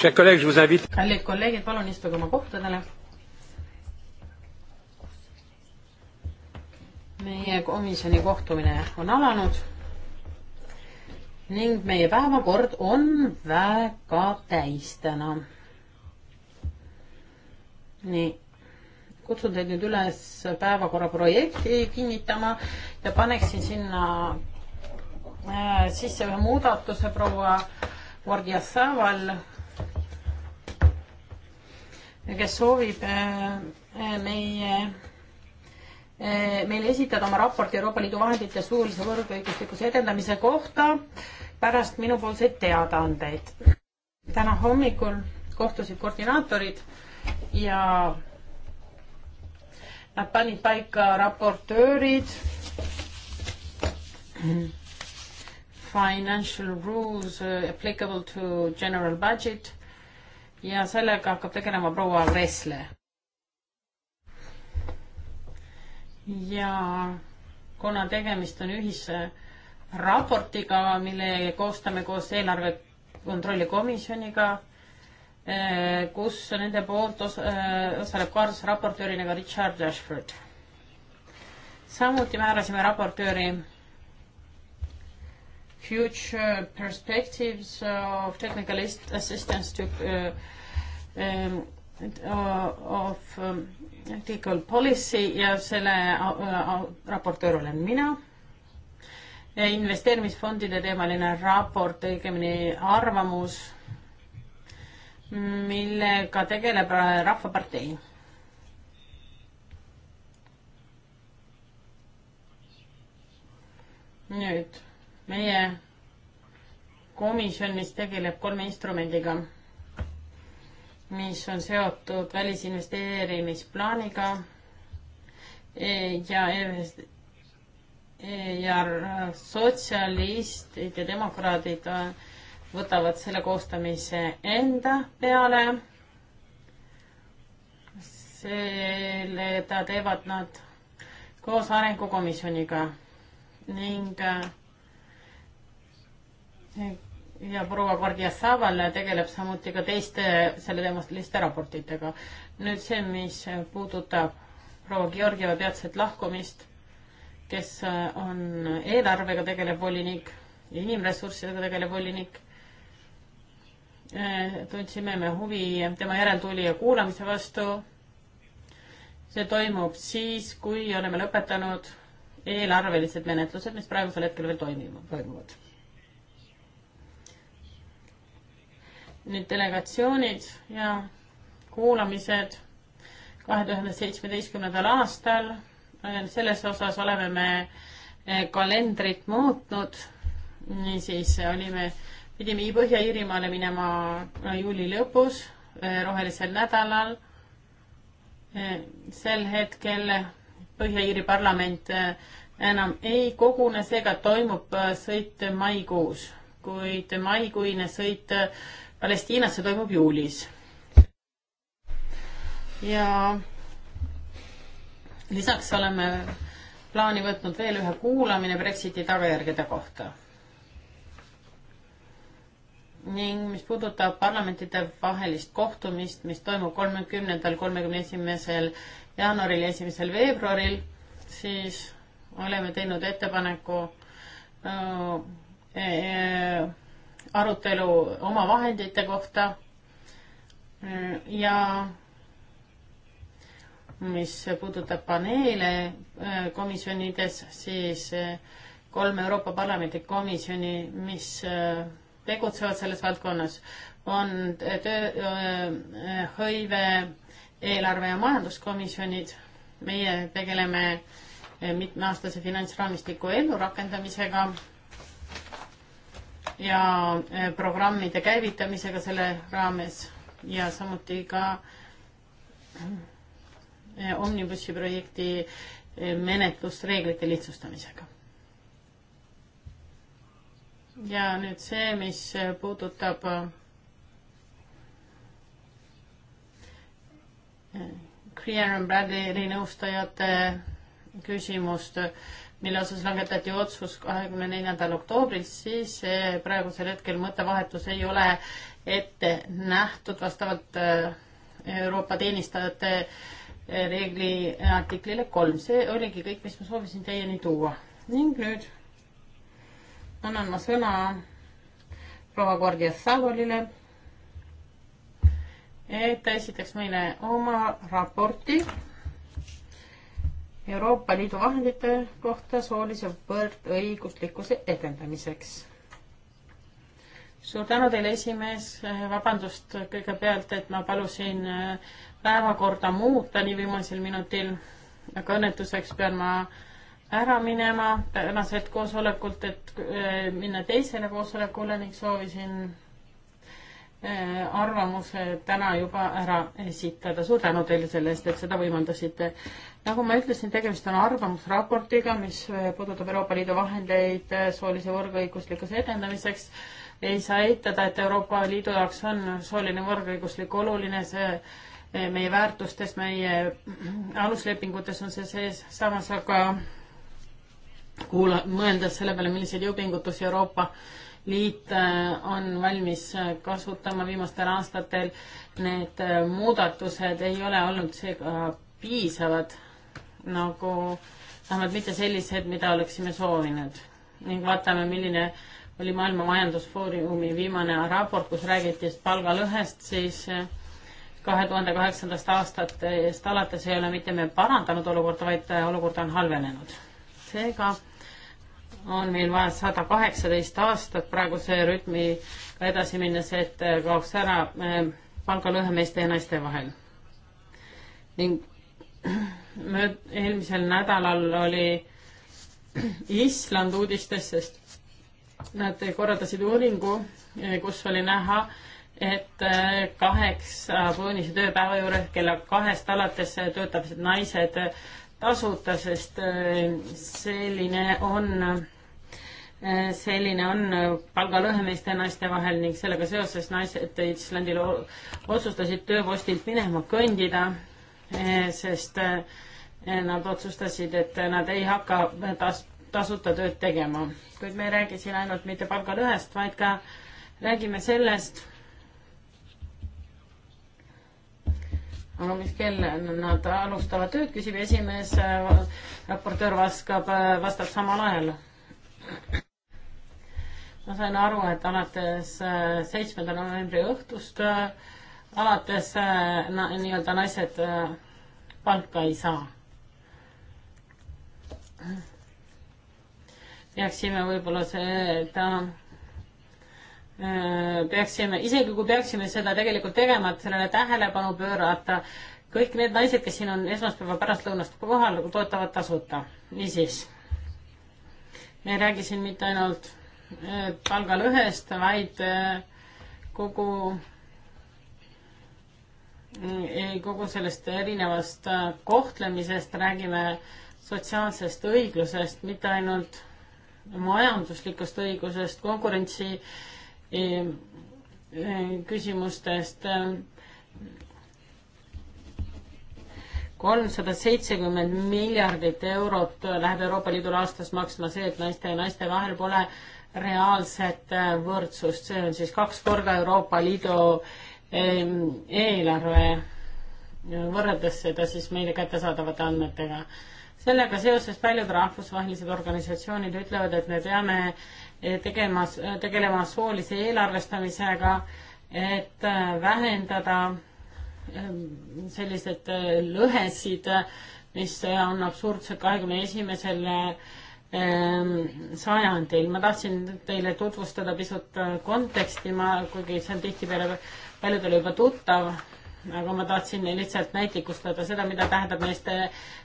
kallid kolleegid, palun istuge oma kohtadele. meie komisjoni kohtumine on alanud ning meie päevakord on väga täis täna. nii, kutsun teid nüüd üles päevakorra projekti kinnitama ja paneksin sinna äh, sisse ühe muudatuse proua Gordiasaval kes soovib äh, meie äh, meile esitada oma raporti Euroopa Liidu vahendite suulise võrdõiguslikkuse edendamise kohta pärast minupoolseid teadaandeid. täna hommikul kohtusid koordinaatorid ja nad panid paika raportöörid Financial rules applicable to general budget ja sellega hakkab tegelema proua Vresle. ja kuna tegemist on ühisraportiga, mille koostame koos eelarve kontrolli komisjoniga, eh, kus nende poolt eh, osaleb kaasraportöörina ka Richard Ashford. samuti määrasime raportööri future perspectives of technical assistance to uh, um, uh, of um, ethical policy ja selle uh, uh raportöör olen mina. investeerimisfondide teemaline raport, õigemini arvamus, millega tegeleb Rahvapartei nüüd meie komisjon, mis tegeleb kolme instrumendiga, mis on seotud välisinvesteerimisplaaniga e ja e ja sotsialistid ja demokraadid äh, võtavad selle koostamise enda peale. selle, ta teevad nad koos arengukomisjoniga ning äh, ja proua Guardia Saval tegeleb samuti ka teiste selleteemaliste raportitega. nüüd see, mis puudutab proua Georgieva peatset lahkumist, kes on eelarvega tegelev volinik, inimressurssidega tegelev volinik, tundsime me huvi tema järeltulija kuulamise vastu. see toimub siis, kui oleme lõpetanud eelarvelised menetlused, mis praegusel hetkel veel toimivad, toimuvad nüüd delegatsioonid ja kuulamised kahe tuhande seitsmeteistkümnendal aastal. selles osas oleme me eh, kalendrit muutnud. niisiis olime, pidime Põhja-Iirimaale minema eh, juuli lõpus, eh, rohelisel nädalal. sel hetkel Põhja-Iiri parlament enam ei kogune, seega toimub sõit maikuus, kuid maikuine sõit Palestiinas, see toimub juulis. ja lisaks oleme plaani võtnud veel ühe kuulamine Brexiti tagajärgede kohta. ning mis puudutab parlamentide vahelist kohtumist, mis toimub kolmekümnendal, kolmekümne esimesel jaanuaril ja esimesel veebruaril, siis oleme teinud ettepaneku öö, äh, öö, äh, arutelu oma vahendite kohta mm, ja mis puudutab paneele äh, komisjonides, siis äh, kolm Euroopa Parlamendi komisjoni, mis äh, tegutsevad selles valdkonnas, on töö, hõive, eelarve ja majanduskomisjonid. meie tegeleme mitmeaastase finantsraamistiku ellurakendamisega ja eh, programmide käivitamisega selle raames ja samuti ka eh, omnibussi projekti eh, menetlusreeglite lihtsustamisega. ja nüüd see, mis puudutab Clear and Bradley nõustajate küsimust mille osas langetati otsus kahekümne neljandal oktoobril, siis praegusel hetkel mõttevahetus ei ole ette nähtud vastavalt äh, Euroopa teenistajate äh, reegli artiklile kolm. see oligi kõik, mis ma soovisin teieni tuua. ning nüüd annan ma sõna proua Gordias Salolile, et ta esitaks meile oma raporti Euroopa Liidu vahendite kohta soolise võrdõiguslikkuse edendamiseks. suur tänu teile, esimees, vabandust kõigepealt, et ma palusin äh, päevakorda muuta nii viimasel minutil, aga õnnetuseks pean ma ära minema tänaselt koosolekult, et äh, minna teisele koosolekule ning soovisin Äh, arvamuse täna juba ära esitada. suur tänu teile selle eest, et seda võimaldasite. nagu ma ütlesin, tegemist on arvamusraportiga, mis äh, puudutab Euroopa Liidu vahendeid äh, soolise võrdõiguslikkuse edendamiseks. ei saa eitada, et Euroopa Liidu jaoks on sooline võrdõiguslik oluline, see meie väärtustes, meie aluslepingutes on see sees, samas aga kuula, mõeldes selle peale, milliseid jõupingutusi Euroopa liit äh, on valmis äh, kasutama viimastel aastatel. Need äh, muudatused ei ole olnud seega piisavad nagu, vähemalt mitte sellised, mida oleksime soovinud ning vaatame, milline oli Maailma Majandusfoorumi viimane raport, kus räägiti palgalõhest, siis kahe tuhande kaheksandast aastatest alates ei ole mitte me parandanud olukorda, vaid olukord on halvenenud. seega on meil vaja sada kaheksateist aastat praeguse rütmiga edasi minnes, et äh, kaoks ära äh, palgalõhe meeste ja naiste vahel. ning mööd-, eelmisel nädalal oli Island uudistes, sest nad korraldasid uuringu, äh, kus oli näha, et kaheksa tunnise tööpäeva juures kella kahest alates töötavad naised tasuta, sest selline on Äh, selline on äh, palgalõhe meeste ja naiste vahel ning sellega seoses naised Islandil otsustasid tööpostilt minema kõndida, äh, sest nad otsustasid, et nad ei hakka tas-, tasuta tööd tegema. kuid me ei räägi siin ainult mitte palgalõhest, vaid ka räägime sellest, aga mis kell nad alustavad tööd, küsib esimees, raportöör vaskab, vastab samal ajal ma sain aru, et alates äh, seitsmenda novembri õhtust äh, alates äh, na, nii-öelda naised palka ei saa. peaksime võib-olla seda, peaksime, isegi kui peaksime seda tegelikult tegema, et sellele tähelepanu pöörata, kõik need naised, kes siin on esmaspäeva pärastlõunast kohal, toetavad tasuta. niisiis me ei räägi siin mitte ainult äh, palgalõhest, vaid äh, kogu, äh, kogu sellest erinevast kohtlemisest, räägime sotsiaalsest õiglusest, mitte ainult majanduslikust õigusest, konkurentsi küsimustest kolmsada seitsekümmend miljardit eurot läheb Euroopa Liidule aastas maksma see, et naiste ja naiste vahel pole reaalset äh, võrdsust, see on siis kaks korda Euroopa Liidu ähm, eelarve, võrreldes seda siis meile kättesaadavate andmetega. sellega seoses paljud rahvusvahelised organisatsioonid ütlevad, et me peame äh, tegema, äh, tegelema soolise eelarvestamisega, et vähendada Ehm, sellised äh, lõhesid, äh, mis äh, on absurdsed kahekümne esimesel ehm, sajandil. ma tahtsin teile tutvustada pisut konteksti, ma, kuigi see on tihtipeale paljudele juba tuttav, aga ma tahtsin lihtsalt näitlikustada seda, mida tähendab meeste,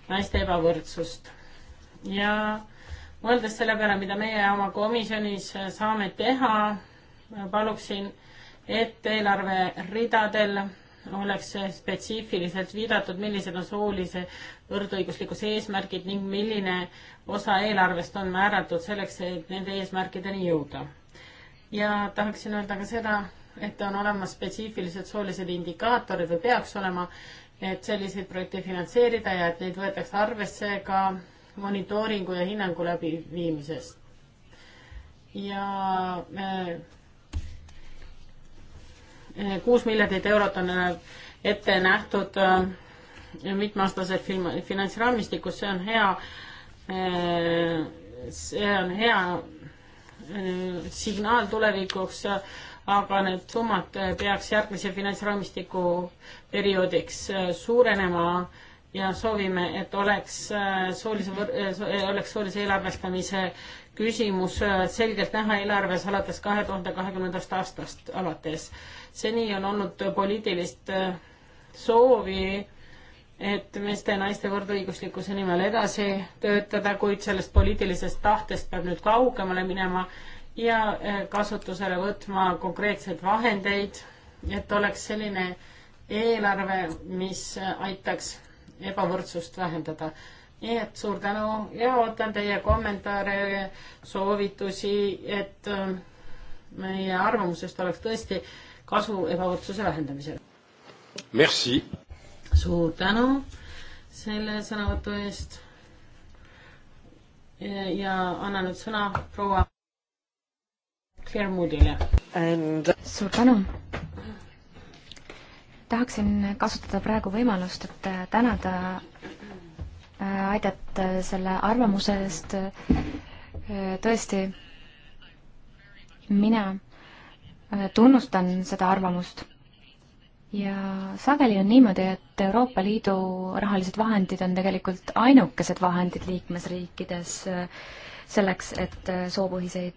naiste ebavõrdsust. ja mõeldes selle peale, mida meie oma komisjonis saame teha, paluksin, et eelarveridadel oleks spetsiifiliselt viidatud, millised on soolise võrdõiguslikkuse eesmärgid ning milline osa eelarvest on määratud selleks, et nende eesmärkideni jõuda. ja tahaksin öelda ka seda, et on olemas spetsiifilised soolised indikaatorid või peaks olema, et selliseid projekte finantseerida ja et neid võetakse arvesse ka monitooringu ja hinnangu läbiviimisest. ja äh, kuus miljardit eurot on äh, ette nähtud äh, mitmeaastase finantsraamistikus, see on hea, äh, see on hea signaal tulevikuks, aga need summad peaks järgmise finantsraamistiku perioodiks suurenema ja soovime, et oleks soolise, oleks soolise eelarvestamise küsimus selgelt näha eelarves alates kahe tuhande kahekümnendast aastast alates seni on olnud poliitilist äh, soovi, et meeste ja naiste võrdõiguslikkuse nimel edasi töötada, kuid sellest poliitilisest tahtest peab nüüd kaugemale minema ja äh, kasutusele võtma konkreetseid vahendeid, et oleks selline eelarve, mis äh, aitaks ebavõrdsust vähendada. nii et suur tänu ja ootan teie kommentaare, soovitusi, et meie arvamusest oleks tõesti kasu ebavõrdsuse vähendamisel. Merci! suur tänu selle sõnavõtu eest ja, ja annan nüüd sõna proua Claire Moodile And.... suur tänu! tahaksin kasutada praegu võimalust, et tänada äh, aidat äh, selle arvamuse eest. Äh, tõesti, mina Äh, tunnustan seda arvamust. ja sageli on niimoodi, et Euroopa Liidu rahalised vahendid on tegelikult ainukesed vahendid liikmesriikides äh, selleks, et äh, soopõhiseid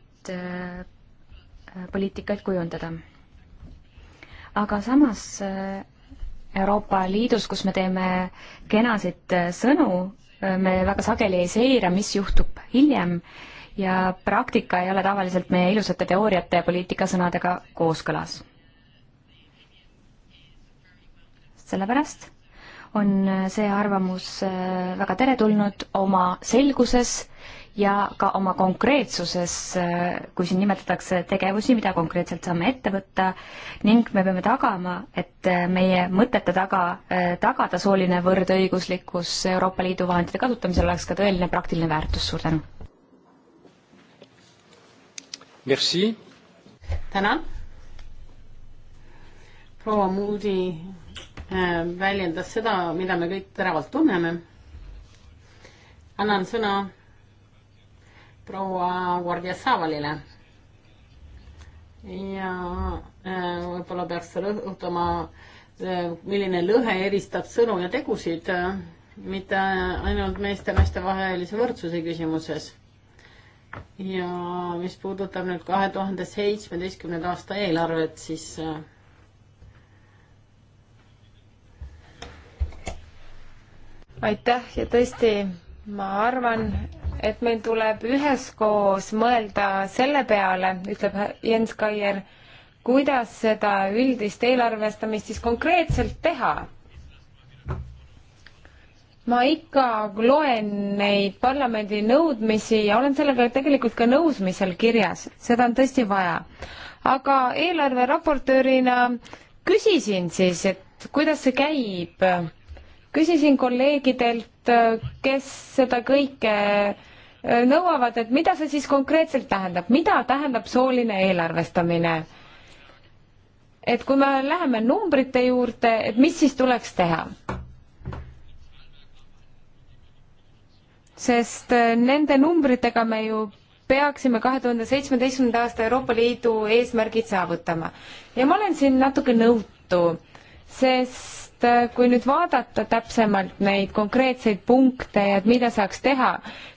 poliitikaid kujundada. aga samas Euroopa Liidus, kus me teeme kenasid sõnu, me väga sageli ei seira, mis juhtub hiljem ja praktika ei ole tavaliselt meie ilusate teooriate ja poliitikasõnadega kooskõlas. sellepärast on see arvamus äh, väga teretulnud oma selguses ja ka oma konkreetsuses, äh, kui siin nimetatakse tegevusi, mida konkreetselt saame ette võtta ning me peame tagama, et äh, meie mõtete taga, tagada sooline võrdõiguslikkus Euroopa Liidu vahendite kasutamisel oleks ka tõeline praktiline väärtus, suur tänu! tänan. proua Moody äh, väljendas seda, mida me kõik teravalt tunneme. annan sõna proua Guardia Savalile. ja äh, võib-olla peaks rõhutama, äh, milline lõhe eristab sõnu ja tegusid, mitte ainult meeste-naiste vahelise võrdsuse küsimuses ja mis puudutab nüüd kahe tuhande seitsmeteistkümnenda aasta eelarvet, siis äh, aitäh ja tõesti, ma arvan, et meil tuleb üheskoos mõelda selle peale, ütleb Jens Kaier, kuidas seda üldist eelarvestamist siis konkreetselt teha ma ikka loen neid parlamendi nõudmisi ja olen sellega tegelikult ka nõus, mis seal kirjas, seda on tõesti vaja. aga eelarveraportöörina küsisin siis, et kuidas see käib. küsisin kolleegidelt, kes seda kõike äh, nõuavad, et mida see siis konkreetselt tähendab, mida tähendab sooline eelarvestamine et kui me läheme numbrite juurde, et mis siis tuleks teha? sest äh, nende numbritega me ju peaksime kahe tuhande seitsmeteistkümnenda aasta Euroopa Liidu eesmärgid saavutama. ja ma olen siin natuke nõutu, sest äh, kui nüüd vaadata täpsemalt neid konkreetseid punkte ja et mida saaks teha,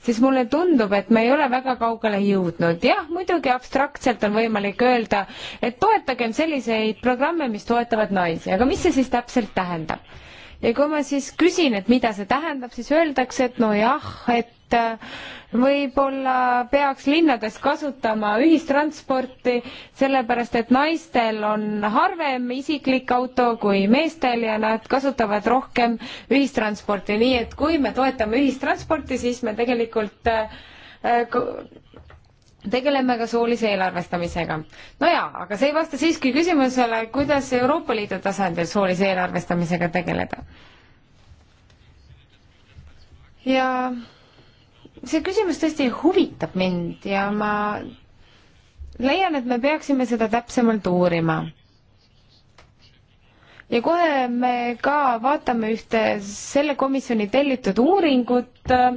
siis mulle tundub, et me ei ole väga kaugele jõudnud. jah, muidugi abstraktselt on võimalik öelda, et toetagem selliseid programme, mis toetavad naisi, aga mis see siis täpselt tähendab? ja kui ma siis küsin, et mida see tähendab, siis öeldakse, et nojah, et äh, võib-olla peaks linnades kasutama ühistransporti, sellepärast et naistel on harvem isiklik auto kui meestel ja nad kasutavad rohkem ühistransporti, nii et kui me toetame ühistransporti, siis me tegelikult äh, äh, tegeleme ka soolise eelarvestamisega. no jaa, aga see ei vasta siiski küsimusele, kuidas Euroopa Liidu tasandil soolise eelarvestamisega tegeleda. ja see küsimus tõesti huvitab mind ja ma leian, et me peaksime seda täpsemalt uurima. ja kohe me ka vaatame ühte selle komisjoni tellitud uuringut äh,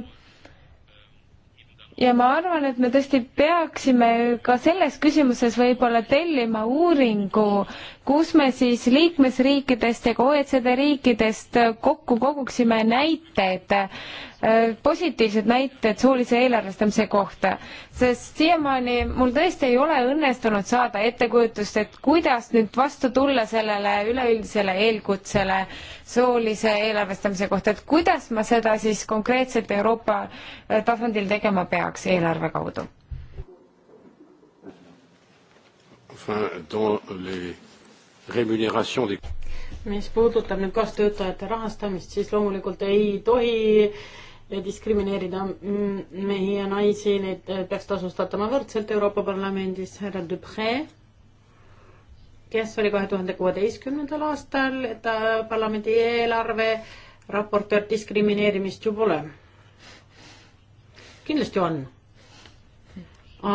ja ma arvan, et me tõesti peaksime ka selles küsimuses võib-olla tellima uuringu, kus me siis liikmesriikidest ja ka OECD riikidest kokku koguksime näited, äh, positiivsed näited soolise eelarvestamise kohta, sest siiamaani mul tõesti ei ole õnnestunud saada ettekujutust, et kuidas nüüd vastu tulla sellele üleüldisele eelkutsele soolise eelarvestamise kohta, et kuidas ma seda siis konkreetselt Euroopa äh, tasandil tegema peaks eelarve kaudu? enfin, dans les rémunération des mis puudutab nüüd kaastöötajate rahastamist, siis loomulikult ei tohi diskrimineerida mehi ja naisi, neid peaks tasustatama võrdselt Euroopa Parlamendis, härra Dupree, kes oli kahe tuhande kuueteistkümnendal aastal, et ta parlamendi eelarve raportöör diskrimineerimist ju pole. kindlasti on.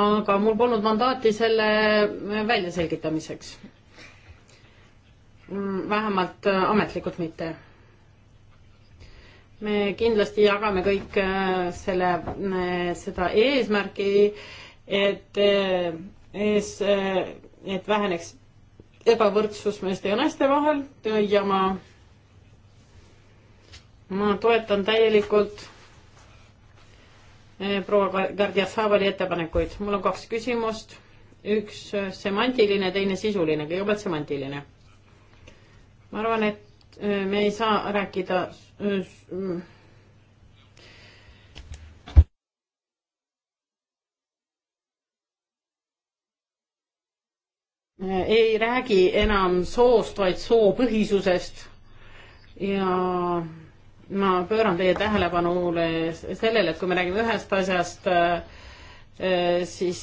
aga mul polnud mandaati selle väljaselgitamiseks Mm, vähemalt äh, ametlikult mitte. me kindlasti jagame kõik äh, selle, seda eesmärki, et äh, ees, et väheneks ebavõrdsus meeste ja naiste vahel ja ma, ma toetan täielikult proua Gardia Saavali ettepanekuid. mul on kaks küsimust, üks semantiline, teine sisuline. kõigepealt semantiline ma arvan, et äh, me ei saa rääkida äh, mm. äh, ei räägi enam soost, vaid soopõhisusest ja ma pööran teie tähelepanule sellele, et kui me räägime ühest asjast, siis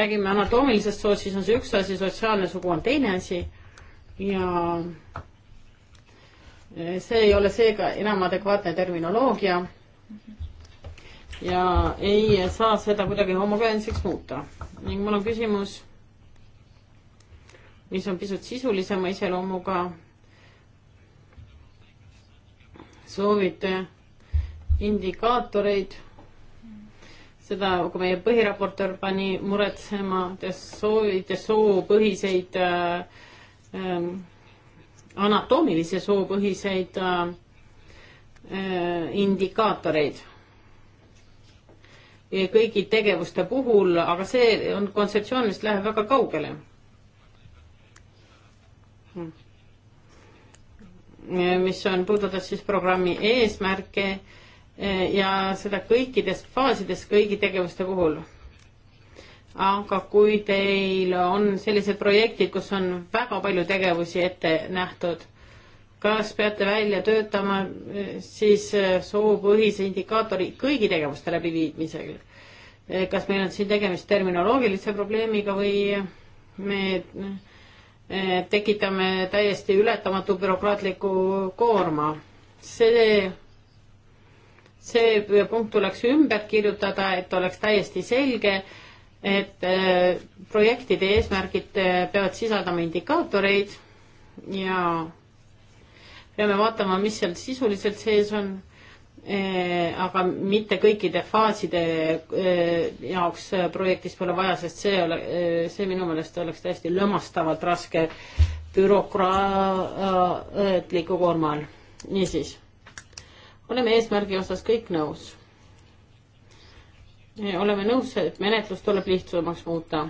räägime anatoomilisest soost, siis on see üks asi, sotsiaalne sugu on teine asi ja see ei ole seega enam adekvaatne terminoloogia ja ei saa seda kuidagi homogeenseks muuta. ning mul on küsimus, mis on pisut sisulisema iseloomuga. soovite indikaatoreid seda ka meie põhiraportöör pani muretsema soovide soopõhiseid äh, äh, anatoomilise soopõhiseid äh, indikaatoreid ja kõigi tegevuste puhul, aga see on kontseptsioon, mis läheb väga kaugele hmm.. mis on, puudutab siis programmi eesmärke ja seda kõikides faasides kõigi tegevuste puhul. aga kui teil on sellised projektid, kus on väga palju tegevusi ette nähtud, kas peate välja töötama eh, siis eh, soopõhise indikaatori kõigi tegevuste läbiviimisel? Eh, kas meil on siin tegemist terminoloogilise probleemiga või me tekitame täiesti ületamatu bürokraatliku koorma? see see punkt tuleks ümber kirjutada, et oleks täiesti selge, et äh, projektide eesmärgid äh, peavad sisaldama indikaatoreid ja peame vaatama, mis seal sisuliselt sees on, äh, aga mitte kõikide faaside jaoks projektis pole vaja, sest see ole, see minu meelest oleks täiesti lömastavalt raske bürokraatliku koorma all. niisiis oleme eesmärgi osas kõik nõus. oleme nõus, et menetlus tuleb lihtsamaks muuta,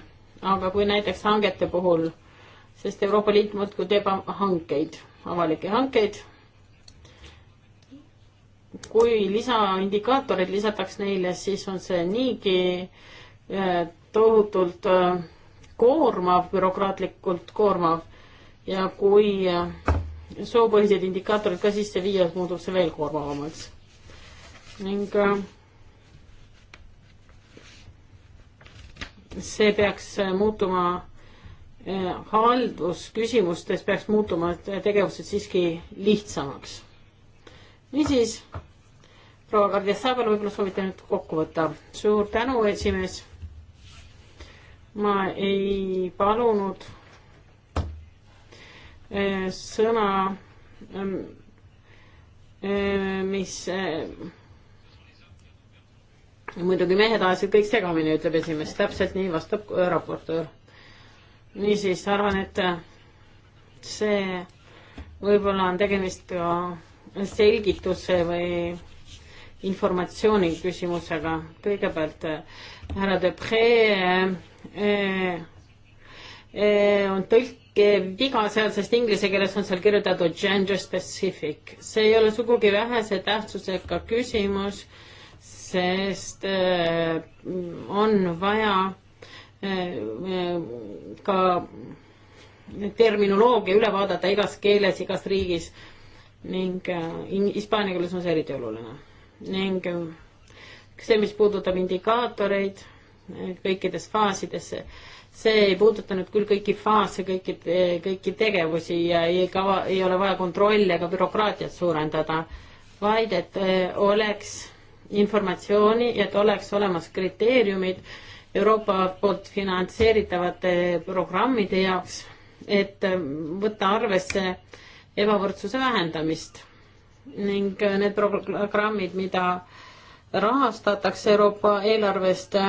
aga kui näiteks hangete puhul, sest Euroopa Liit muudkui teeb hankeid, avalikke hankeid, kui lisaindikaatorid lisataks neile, siis on see niigi äh, tohutult äh, koormav, bürokraatlikult koormav ja kui äh, soopõhised indikaatorid ka sisse viia, muutub see veel koormavamaks. ning äh, see peaks äh, muutuma äh, haldusküsimustes peaks muutuma tegevused siiski lihtsamaks. niisiis, proua Kardiassaabel, võib-olla soovite nüüd kokku võtta. suur tänu, esimees. ma ei palunud Eh, sõna, ehm, eh, mis eh, muidugi mehed ajasid kõik segamini, ütleb esimees, täpselt nii vastab raportöör. niisiis arvan, et see võib-olla on tegemist ka selgituse või informatsiooni küsimusega. kõigepealt härra Depree on tõlk, viga seal, sest inglise keeles on seal kirjutatud gender specific. see ei ole sugugi vähese tähtsusega küsimus, sest äh, on vaja äh, äh, ka terminoloogia üle vaadata igas keeles, igas riigis ning hispaania keeles on see eriti oluline. ning see, mis puudutab indikaatoreid kõikides faasides, see ei puuduta nüüd küll kõiki faase, kõiki, kõiki tegevusi ja ei kava, ei ole vaja kontrolli ega bürokraatiat suurendada, vaid et äh, oleks informatsiooni ja et oleks olemas kriteeriumid Euroopa poolt finantseeritavate programmide jaoks, et äh, võtta arvesse ebavõrdsuse vähendamist ning äh, need programmid, mida rahastatakse Euroopa eelarvest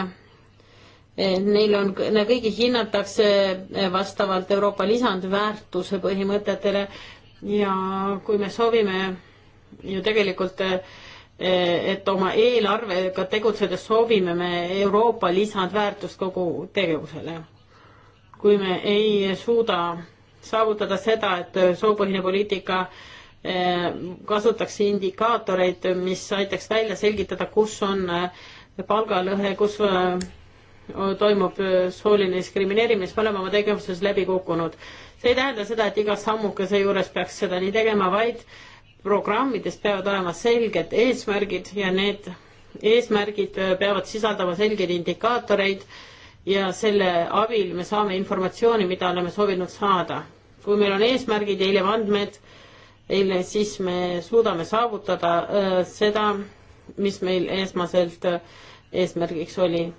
Eh, neil on, kõigi hinnatakse eh, vastavalt Euroopa lisandväärtuse põhimõtetele ja kui me soovime ju tegelikult, eh, et oma eelarvega tegutsedes soovime me Euroopa lisandväärtust kogu tegevusele. kui me ei suuda saavutada seda, et soopõhine poliitika kasutaks indikaatoreid, mis aitaks välja selgitada, kus on palgalõhe, kus toimub sooline diskrimineerimine, siis me oleme oma tegevuses läbi kukkunud. see ei tähenda seda, et iga sammukese juures peaks seda nii tegema, vaid programmides peavad olema selged eesmärgid ja need eesmärgid peavad sisaldama selgeid indikaatoreid ja selle abil me saame informatsiooni, mida oleme soovinud saada. kui meil on eesmärgid ja hiljem andmed, eile siis me suudame saavutada äh, seda, mis meil esmaselt äh, eesmärgiks oli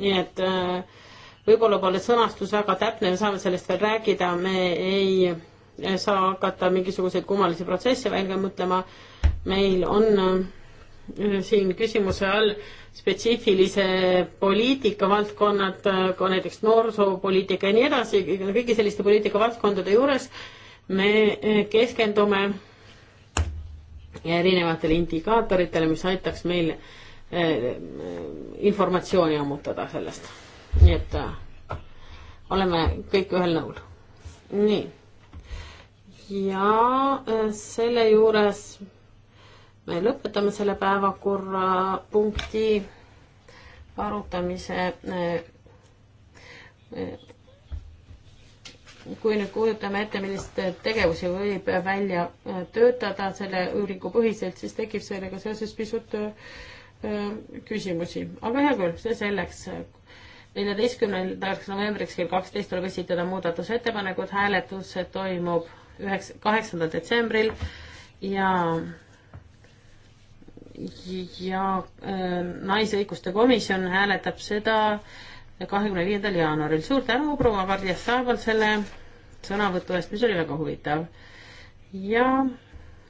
nii et äh, võib-olla pole sõnastus väga täpne, me saame sellest veel rääkida, me ei äh, saa hakata mingisuguseid kummalisi protsesse välja mõtlema. meil on äh, siin küsimuse all spetsiifilise poliitika valdkonnad, ka näiteks noorsoopoliitika ja nii edasi, kõigi selliste poliitikavaldkondade juures me keskendume erinevatele indikaatoritele, mis aitaks meil Eh, informatsiooni ammutada sellest. nii et eh, oleme kõik ühel nõul. nii. ja eh, selle juures me lõpetame selle päevakorrapunkti arutamise. kui nüüd kujutame ette, millist tegevusi võib välja töötada selle uuringu põhiselt, siis tekib sellega seoses pisut Äh, küsimusi, aga hea küll, see selleks. neljateistkümnendaks novembriks kell kaksteist tuleb esitada muudatusettepanekud, hääletus toimub üheks, kaheksandal detsembril ja ja äh, Naisõiguste Komisjon hääletab seda kahekümne viiendal jaanuaril. suur tänu proua Kardias Saaval selle sõnavõtu eest, mis oli väga huvitav. ja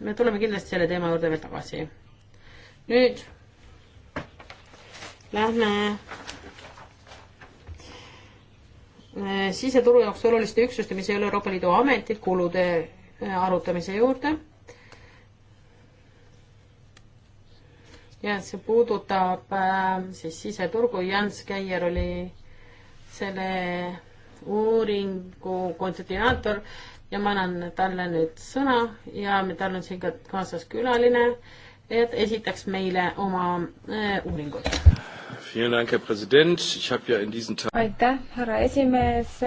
me tuleme kindlasti selle teema juurde veel tagasi. nüüd Lähme äh, siseturu jaoks oluliste üksuste, mis ei ole Euroopa Liidu ametid, kulude äh, arutamise juurde. ja see puudutab äh, siis siseturgu, Jans Käier oli selle uuringu koordinaator ja ma annan talle nüüd sõna ja tal on siin ka kaasas külaline, et esitaks meile oma äh, uuringut aitäh, härra esimees.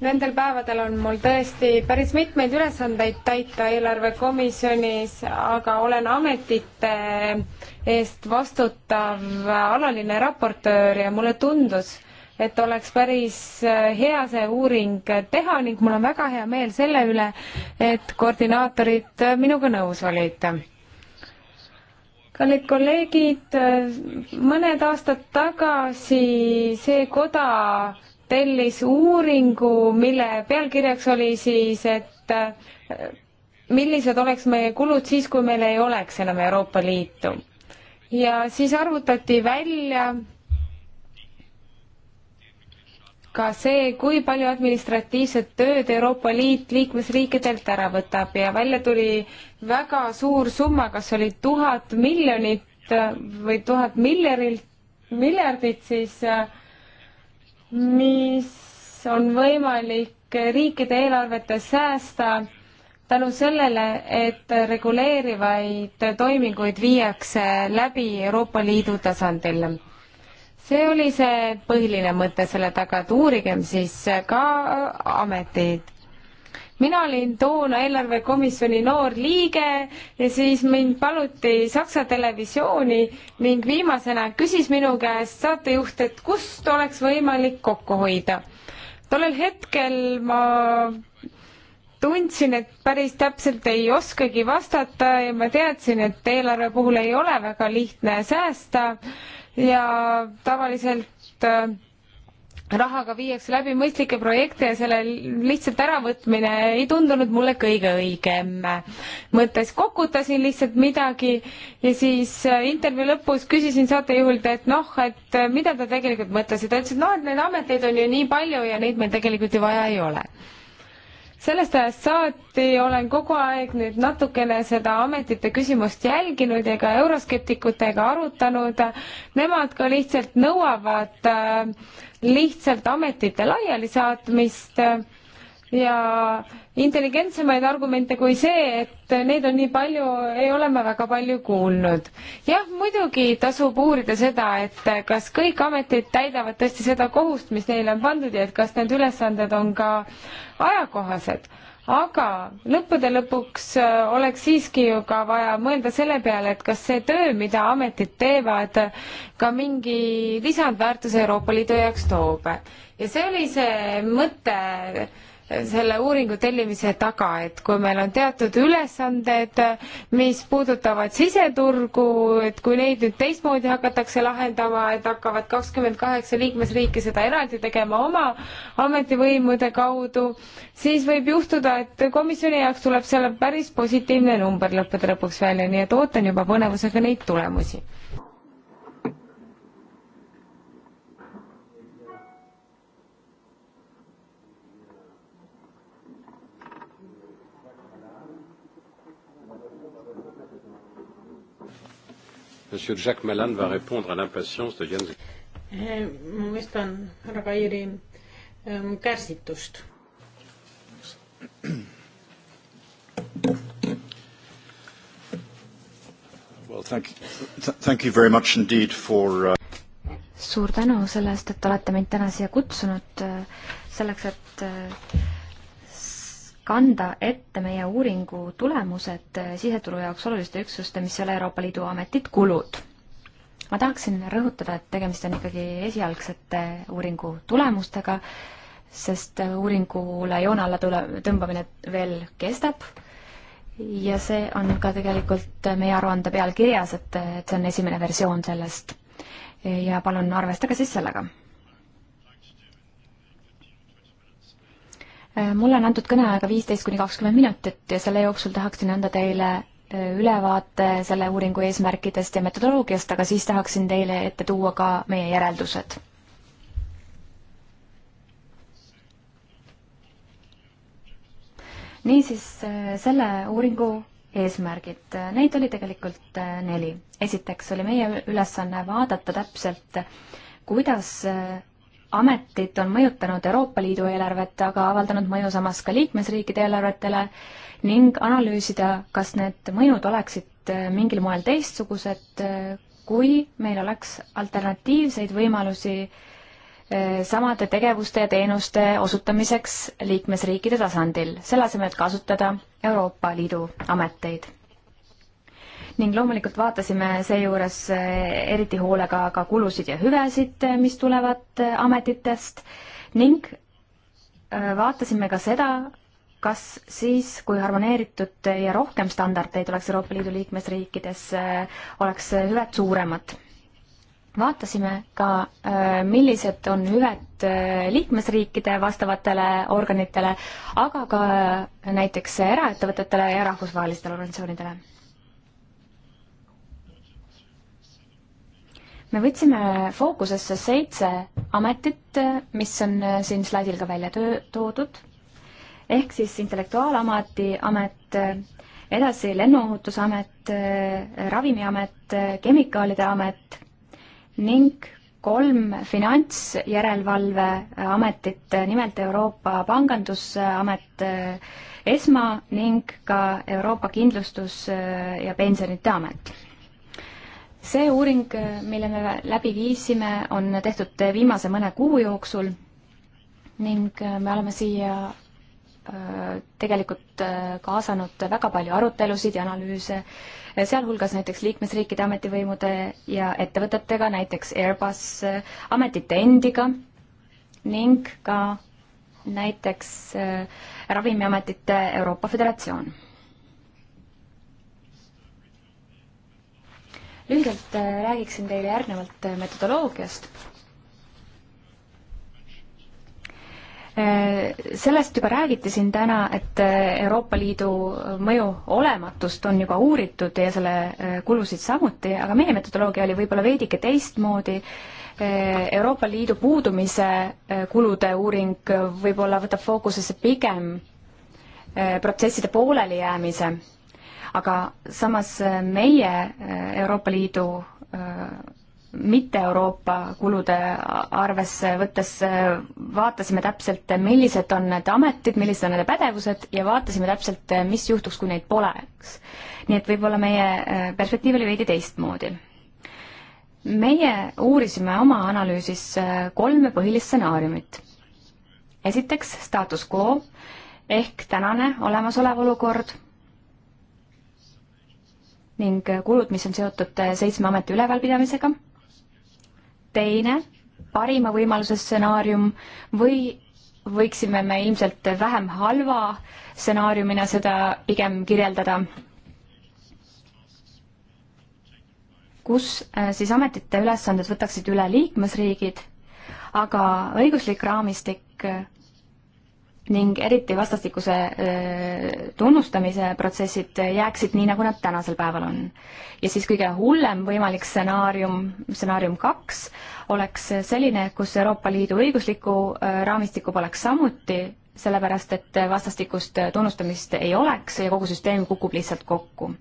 Nendel päevadel on mul tõesti päris mitmeid ülesandeid täita eelarvekomisjonis, aga olen ametite eest vastutav alaline raportöör ja mulle tundus, et oleks päris hea see uuring teha ning mul on väga hea meel selle üle, et koordinaatorid minuga nõus olid kallid kolleegid, mõned aastad tagasi see koda tellis uuringu, mille pealkirjaks oli siis, et äh, millised oleks meie kulud siis, kui meil ei oleks enam Euroopa Liitu. ja siis arvutati välja, ka see, kui palju administratiivset tööd Euroopa Liit liikmesriikidelt ära võtab ja välja tuli väga suur summa, kas oli tuhat miljonit või tuhat miljardit, miljardit siis, mis on võimalik riikide eelarvetes säästa tänu sellele, et reguleerivaid toiminguid viiakse läbi Euroopa Liidu tasandil see oli see põhiline mõte selle taga, et uurigem siis ka ameteid. mina olin toona eelarvekomisjoni noor liige ja siis mind paluti Saksa televisiooni ning viimasena küsis minu käest saatejuht, et kust oleks võimalik kokku hoida. tollel hetkel ma tundsin, et päris täpselt ei oskagi vastata ja ma teadsin, et eelarve puhul ei ole väga lihtne säästa ja tavaliselt äh, rahaga viiakse läbi mõistlikke projekte ja selle lihtsalt äravõtmine ei tundunud mulle kõige õigem mõttes. kokutasin lihtsalt midagi ja siis äh, intervjuu lõpus küsisin saatejuhilt, et noh, et äh, mida ta tegelikult mõtles ja ta ütles, et noh, et neid ameteid on ju nii palju ja neid meil tegelikult ju vaja ei ole sellest ajast saati olen kogu aeg nüüd natukene seda ametite küsimust jälginud ja ka euroskeptikutega arutanud. Nemad ka lihtsalt nõuavad äh, lihtsalt ametite laialisaatmist ja intelligentsemaid argumente kui see, et neid on nii palju, ei ole ma väga palju kuulnud. jah, muidugi tasub uurida seda, et kas kõik ametid täidavad tõesti seda kohust, mis neile on pandud ja et kas need ülesanded on ka ajakohased aga lõppude lõpuks äh, oleks siiski ju ka vaja mõelda selle peale, et kas see töö, mida ametid teevad, ka mingi lisandväärtuse Euroopa Liidu jaoks toob. ja see oli see mõte selle uuringu tellimise taga, et kui meil on teatud ülesanded, mis puudutavad siseturgu, et kui neid nüüd teistmoodi hakatakse lahendama, et hakkavad kakskümmend kaheksa liikmesriiki seda eraldi tegema oma ametivõimude kaudu, siis võib juhtuda, et komisjoni jaoks tuleb selle päris positiivne number lõppude lõpuks välja, nii et ootan juba põnevusega neid tulemusi Monsieur Jacques Malan va répondre à l'impatience de Jens. Eh, ma mõistan härra Kairi eh, kärsitust. Well, thank you. Th thank you very much indeed for uh... suur tänu selle eest, et olete mind täna siia kutsunud, eh, selleks et uh, kanda ette meie uuringu tulemused siseturu jaoks oluliste üksuste, mis ei ole Euroopa Liidu ametid, kulud. ma tahaksin rõhutada, et tegemist on ikkagi esialgsete uuringu tulemustega, sest uuringule joone alla tule-, tõmbamine veel kestab ja see on ka tegelikult meie aruande peal kirjas, et, et see on esimene versioon sellest. ja palun arvestage siis sellega Äh, mulle on antud kõneaega viisteist kuni kakskümmend minutit ja selle jooksul tahaksin anda teile äh, ülevaate selle uuringu eesmärkidest ja metodoloogiast, aga siis tahaksin teile ette tuua ka meie järeldused niisiis, äh, selle uuringu eesmärgid, neid oli tegelikult neli. esiteks oli meie ülesanne vaadata täpselt, kuidas ametit on mõjutanud Euroopa Liidu eelarvet, aga avaldanud mõju samas ka liikmesriikide eelarvetele ning analüüsida, kas need mõjud oleksid äh, mingil moel teistsugused, äh, kui meil oleks alternatiivseid võimalusi äh, samade tegevuste ja teenuste osutamiseks liikmesriikide tasandil, selle asemel, et kasutada Euroopa Liidu ameteid ning loomulikult vaatasime seejuures eh, eriti hoolega ka kulusid ja hüvesid, eh, mis tulevad eh, ametitest ning vaatasime ka seda, kas siis, kui harmoneeritud ja rohkem standardeid oleks Euroopa Liidu liikmesriikides, oleks hüved suuremad? vaatasime ka, millised on hüved liikmesriikide vastavatele organitele, aga ka näiteks eraettevõtetele ja rahvusvahelistele organisatsioonidele me võtsime fookusesse seitse ametit, mis on äh, siin slaidil ka välja töö, toodud, ehk siis intellektuaalameti amet, äh, edasi Lennuohutusamet, äh, Ravimiamet, Kemikaalide Amet ning kolm finantsjärelevalveametit, nimelt Euroopa Pangandusamet, ESMA ning ka Euroopa Kindlustus- ja Pensionite Amet see uuring, mille me läbi viisime, on tehtud viimase mõne kuu jooksul ning me oleme siia äh, tegelikult äh, kaasanud väga palju arutelusid ja analüüse, sealhulgas näiteks liikmesriikide ametivõimude ja ettevõtetega, näiteks Airbus äh, ametite endiga ning ka näiteks Ravimiametite Euroopa Föderatsioon lühidalt äh, räägiksin teile järgnevalt äh, metodoloogiast. Äh, sellest juba räägiti siin täna, et Euroopa Liidu mõju olematust on juba uuritud ja selle kulusid samuti, aga meie metodoloogia oli võib-olla veidike teistmoodi. Euroopa Liidu puudumise kulude uuring võib-olla võtab fookusesse pigem protsesside poolelijäämise aga samas äh, meie äh, Euroopa Liidu äh, mitte Euroopa kulude arvesse võttes vaatasime täpselt, millised on need ametid, millised on nende pädevused ja vaatasime täpselt, mis juhtuks, kui neid poleks. nii et võib-olla meie perspektiiv oli veidi teistmoodi. meie uurisime oma analüüsis kolme põhilist stsenaariumit. esiteks status quo ehk tänane olemasolev olukord ning kulud, mis on seotud seitsme ameti ülevalpidamisega. teine, parima võimaluse stsenaarium või võiksime me ilmselt vähem halva stsenaariumina seda pigem kirjeldada. kus äh, siis ametite ülesanded võtaksid üle liikmesriigid, aga õiguslik raamistik äh, ning eriti vastastikuse tunnustamise protsessid jääksid nii, nagu nad tänasel päeval on. ja siis kõige hullem võimalik stsenaarium, stsenaarium kaks, oleks selline, kus Euroopa Liidu õigusliku raamistiku poleks samuti sellepärast et vastastikust tunnustamist ei oleks ja kogu süsteem kukub lihtsalt kokku.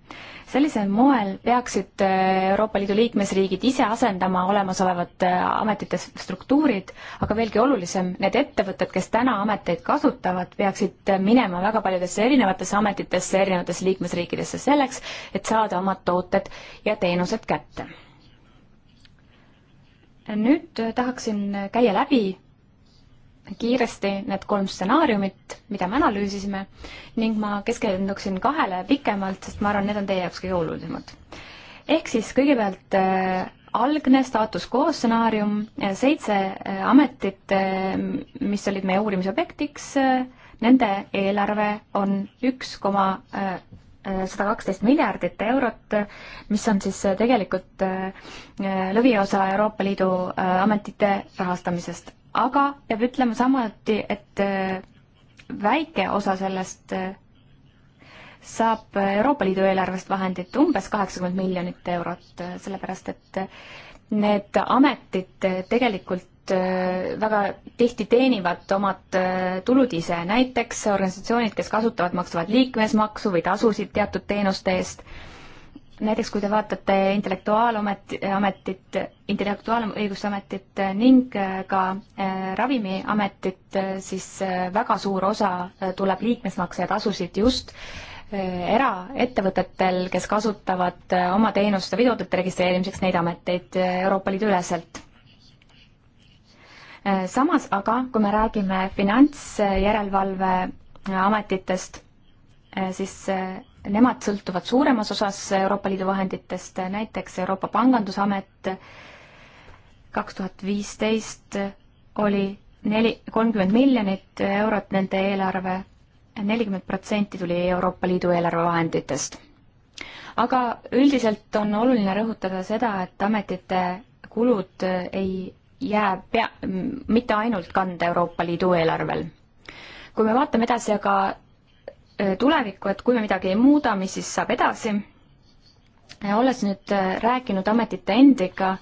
sellisel moel peaksid Euroopa Liidu liikmesriigid ise asendama olemasolevad ametite struktuurid, aga veelgi olulisem, need ettevõtted, kes täna ameteid kasutavad, peaksid minema väga paljudesse erinevatesse ametitesse erinevatesse liikmesriikidesse selleks, et saada omad tooted ja teenused kätte. nüüd tahaksin käia läbi kiiresti need kolm stsenaariumit, mida me analüüsisime ning ma keskenduksin kahele pikemalt, sest ma arvan, need on teie jaoks kõige olulisemad. ehk siis kõigepealt äh, algne staatus quo stsenaarium, äh, seitse äh, ametit äh,, mis olid meie uurimisobjektiks äh,, nende eelarve on üks koma äh, äh, sada kaksteist miljardit eurot, mis on siis tegelikult lõviosa Euroopa Liidu ametite rahastamisest aga peab ütlema samuti, et äh, väike osa sellest äh, saab Euroopa Liidu eelarvest vahendit umbes kaheksakümmend miljonit eurot, äh, sellepärast et need ametid tegelikult väga tihti teenivad omad tulud ise, näiteks organisatsioonid, kes kasutavad, maksavad liikmesmaksu või tasusid teatud teenuste eest näiteks kui te vaatate intellektuaalamet, ametit, intellektuaalõiguste ametit ning ka äh, ravimiametit, siis äh, väga suur osa äh, tuleb liikmesmakse tasusid just eraettevõtetel, kes kasutavad oma teenuste või toodete registreerimiseks neid ameteid Euroopa Liidu üleselt samas aga, kui me räägime finantsjärelevalve ametitest, siis nemad sõltuvad suuremas osas Euroopa Liidu vahenditest, näiteks Euroopa Pangandusamet kaks tuhat viisteist oli neli, kolmkümmend miljonit eurot nende eelarve, nelikümmend protsenti tuli Euroopa Liidu eelarve vahenditest. aga üldiselt on oluline rõhutada seda, et ametite kulud ei jää pea, mitte ainult kanda Euroopa Liidu eelarvel kui me vaatame edasi aga Äh, tulevikku, et kui me midagi ei muuda, mis siis saab edasi. Äh, olles nüüd äh, rääkinud ametite endiga,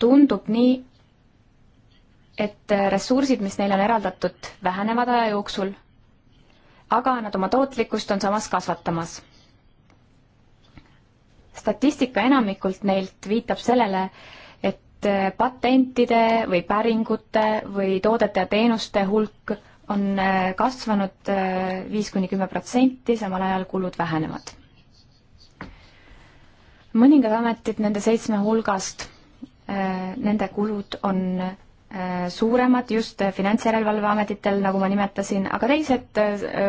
tundub nii, et ressursid, mis neile on eraldatud, vähenevad aja jooksul, aga nad oma tootlikkust on samas kasvatamas. statistika enamikult neilt viitab sellele, et patentide või päringute või toodete ja teenuste hulk on äh, kasvanud äh, viis kuni kümme protsenti, samal ajal kulud vähenevad. mõningad ametid nende seitsme hulgast, äh, nende kulud on suuremad just Finantsjärelevalveametitel, nagu ma nimetasin, aga teised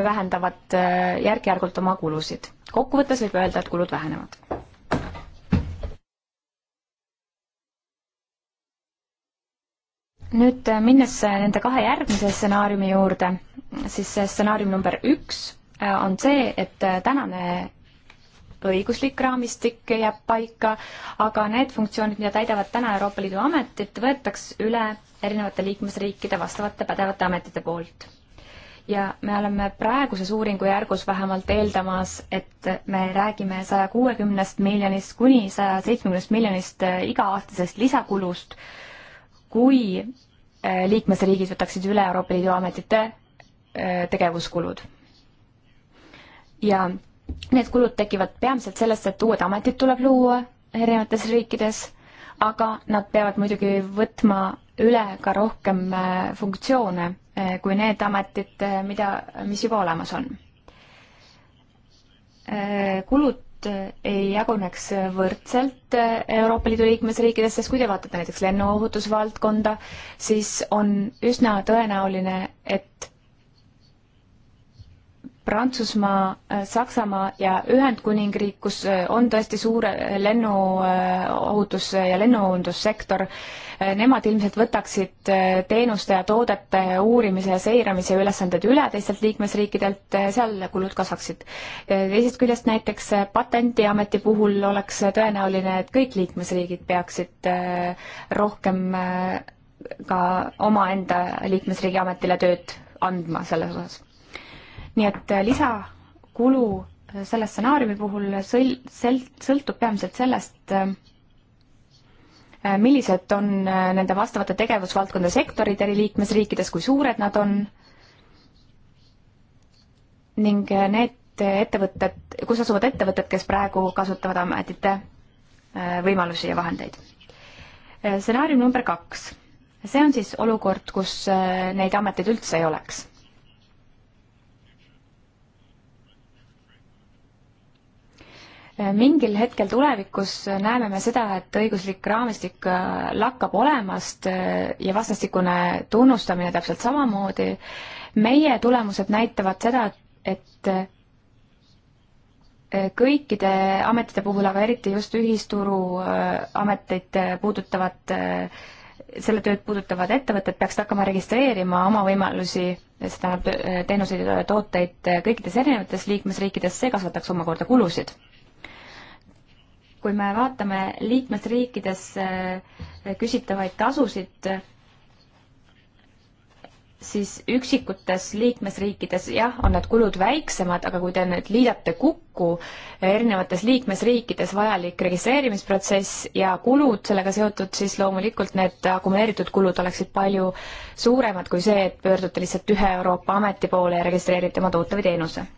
vähendavad järk-järgult oma kulusid. kokkuvõttes võib öelda, et kulud vähenevad nüüd äh, minnes äh, nende kahe järgmise stsenaariumi juurde, siis äh, stsenaarium number üks on see, et tänane õiguslik raamistik jääb paika, aga need funktsioonid, mida täidavad täna Euroopa Liidu ametid, võetaks üle erinevate liikmesriikide vastavate pädevate ametite poolt. ja me oleme praeguses uuringujärgus vähemalt eeldamas, et me räägime saja kuuekümnest miljonist kuni saja seitsmekümnest miljonist iga-aastasest lisakulust äh, kui äh, liikmesriigid võtaksid üle Euroopa Liidu ametite äh, tegevuskulud. ja need kulud tekivad peamiselt sellest, et uued ametid tuleb luua erinevates riikides, aga nad peavad muidugi võtma üle ka rohkem äh, funktsioone kui need ametid, mida, mis juba olemas on. kulud Äh, ei jaguneks võrdselt äh, Euroopa Liidu liikmesriikides, sest kui te vaatate näiteks lennuohutusvaldkonda, siis on üsna tõenäoline, et Prantsusmaa, äh, Saksamaa ja Ühendkuningriik, kus on tõesti suur lennuohutus- ja lennuohundussektor, nemad ilmselt võtaksid eh, teenuste ja toodete uurimise ja seiramise ülesanded üle teistelt liikmesriikidelt, eh, seal kulud kasvaksid. Eh, teisest küljest näiteks Patendiameti puhul oleks tõenäoline, et kõik liikmesriigid peaksid rohkem ka omaenda liikmesriigi ametile tööd andma selles osas. nii et lisakulu selle stsenaariumi puhul sõl-, sel-, sõltub peamiselt sellest, Äh, millised on äh, nende vastavate tegevusvaldkondade sektorid eri liikmesriikides, kui suured nad on ning äh, need ettevõtted, kus asuvad ettevõtted, kes praegu kasutavad ametite võimalusi ja vahendeid. stsenaarium number kaks, see on siis olukord, kus neid ameteid üldse ei oleks mingil hetkel tulevikus näeme me seda, et õiguslik raamistik äh, lakkab olemast äh, ja vastastikune tunnustamine täpselt samamoodi. meie tulemused näitavad seda, et äh, kõikide ametite puhul, aga eriti just ühisturu ameteid puudutavad, selle tööd puudutavad ettevõtted peaksid hakkama registreerima oma võimalusi, see tähendab teenuseid ja tooteid kõikides erinevates liikmesriikides, see kasvataks omakorda kulusid kui me vaatame liikmesriikides äh, küsitavaid tasusid, siis üksikutes liikmesriikides jah, on need kulud väiksemad, aga kui te nüüd liidate kokku erinevates liikmesriikides vajalik registreerimisprotsess ja kulud sellega seotud, siis loomulikult need akumuleeritud kulud oleksid palju suuremad kui see, et pöördute lihtsalt ühe Euroopa ameti poole ja registreerite oma toote või teenuse.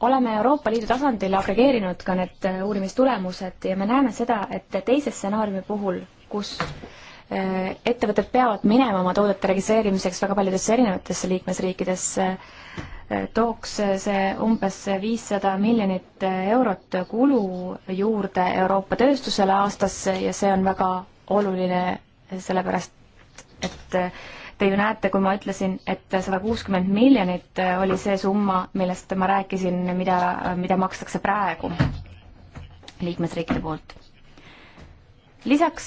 oleme Euroopa Liidu tasandil agregeerinud ka need äh, uurimistulemused ja me näeme seda, et teise stsenaariumi puhul, kus äh, ettevõtted peavad minema oma toodete registreerimiseks väga paljudesse erinevatesse liikmesriikidesse, äh, tooks see umbes viissada miljonit eurot kulu juurde Euroopa tööstusele aastas ja see on väga oluline, sellepärast et Te ju näete, kui ma ütlesin, et sada kuuskümmend miljonit oli see summa, millest ma rääkisin, mida, mida makstakse praegu liikmesriikide poolt. lisaks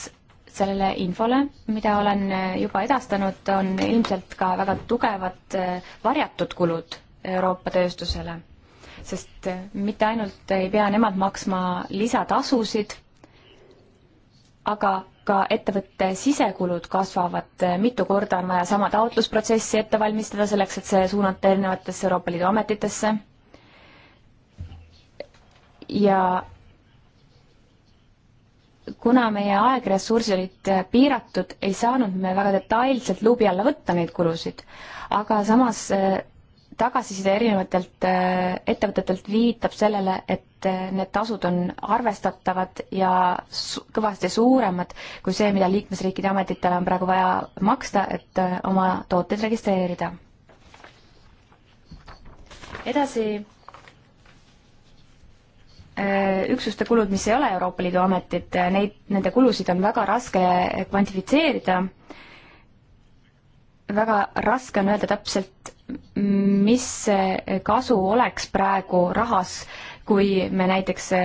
sellele infole, mida olen juba edastanud, on ilmselt ka väga tugevad varjatud kulud Euroopa tööstusele, sest mitte ainult ei pea nemad maksma lisatasusid, aga ka ettevõtte sisekulud kasvavad, mitu korda on vaja sama taotlusprotsessi ette valmistada selleks, et see suunata erinevatesse Euroopa Liidu ametitesse. ja kuna meie aegressursid olid piiratud, ei saanud me väga detailselt luubi alla võtta neid kulusid. aga samas tagasiside erinevatelt äh, ettevõtetelt viitab sellele, et äh, need tasud on arvestatavad ja kõvasti suuremad kui see, mida liikmesriikide ametitele on praegu vaja maksta, et äh, oma tooteid registreerida. edasi üksuste kulud, mis ei ole Euroopa Liidu ametid, neid, nende kulusid on väga raske kvantifitseerida väga raske on öelda täpselt, mis kasu oleks praegu rahas, kui me näiteks äh,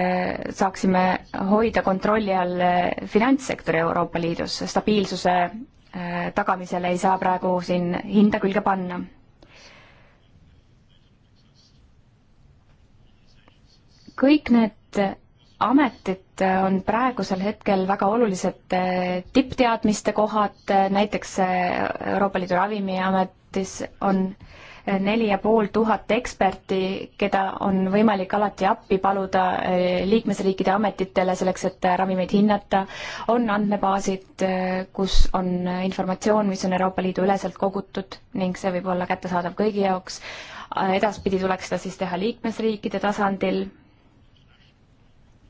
saaksime hoida kontrolli all äh, finantssektori Euroopa Liidus, stabiilsuse äh, tagamisele ei saa praegu siin hinda külge panna. kõik need ametid äh, on praegusel hetkel väga olulised äh, tippteadmiste kohad, äh, näiteks Euroopa Liidu Ravimiametis on neli ja pool tuhat eksperti, keda on võimalik alati appi paluda liikmesriikide ametitele selleks, et ravimeid hinnata. on andmebaasid, kus on informatsioon, mis on Euroopa Liidu üleselt kogutud ning see võib olla kättesaadav kõigi jaoks. edaspidi tuleks seda siis teha liikmesriikide tasandil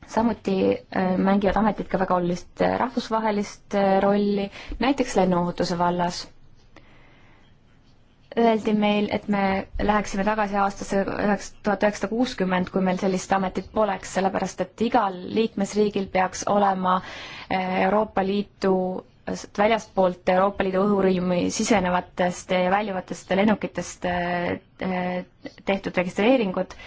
samuti äh, mängivad ametid ka väga olulist äh, rahvusvahelist äh, rolli, näiteks lennuohutuse vallas. Öeldi meil, et me läheksime tagasi aastasse üheks, tuhat üheksasada kuuskümmend, kui meil sellist ametit poleks, sellepärast et igal liikmesriigil peaks olema Euroopa Liidu väljastpoolt Euroopa Liidu õhurõimi sisenevatest ja väljuvatest lennukitest tehtud registreeringud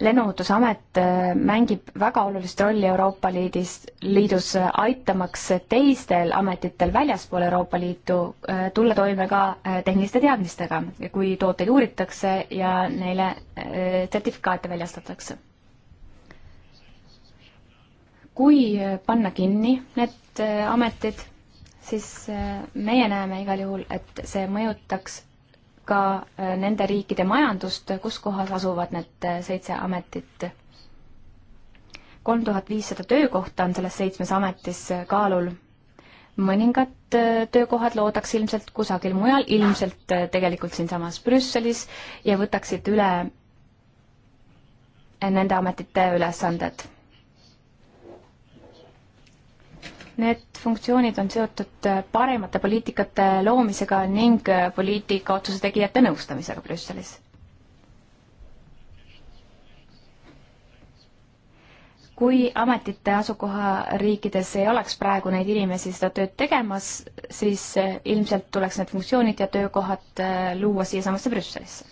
lennuohutusamet äh, mängib väga olulist rolli Euroopa Liidis, liidus äh, aitamaks teistel ametitel väljaspool Euroopa Liitu äh, tulla toime ka tehniliste teadmistega, kui tooteid uuritakse ja neile sertifikaate väljastatakse. kui panna kinni need ametid, siis meie näeme igal juhul, et see mõjutaks ka äh, nende riikide majandust, kus kohas asuvad need äh, seitse ametit. kolm tuhat viissada töökohta on selles seitsmes ametis äh, kaalul. mõningad töökohad loodaks ilmselt kusagil mujal, ilmselt tegelikult siinsamas Brüsselis ja võtaksid üle nende ametite ülesanded Need funktsioonid on seotud äh, paremate poliitikate loomisega ning äh, poliitika otsuse tegijate nõustamisega Brüsselis. kui ametite asukohariikides ei oleks praegu neid inimesi seda tööd tegemas, siis äh, ilmselt tuleks need funktsioonid ja töökohad luua siiasamasse Brüsselisse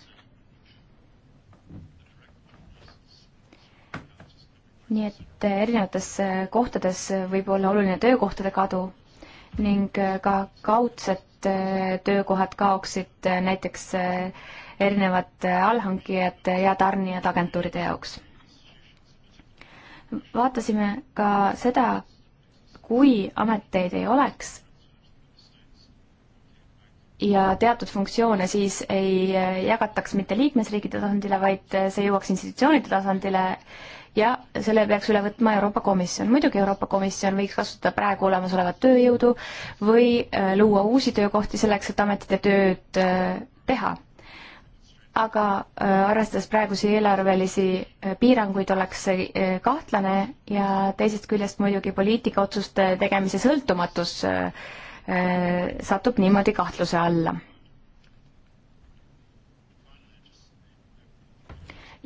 nii et eh, erinevates eh, kohtades võib olla oluline töökohtade kadu ning eh, ka kaudsed töökohad kaoksid näiteks erinevad allhankijad ja tarnijad agentuuride jaoks. vaatasime ka seda, kui ameteid ei oleks ja teatud funktsioone siis ei jagataks mitte liikmesriikide tasandile, vaid see jõuaks institutsioonide tasandile ja selle peaks üle võtma Euroopa Komisjon. muidugi Euroopa Komisjon võiks kasutada praegu olemasolevat tööjõudu või äh, luua uusi töökohti selleks, et ametite tööd äh, teha. aga äh, arvestades praegusi eelarvelisi piiranguid, oleks see kahtlane ja teisest küljest muidugi poliitikaotsuste tegemise sõltumatus satub niimoodi kahtluse alla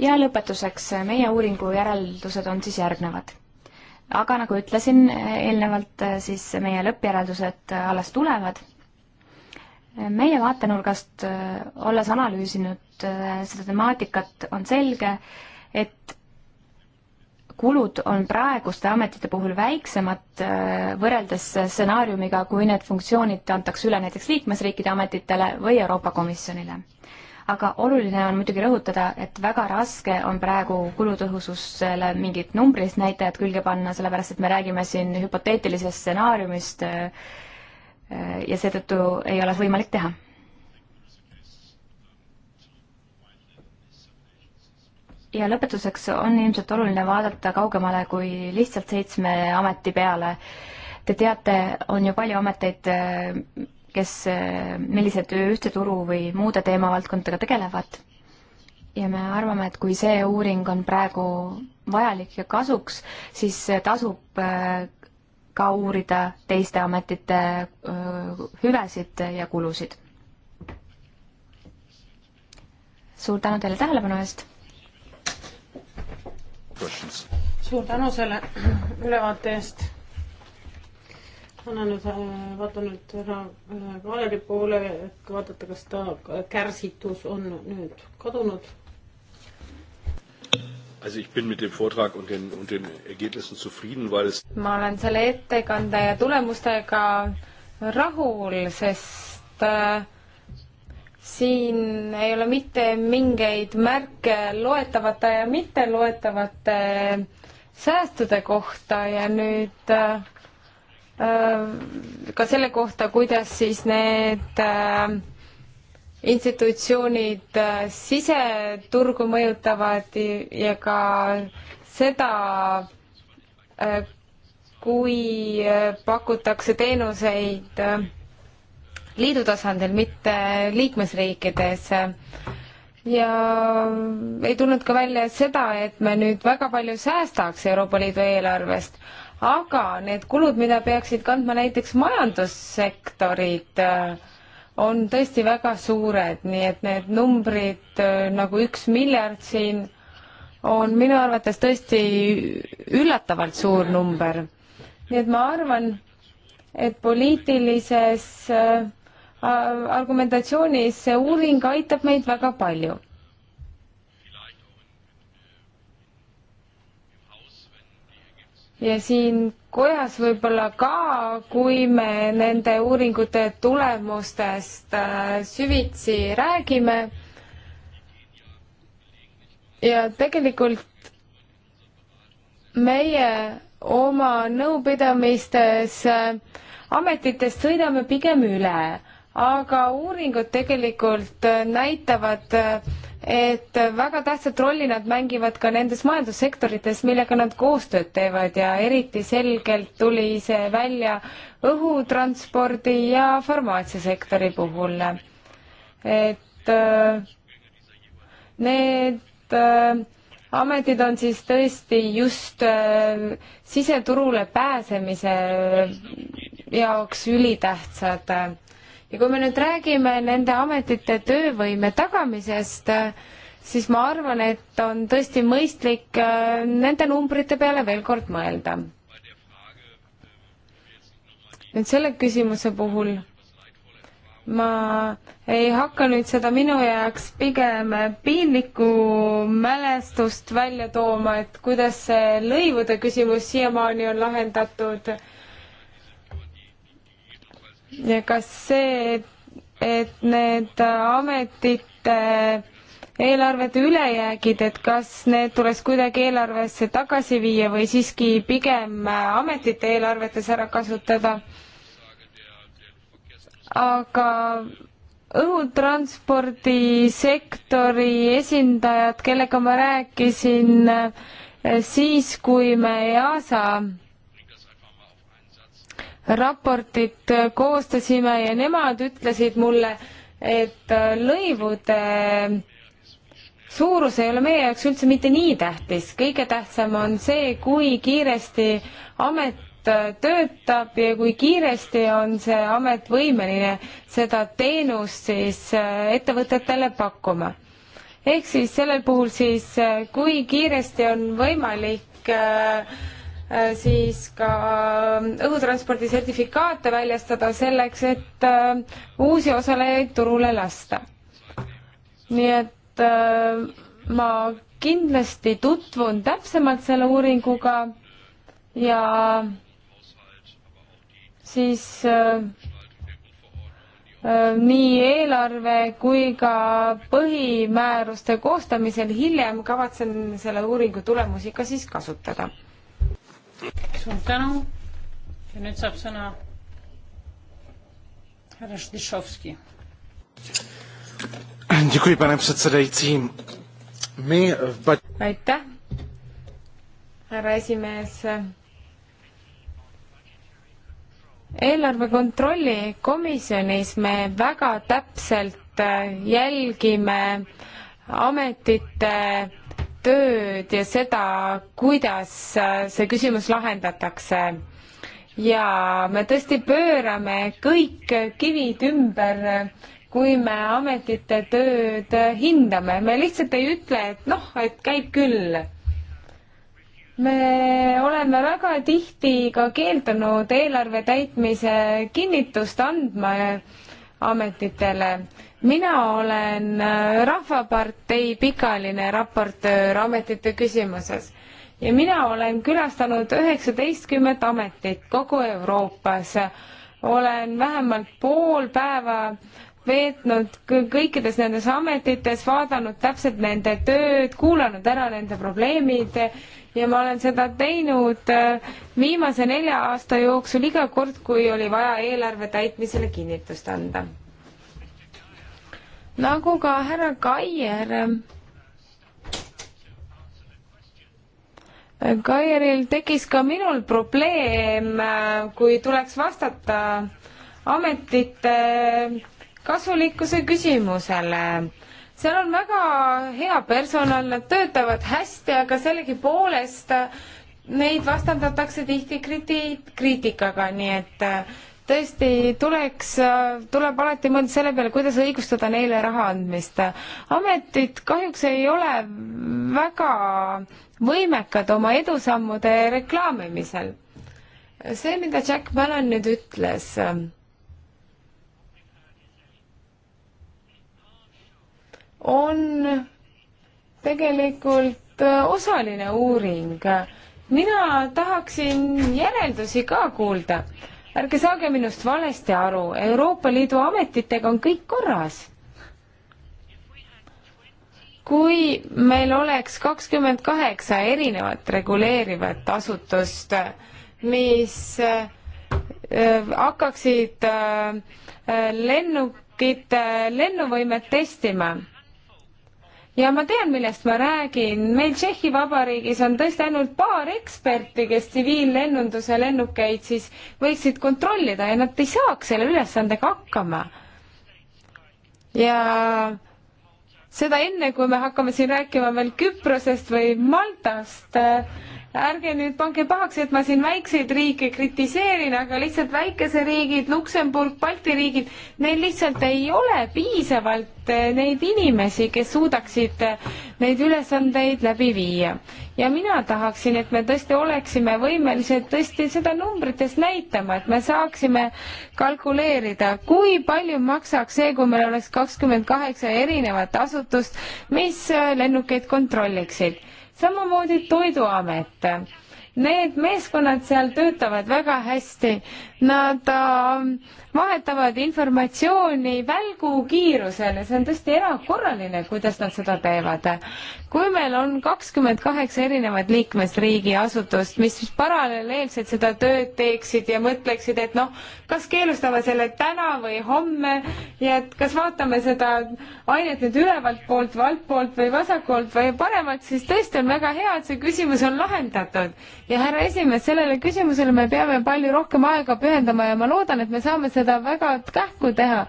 ja lõpetuseks, meie uuringu järeldused on siis järgnevad. aga nagu ütlesin eelnevalt, äh, siis meie lõppjäreldused äh, alles tulevad. meie vaatenurgast, äh, olles analüüsinud seda temaatikat, on selge, et kulud on praeguste ametite puhul väiksemad võrreldes stsenaariumiga, kui need funktsioonid antakse üle näiteks liikmesriikide ametitele või Euroopa Komisjonile aga oluline on muidugi rõhutada, et väga raske on praegu kulutõhususele mingit numbrilist näitajat külge panna, sellepärast et me räägime siin hüpoteetilisest stsenaariumist äh, ja seetõttu ei ole võimalik teha ja lõpetuseks on ilmselt oluline vaadata kaugemale kui lihtsalt seitsme ameti peale. Te teate, on ju palju ameteid, äh, kes eh, millise töö ühteturu või muude teemavaldkondadega tegelevad. ja me arvame, et kui see uuring on praegu vajalik ja kasuks, siis tasub eh, ka uurida teiste ametite eh, hüvesid ja kulusid. suur tänu teile tähelepanu eest! suur tänu selle ülevaate eest! annan nüüd, äh, vaatan nüüd härra Kalevi äh, poole, et vaadata, kas ta kärsitus on nüüd kadunud. Also ich bin mit dem Vortrag und den, und den Ergebnissen zufrieden, weil es ma olen selle ettekande ja tulemustega rahul, sest äh, siin ei ole mitte mingeid märke loetavate ja mitteloetavate säästude kohta ja nüüd äh, Äh, ka selle kohta, kuidas siis need äh, institutsioonid äh, siseturgu mõjutavad ja ka seda, kui pakutakse teenuseid liidu tasandil, mitte liikmesriikides. ja ei tulnud ka välja seda, et me nüüd väga palju säästaks Euroopa Liidu eelarvest, aga need kulud, mida peaksid kandma näiteks majandussektorid, äh, on tõesti väga suured, nii et need numbrid äh, nagu üks miljard siin on minu arvates tõesti üllatavalt suur number. nii et ma arvan, et poliitilises äh, argumentatsioonis see uuring aitab meid väga palju ja siin kojas võib-olla ka, kui me nende uuringute tulemustest äh, süvitsi räägime. ja tegelikult meie oma nõupidamistes äh, ametitest sõidame pigem üle, aga uuringud tegelikult äh, näitavad et väga tähtsat rolli nad mängivad ka nendes majandussektorites, millega nad koostööd teevad ja eriti selgelt tuli see välja õhutranspordi ja farmaatsiasektori puhul. et äh, need äh, ametid on siis tõesti just äh, siseturule pääsemise jaoks ülitähtsad ja kui me nüüd räägime nende ametite töövõime tagamisest, siis ma arvan, et on tõesti mõistlik äh, nende numbrite peale veel kord mõelda. nüüd selle küsimuse puhul ma ei hakka nüüd seda minu jaoks pigem piinlikku mälestust välja tooma, et kuidas see lõivude küsimus siiamaani on lahendatud ja kas see, et need ametite eelarvete ülejäägid, et kas need tuleks kuidagi eelarvesse tagasi viia või siiski pigem ametite eelarvetes ära kasutada? aga õhutranspordisektori esindajad, kellega ma rääkisin siis, kui me EASA raportit koostasime ja nemad ütlesid mulle, et lõivude suurus ei ole meie jaoks üldse mitte nii tähtis, kõige tähtsam on see, kui kiiresti amet töötab ja kui kiiresti on see amet võimeline seda teenust siis äh, ettevõtetele pakkuma. ehk siis sellel puhul siis, äh, kui kiiresti on võimalik äh, Äh, siis ka ähm, õhutranspordi sertifikaate väljastada selleks, et äh, uusi osalejaid turule lasta. nii et äh, ma kindlasti tutvun täpsemalt selle uuringuga ja siis nii eelarve kui ka põhimääruste koostamisel hiljem kavatsen selle uuringu tulemusi ka siis kasutada suur tänu ja nüüd saab sõna härra Šdišovski. aitäh, härra esimees eelarve kontrolli komisjonis me väga täpselt jälgime ametite tööd ja seda, kuidas see küsimus lahendatakse. ja me tõesti pöörame kõik kivid ümber, kui me ametite tööd hindame, me lihtsalt ei ütle, et noh, et käib küll. me oleme väga tihti ka keeldunud eelarve täitmise kinnitust andma ametitele mina olen äh, Rahvapartei pikaline raportöör ametite küsimuses ja mina olen külastanud üheksateistkümmet ametit kogu Euroopas. olen vähemalt pool päeva veetnud kõikides nendes ametites, vaadanud täpselt nende tööd, kuulanud ära nende probleemid ja ma olen seda teinud äh, viimase nelja aasta jooksul iga kord, kui oli vaja eelarve täitmisele kinnitust anda nagu ka härra Kaier. Kaieril tekkis ka minul probleem, kui tuleks vastata ametite kasulikkuse küsimusele. seal on väga hea personal, nad töötavad hästi, aga sellegipoolest neid vastandatakse tihti kriti-, kriitikaga, nii et tõesti tuleks, tuleb alati mõelda selle peale, kuidas õigustada neile raha andmist. ametid kahjuks ei ole väga võimekad oma edusammude reklaamimisel. see, mida Jack Mallon nüüd ütles, on tegelikult osaline uuring. mina tahaksin järeldusi ka kuulda ärge saage minust valesti aru, Euroopa Liidu ametitega on kõik korras. kui meil oleks kakskümmend kaheksa erinevat reguleerivat asutust, mis äh, hakkaksid äh, lennukite lennuvõimet testima ja ma tean, millest ma räägin, meil Tšehhi Vabariigis on tõesti ainult paar eksperti, kes tsiviillennunduse lennukeid siis võiksid kontrollida ja nad ei saaks selle ülesandega hakkama. ja seda enne, kui me hakkame siin rääkima veel Küprosest või Maltast äh,, ärge nüüd pange pahaks, et ma siin väikseid riike kritiseerin, aga lihtsalt väikeseriigid, Luksemburg, Balti riigid, neil lihtsalt ei ole piisavalt eh, neid inimesi, kes suudaksid eh, neid ülesandeid läbi viia. ja mina tahaksin, et me tõesti oleksime võimelised tõesti seda numbrites näitama, et me saaksime kalkuleerida, kui palju maksaks see, kui meil oleks kakskümmend kaheksa erinevat asutust, mis eh, lennukeid kontrolliksid samamoodi Toiduamet. Need meeskonnad seal töötavad väga hästi, nad äh, vahetavad informatsiooni välgukiirusel ja see on tõesti erakorraline, kuidas nad seda teevad. kui meil on kakskümmend kaheksa erinevat liikmesriigi asutust, mis paralleelselt seda tööd teeksid ja mõtleksid, et noh, kas keelustame selle täna või homme ja et kas vaatame seda ainet nüüd ülevalt poolt, altpoolt või vasakult või paremalt, siis tõesti on väga hea, et see küsimus on lahendatud. ja härra esimees, sellele küsimusele me peame palju rohkem aega pühendama ja ma loodan, et me saame selle seda väga kähku teha,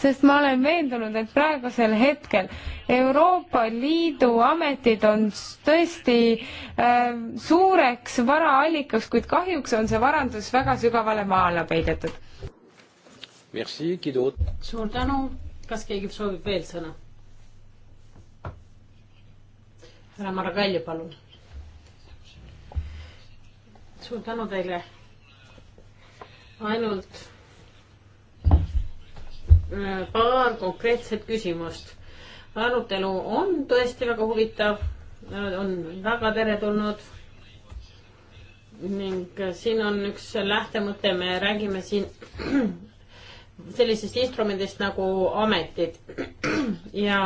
sest ma olen veendunud, et praegusel hetkel Euroopa Liidu ametid on tõesti äh, suureks varaallikaks, kuid kahjuks on see varandus väga sügavale maa alla peidetud. suur tänu, kas keegi soovib veel sõna? härra Margalja, palun. suur tänu teile. ainult Äh, paar konkreetset küsimust. arutelu on tõesti väga huvitav, äh, on väga teretulnud. ning äh, siin on üks lähtemõte, me räägime siin sellisest instrumendist nagu ametid ja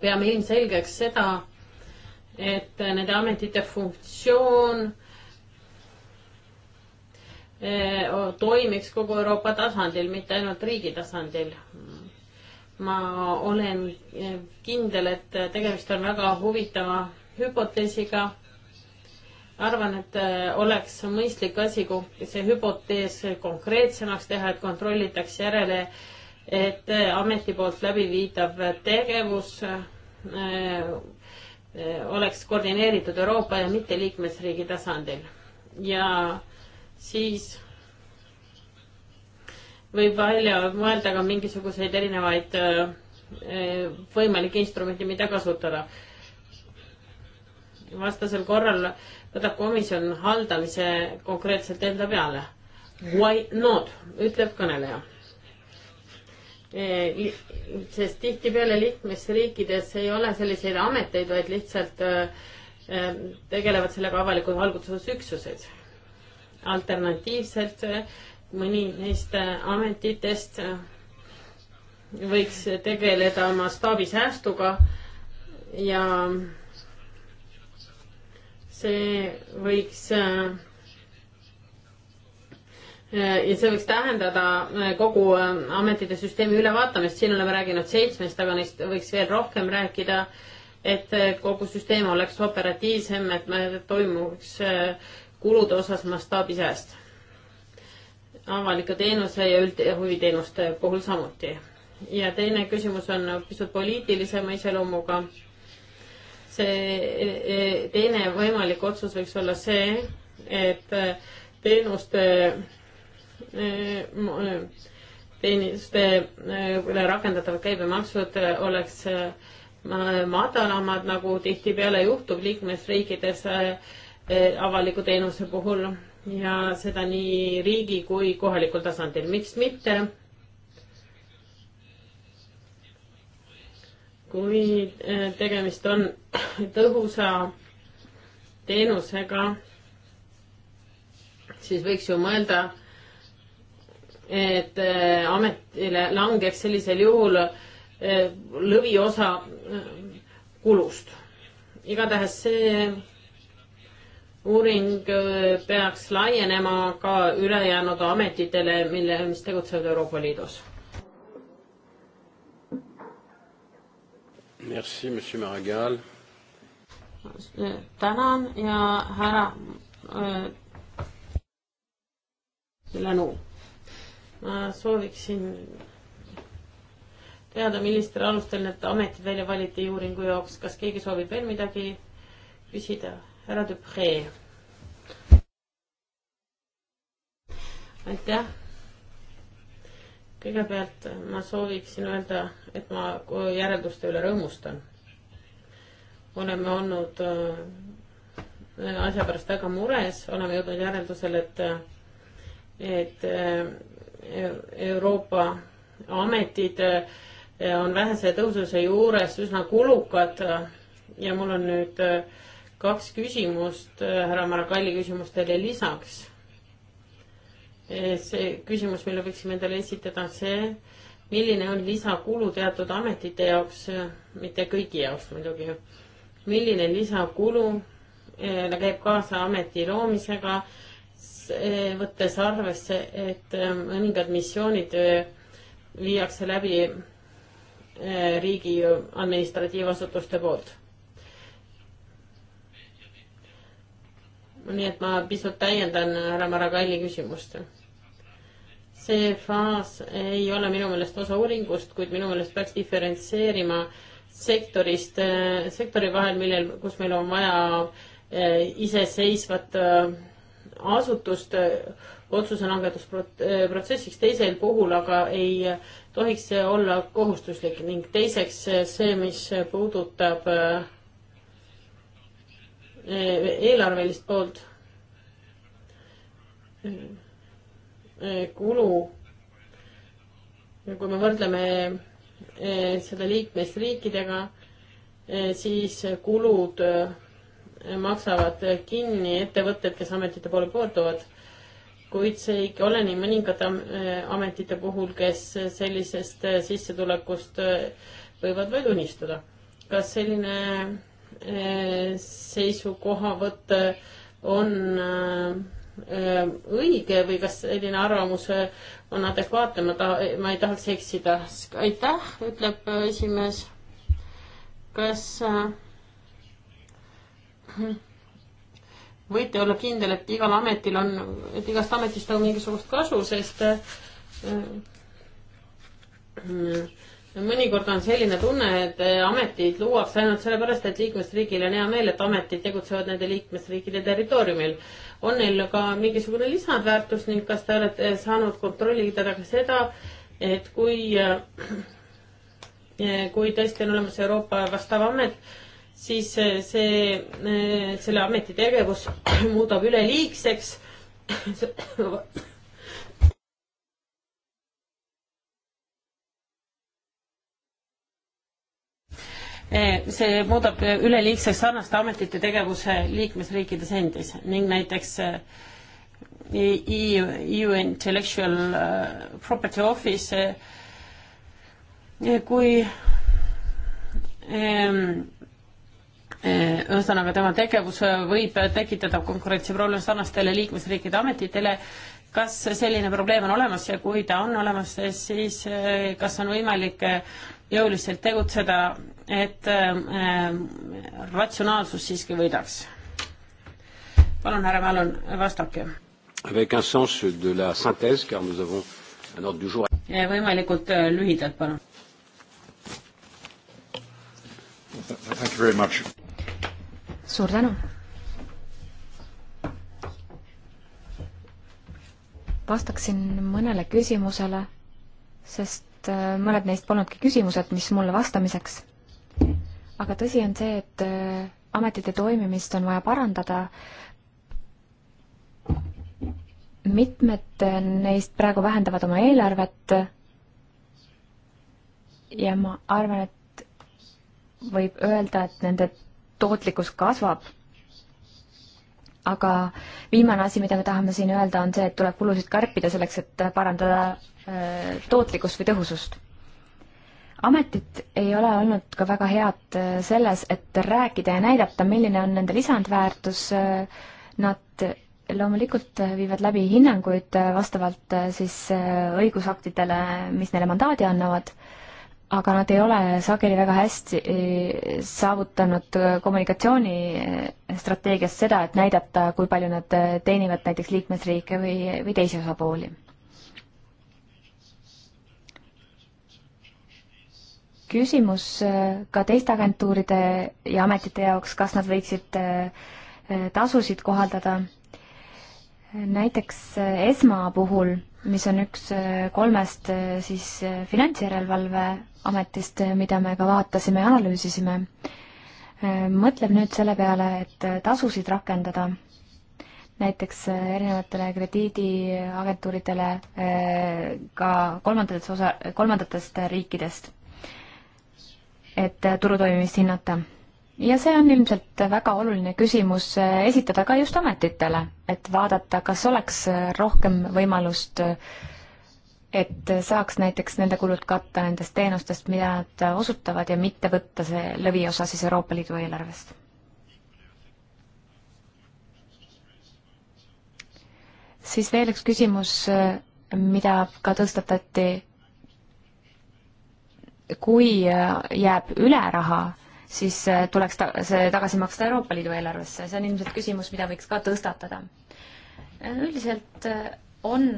peame ilmselgeks seda, et nende ametite funktsioon äh, Eh, toimiks kogu Euroopa tasandil, mitte ainult riigi tasandil. ma olen eh, kindel, et tegemist on väga huvitava hüpoteesiga. arvan, et eh, oleks mõistlik asi see hüpotees konkreetsemaks teha, et kontrollitaks järele, et ameti poolt läbiviidav tegevus oleks koordineeritud Euroopa ja mitte liikmesriigi tasandil ja siis võib välja mõelda ka mingisuguseid erinevaid äh, äh, võimalikke instrumente, mida kasutada. vastasel korral võtab komisjon haldamise konkreetselt enda peale. Why not, ütleb kõneleja. Äh, sest tihtipeale liikmesriikides ei ole selliseid ameteid, vaid lihtsalt tegelevad sellega avalikud valgutusüksused alternatiivselt mõni neist ametitest võiks tegeleda oma staabisäästuga ja see võiks ja see võiks tähendada kogu ametite süsteemi ülevaatamist, siin oleme rääkinud seitsmest, aga neist võiks veel rohkem rääkida, et kogu süsteem oleks operatiivsem, et toimuks kulude osas mastaabi sääst. avalike teenuse ja üld- ja huviteenuste puhul samuti. ja teine küsimus on pisut poliitilisema iseloomuga. see e, e, teine võimalik otsus võiks olla see, et teenuste e, teenuste üle rakendatavad käibemaksud oleks madalamad, nagu tihtipeale juhtub liikmesriikides äh, Eh, avaliku teenuse puhul ja seda nii riigi kui kohalikul tasandil, miks mitte. kui eh, tegemist on tõhusa teenusega, siis võiks ju mõelda, et eh, ametile langeks sellisel juhul lõviosa kulust. igatahes see uuring äh, peaks laienema ka ülejäänud ametitele, mille, mis tegutsevad Euroopa Liidus. Merci, monsieur Maragall. tänan ja härra äh, Lenu. ma sooviksin teada, millistel alustel need ametid välja valiti uuringu jaoks, kas keegi soovib veel midagi küsida? härra Dupree. aitäh. kõigepealt ma sooviksin öelda, et ma järelduste üle rõõmustan. oleme olnud äh, asja pärast väga mures, oleme jõudnud järeldusele, et, et äh, Euroopa ametid äh, on vähese tõususe juures üsna kulukad ja mul on nüüd äh, kaks küsimust äh, härra Marakalli küsimustele lisaks. Äh, see küsimus, mille võiksime endale esitada, on see, milline on lisakulu teatud ametite jaoks, äh, mitte kõigi jaoks muidugi, milline lisakulu käib kaasa ameti loomisega, võttes arvesse, et mõningad missioonid viiakse läbi riigi administratiivasutuste poolt nii et ma pisut täiendan härra Maragalli küsimust. see faas ei ole minu meelest osa uuringust, kuid minu meelest peaks diferentseerima sektorist, eh, sektori vahel, millel, kus meil on vaja eh, iseseisvat eh, asutust otsuse langetusprotsessiks, teisel puhul aga ei tohiks see olla kohustuslik ning teiseks see, mis puudutab äh, Eh, eelarvelist poolt. Eh, kulu, kui me võrdleme eh, seda liikmesriikidega, siis kulud maksavad kinni ettevõtted, kes ametite poole pöörduvad, kuid see ei ole nii mõningate ametite puhul, kes sellisest sissetulekust võivad vaid unistada. kas selline Eh, seisukohavõtt on eh, õige või kas selline arvamus eh, on adekvaatne, ma taha, ma ei tahaks eksida. aitäh, ütleb esimees. kas võite olla kindel, et igal ametil on, et igast ametist on mingisugust kasu, sest äh, mõnikord on selline tunne, et äh, ametid luuakse ainult sellepärast, et liikmesriigil on hea meel, et ametid tegutsevad nende liikmesriikide territooriumil. on neil ka mingisugune lisandväärtus ning kas te olete äh, saanud kontrollida ka seda, et kui, äh, kui tõesti on olemas Euroopa vastav amet, siis see, selle ameti tegevus muudab üleliigseks Eh, see muudab eh, üleliigseks sarnaste ametite tegevuse liikmesriikides endis ning näiteks EU eh, e- e- e Intellectual Property Office kui ehm, ühesõnaga tema tegevus võib tekitada konkurentsiprobleem sarnastele liikmesriikide ametitele. kas selline probleem on olemas ja kui ta on olemas, siis kas on võimalik jõuliselt tegutseda et äh, ratsionaalsus siiski võidaks. palun, härra Mälon, vastake. Avec un sens de la synthèse, car nous avons un ordre du jour. võimalikult äh, lühidalt, palun. Thank you very much. suur tänu. vastaksin mõnele küsimusele, sest äh, mõned neist polnudki küsimused, mis mulle vastamiseks aga tõsi on see, et äh, ametite toimimist on vaja parandada. mitmed äh, neist praegu vähendavad oma eelarvet. ja ma arvan, et võib öelda, et nende tootlikkus kasvab. aga viimane asi, mida me tahame siin öelda, on see, et tuleb kulusid kärpida selleks, et parandada äh, tootlikkust või tõhusust ametid ei ole olnud ka väga head äh, selles, et rääkida ja näidata, milline on nende lisandväärtus. Äh, nad loomulikult äh, viivad läbi hinnanguid vastavalt siis õigusaktidele, mis neile mandaadi annavad, aga nad ei ole sageli väga hästi saavutanud kommunikatsioonistrateegias seda, et näidata, kui palju nad teenivad näiteks liikmesriike või, või teisi osapooli küsimus äh, ka teiste agentuuride ja ametite jaoks, kas nad võiksid äh, äh, tasusid kohaldada. näiteks ESMA puhul, mis on üks kolmest siis finantsjärelevalve ametist, mida me ka vaatasime ja analüüsisime, mõtleb nüüd selle peale, et tasusid rakendada näiteks erinevatele krediidiagentuuridele ka kolmandatest osa, kolmandatest riikidest et turu toimimist hinnata. ja see on ilmselt väga oluline küsimus eh, esitada ka just ametitele, et vaadata, kas oleks eh, rohkem võimalust et saaks näiteks nende kulud katta nendest teenustest, mida nad osutavad ja mitte võtta see lõviosa siis Euroopa Liidu eelarvest. siis veel üks küsimus, eh, mida ka tõstatati kui äh, jääb üle raha, siis äh, tuleks ta, see tagasi maksta Euroopa Liidu eelarvesse, see on ilmselt küsimus, mida võiks ka tõstatada. Äh, üldiselt on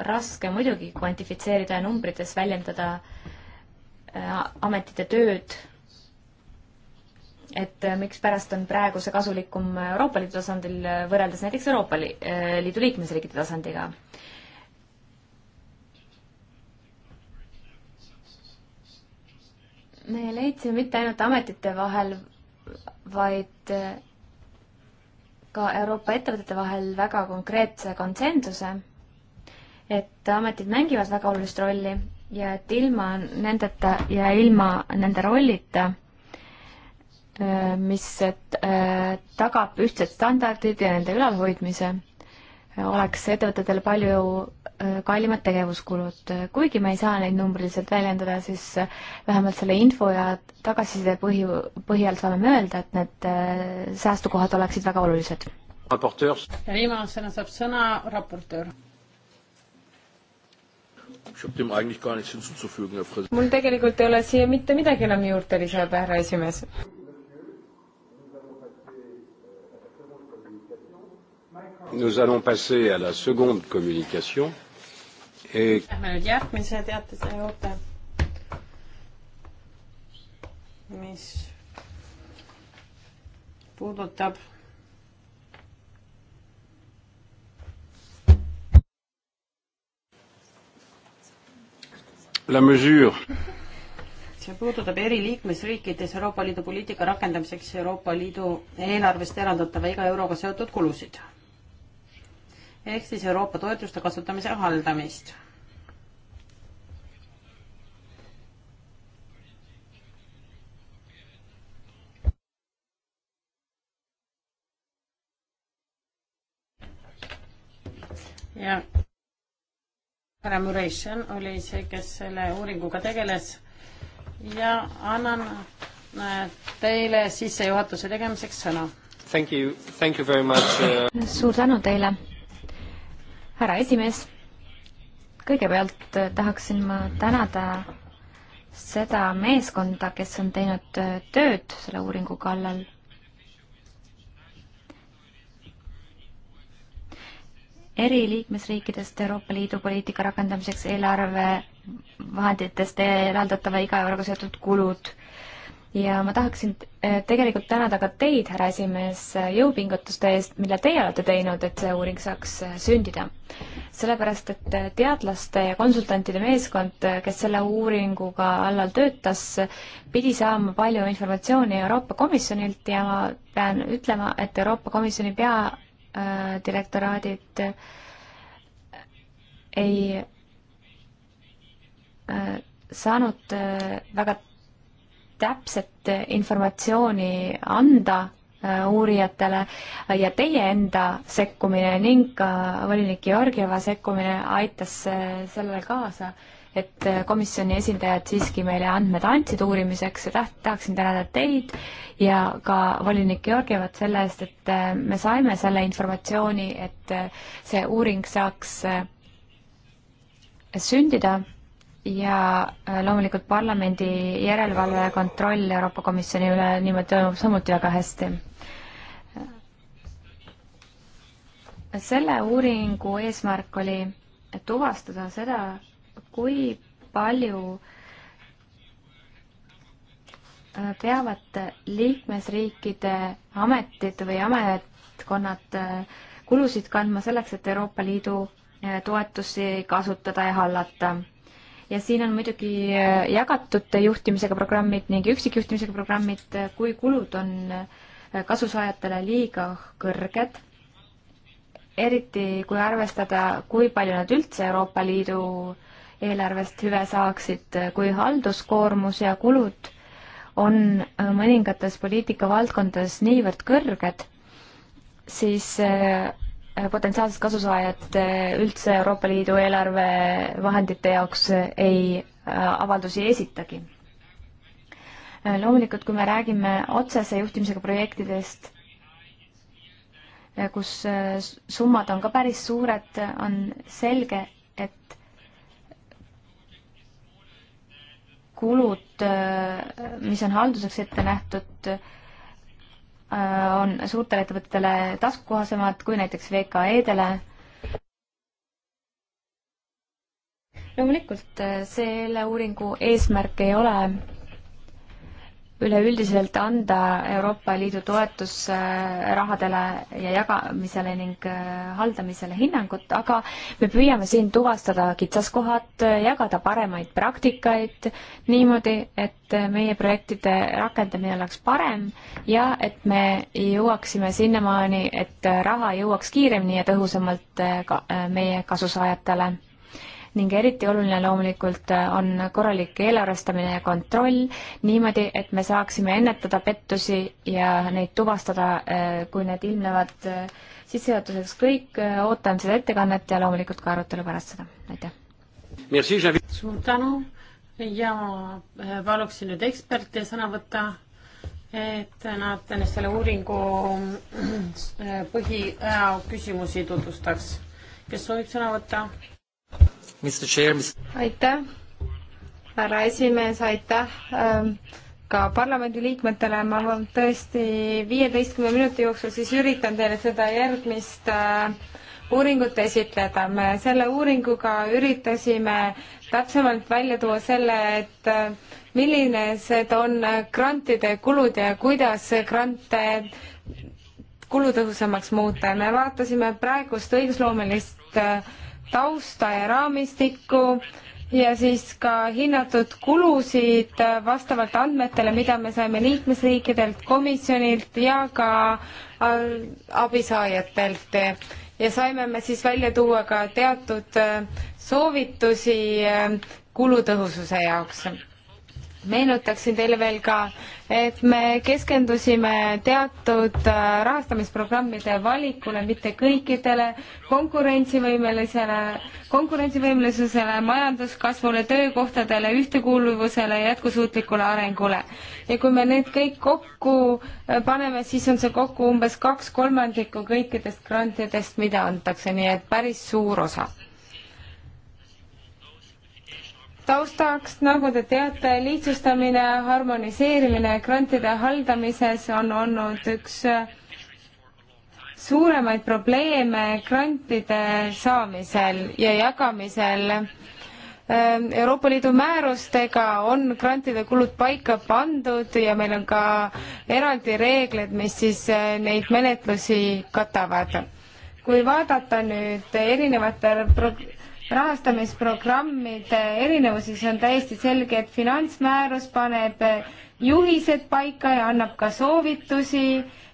raske muidugi kvantifitseerida ja numbrites väljendada ametite tööd, et mikspärast on praegu see kasulikum Euroopa Liidu tasandil võrreldes näiteks Euroopa Liidu liikmesriikide tasandiga. me leidsime mitte ainult ametite vahel, vaid äh, ka Euroopa ettevõtete vahel väga konkreetse konsensuse, et ametid mängivad väga olulist rolli ja et ilma nendeta ja ilma nende rollita, äh, mis äh, tagab ühtsed standardid ja nende ülalhoidmise oleks ettevõtetel palju äh, kallimad tegevuskulud. kuigi me ei saa neid numbriliselt väljendada, siis äh, vähemalt selle info ja tagasiside põhi, põhjal saame öelda, et need äh, säästukohad oleksid väga olulised. ja viimasena saab sõna raportöör. mul tegelikult ei ole siia mitte midagi enam juurde lisada, härra esimees Nous allons passer à la seconde communication. Et... Lähme nüüd järgmise teatise juurde, mis puudutab La mesure. see puudutab eri liikmesriikides Euroopa Liidu poliitika rakendamiseks Euroopa Liidu eelarvest eraldatava iga euroga seotud kulusid ehk siis Euroopa toetuste kasutamise haldamist. ja härra Muration oli see, kes selle uuringuga tegeles ja annan äh, teile sissejuhatuse tegemiseks sõna. Thank you, thank you very much uh.... suur tänu teile härra esimees, kõigepealt äh, tahaksin ma tänada seda meeskonda, kes on teinud äh, tööd selle uuringu kallal. eri liikmesriikidest Euroopa Liidu poliitika rakendamiseks eelarvevahenditest eraldatava iga euroga seotud kulud ja ma tahaksin äh, tegelikult tänada ka teid, härra esimees, äh, jõupingutuste eest, mille teie olete teinud, et see uuring saaks äh, sündida. sellepärast, et teadlaste ja konsultantide meeskond, kes selle uuringuga allal töötas, pidi saama palju informatsiooni Euroopa Komisjonilt ja ma pean ütlema, et Euroopa Komisjoni peadirektoraadid ei saanud väga täpset informatsiooni anda äh, uurijatele ja teie enda sekkumine ning ka volinik Georgieva sekkumine aitas äh, sellele kaasa, et äh, komisjoni esindajad siiski meile andmed andsid uurimiseks ja taht-, tahaksin tänada teid ja ka volinik Georgievat selle eest, et me saime selle informatsiooni, et see uuring saaks sündida ja äh, loomulikult parlamendi järelevalve ja kontroll Euroopa Komisjoni üle niimoodi toimub samuti väga hästi. selle uuringu eesmärk oli tuvastada seda, kui palju äh, peavad liikmesriikide ametid või ametkonnad äh, kulusid kandma selleks, et Euroopa Liidu toetusi kasutada ja hallata ja siin on muidugi äh, jagatud juhtimisega programmid ning üksikjuhtimisega programmid, äh, kui kulud on äh, kasusaajatele liiga kõrged, eriti kui arvestada, kui palju nad üldse Euroopa Liidu eelarvest hüve saaksid, kui halduskoormus ja kulud on mõningates poliitikavaldkondades niivõrd kõrged, siis potentsiaalsed kasusaajad eh, üldse Euroopa Liidu eelarvevahendite jaoks eh, ei eh, avaldusi ei esitagi. loomulikult, kui me räägime otsese juhtimisega projektidest, kus summad on ka päris suured, on selge, et kulud, mis on halduseks ette nähtud, Äh, on suurtele ettevõtetele taskukohasemad kui näiteks VKE-dele. loomulikult äh, selle uuringu eesmärk ei ole üleüldiselt anda Euroopa Liidu toetusrahadele äh, ja jagamisele ning äh, haldamisele hinnangut, aga me püüame siin tuvastada kitsaskohad, äh, jagada paremaid praktikaid niimoodi, et meie projektide rakendamine oleks parem ja et me jõuaksime sinnamaani, et raha jõuaks kiiremini ja tõhusamalt ka meie kasusaajatele ning eriti oluline loomulikult äh, on korralik eelarvestamine ja kontroll niimoodi, et me saaksime ennetada pettusi ja neid tuvastada, äh, kui need ilmnevad. Äh, sissejuhatuseks kõik, ootan seda ettekannet ja loomulikult ka arutelu pärast seda, aitäh. suur tänu ja paluksin nüüd eksperte sõna võtta et nad selle uuringu põhiküsimusi tutvustaks. kes soovib sõna võtta? aitäh, härra esimees, aitäh ähm, ka parlamendiliikmetele, ma tõesti viieteistkümne minuti jooksul siis üritan teile seda järgmist äh, uuringut esitleda. me selle uuringuga üritasime täpsemalt välja tuua selle, et äh, millised on äh, grantide kulud ja kuidas grante kulutõhusamaks muuta. me vaatasime praegust õigusloomelist tausta ja raamistikku ja siis ka hinnatud kulusid vastavalt andmetele, mida me saime liikmesriikidelt, komisjonilt ja ka abisaajatelt. ja saime me siis välja tuua ka teatud soovitusi kulutõhususe jaoks meenutaksin teile veel ka, et me keskendusime teatud äh, rahastamisprogrammide valikule, mitte kõikidele, konkurentsivõimelisele, konkurentsivõimelisusele, majanduskasvule, töökohtadele, ühtekuuluvusele, jätkusuutlikule arengule. ja kui me need kõik kokku äh, paneme, siis on see kokku umbes kaks kolmandikku kõikidest grantidest, mida antakse, nii et päris suur osa taustaks, nagu te teate, lihtsustamine, harmoniseerimine grantide haldamises on olnud üks äh, suuremaid probleeme grantide saamisel ja jagamisel. Ähm, Euroopa Liidu määrustega on grantide kulud paika pandud ja meil on ka eraldi reeglid, mis siis äh, neid menetlusi katavad. kui vaadata nüüd erinevate pro-, rahastamisprogrammide erinevusi, siis on täiesti selge, et finantsmäärus paneb juhised paika ja annab ka soovitusi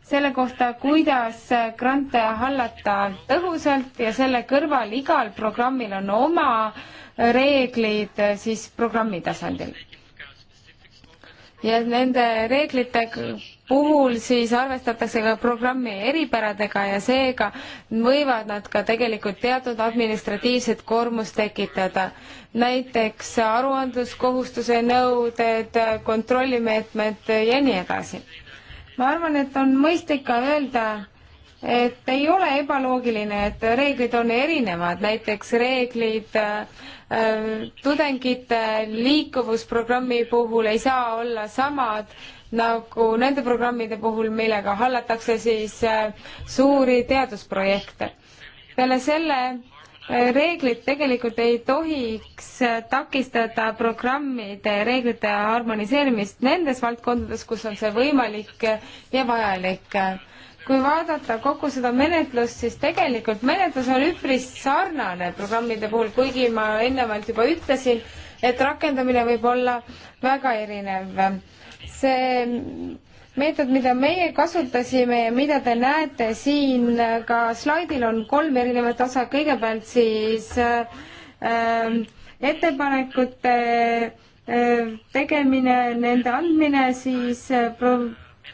selle kohta, kuidas grante hallata tõhusalt ja selle kõrval igal programmil on oma reeglid siis programmi tasandil. ja nende reeglite puhul siis arvestatakse ka programmi eripäradega ja seega võivad nad ka tegelikult teatud administratiivset koormust tekitada. näiteks aruandluskohustuse nõuded, kontrollimeetmed ja nii edasi. ma arvan, et on mõistlik ka öelda, et ei ole ebaloogiline, et reeglid on erinevad, näiteks reeglid äh, tudengite liikuvusprogrammi puhul ei saa olla samad nagu nende programmide puhul, millega hallatakse siis äh, suuri teadusprojekte. peale selle äh, reeglid tegelikult ei tohiks äh, takistada programmide reeglite harmoniseerimist nendes valdkondades, kus on see võimalik ja vajalik. kui vaadata kogu seda menetlust, siis tegelikult menetlus on üpris sarnane programmide puhul, kuigi ma eelnevalt juba ütlesin, et rakendamine võib olla väga erinev see meetod, mida meie kasutasime ja mida te näete siin ka slaidil, on kolm erinevat osa, kõigepealt siis äh, ettepanekute äh, tegemine, nende andmine, siis äh, pro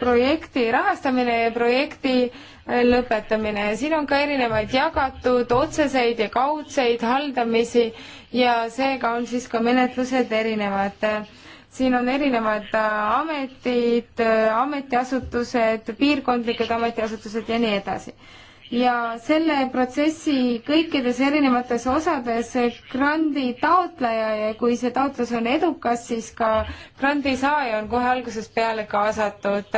projekti rahastamine ja projekti äh, lõpetamine ja siin on ka erinevaid jagatud otseseid ja kaudseid haldamisi ja seega on siis ka menetlused erinevad äh, siin on erinevad äh, ametid, äh, ametiasutused, piirkondlikud ametiasutused ja nii edasi. ja selle protsessi kõikides erinevates osades grandi taotleja ja kui see taotlus on edukas, siis ka grandi saaja on kohe algusest peale kaasatud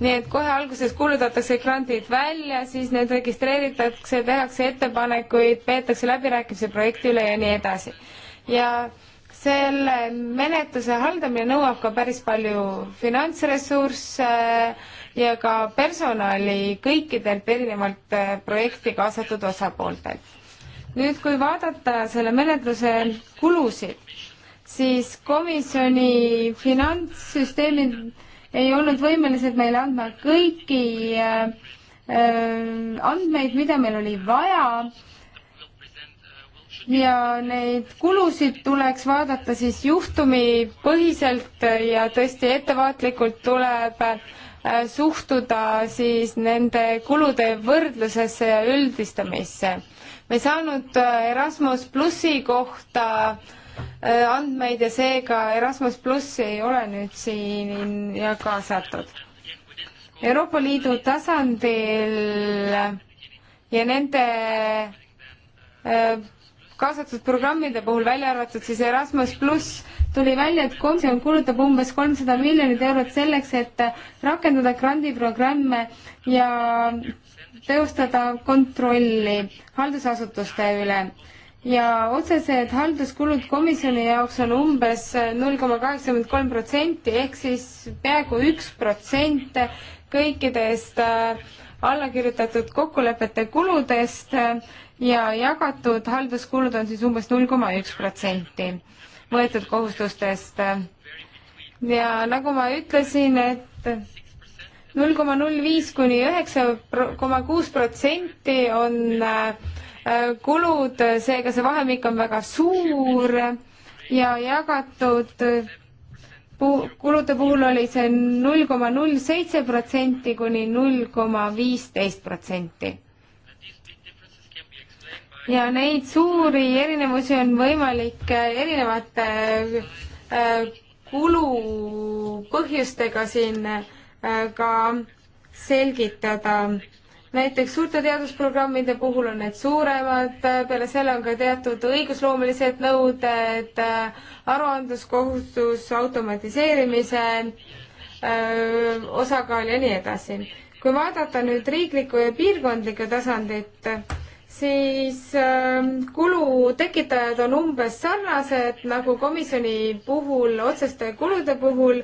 nii et kohe alguses kuulutatakse grandid välja, siis need registreeritakse, tehakse ettepanekuid, peetakse läbirääkimisi projekti üle ja nii edasi. ja selle menetluse haldamine nõuab ka päris palju finantsressursse ja ka personali kõikidelt erinevalt äh, projekti kaasatud osapooltelt. nüüd, kui vaadata selle menetluse kulusid, siis komisjoni finantssüsteemid ei olnud võimelised meile andma kõiki äh, äh, andmeid, mida meil oli vaja ja neid kulusid tuleks vaadata siis juhtumipõhiselt ja tõesti ettevaatlikult tuleb äh, suhtuda siis nende kulude võrdlusesse ja üldistamisse. me ei saanud äh, Erasmus plussi kohta äh, andmeid ja seega Erasmus pluss ei ole nüüd siin kaasatud. Euroopa Liidu tasandil ja nende kaasatud programmide puhul, välja arvatud siis Erasmus pluss, tuli välja, et komisjon kulutab umbes kolmsada miljonit eurot selleks, et rakendada grandiprogramme ja teostada kontrolli haldusasutuste üle ja otsesed halduskulud komisjoni jaoks on umbes null koma kaheksakümmend kolm protsenti ehk siis peaaegu üks protsent kõikidest äh, alla kirjutatud kokkulepete kuludest ja jagatud halduskulud on siis umbes null koma üks protsenti võetud kohustustest. ja nagu ma ütlesin, et null koma null viis kuni üheksa koma kuus protsenti on äh, kulud, seega see vahemik on väga suur ja jagatud puu-, kulude puhul oli see null koma null seitse protsenti kuni null koma viisteist protsenti ja neid suuri erinevusi on võimalik äh, erinevate äh, kulupõhjustega siin äh, ka selgitada. näiteks suurte teadusprogrammide puhul on need suuremad, peale selle on ka teatud õigusloomelised nõuded, aruandluskohustus, automatiseerimise osakaal ja nii edasi. kui vaadata nüüd riiklikku ja piirkondlikku tasandit, siis ähm, kulu tekitajad on umbes sarnased nagu komisjoni puhul, otseste kulude puhul,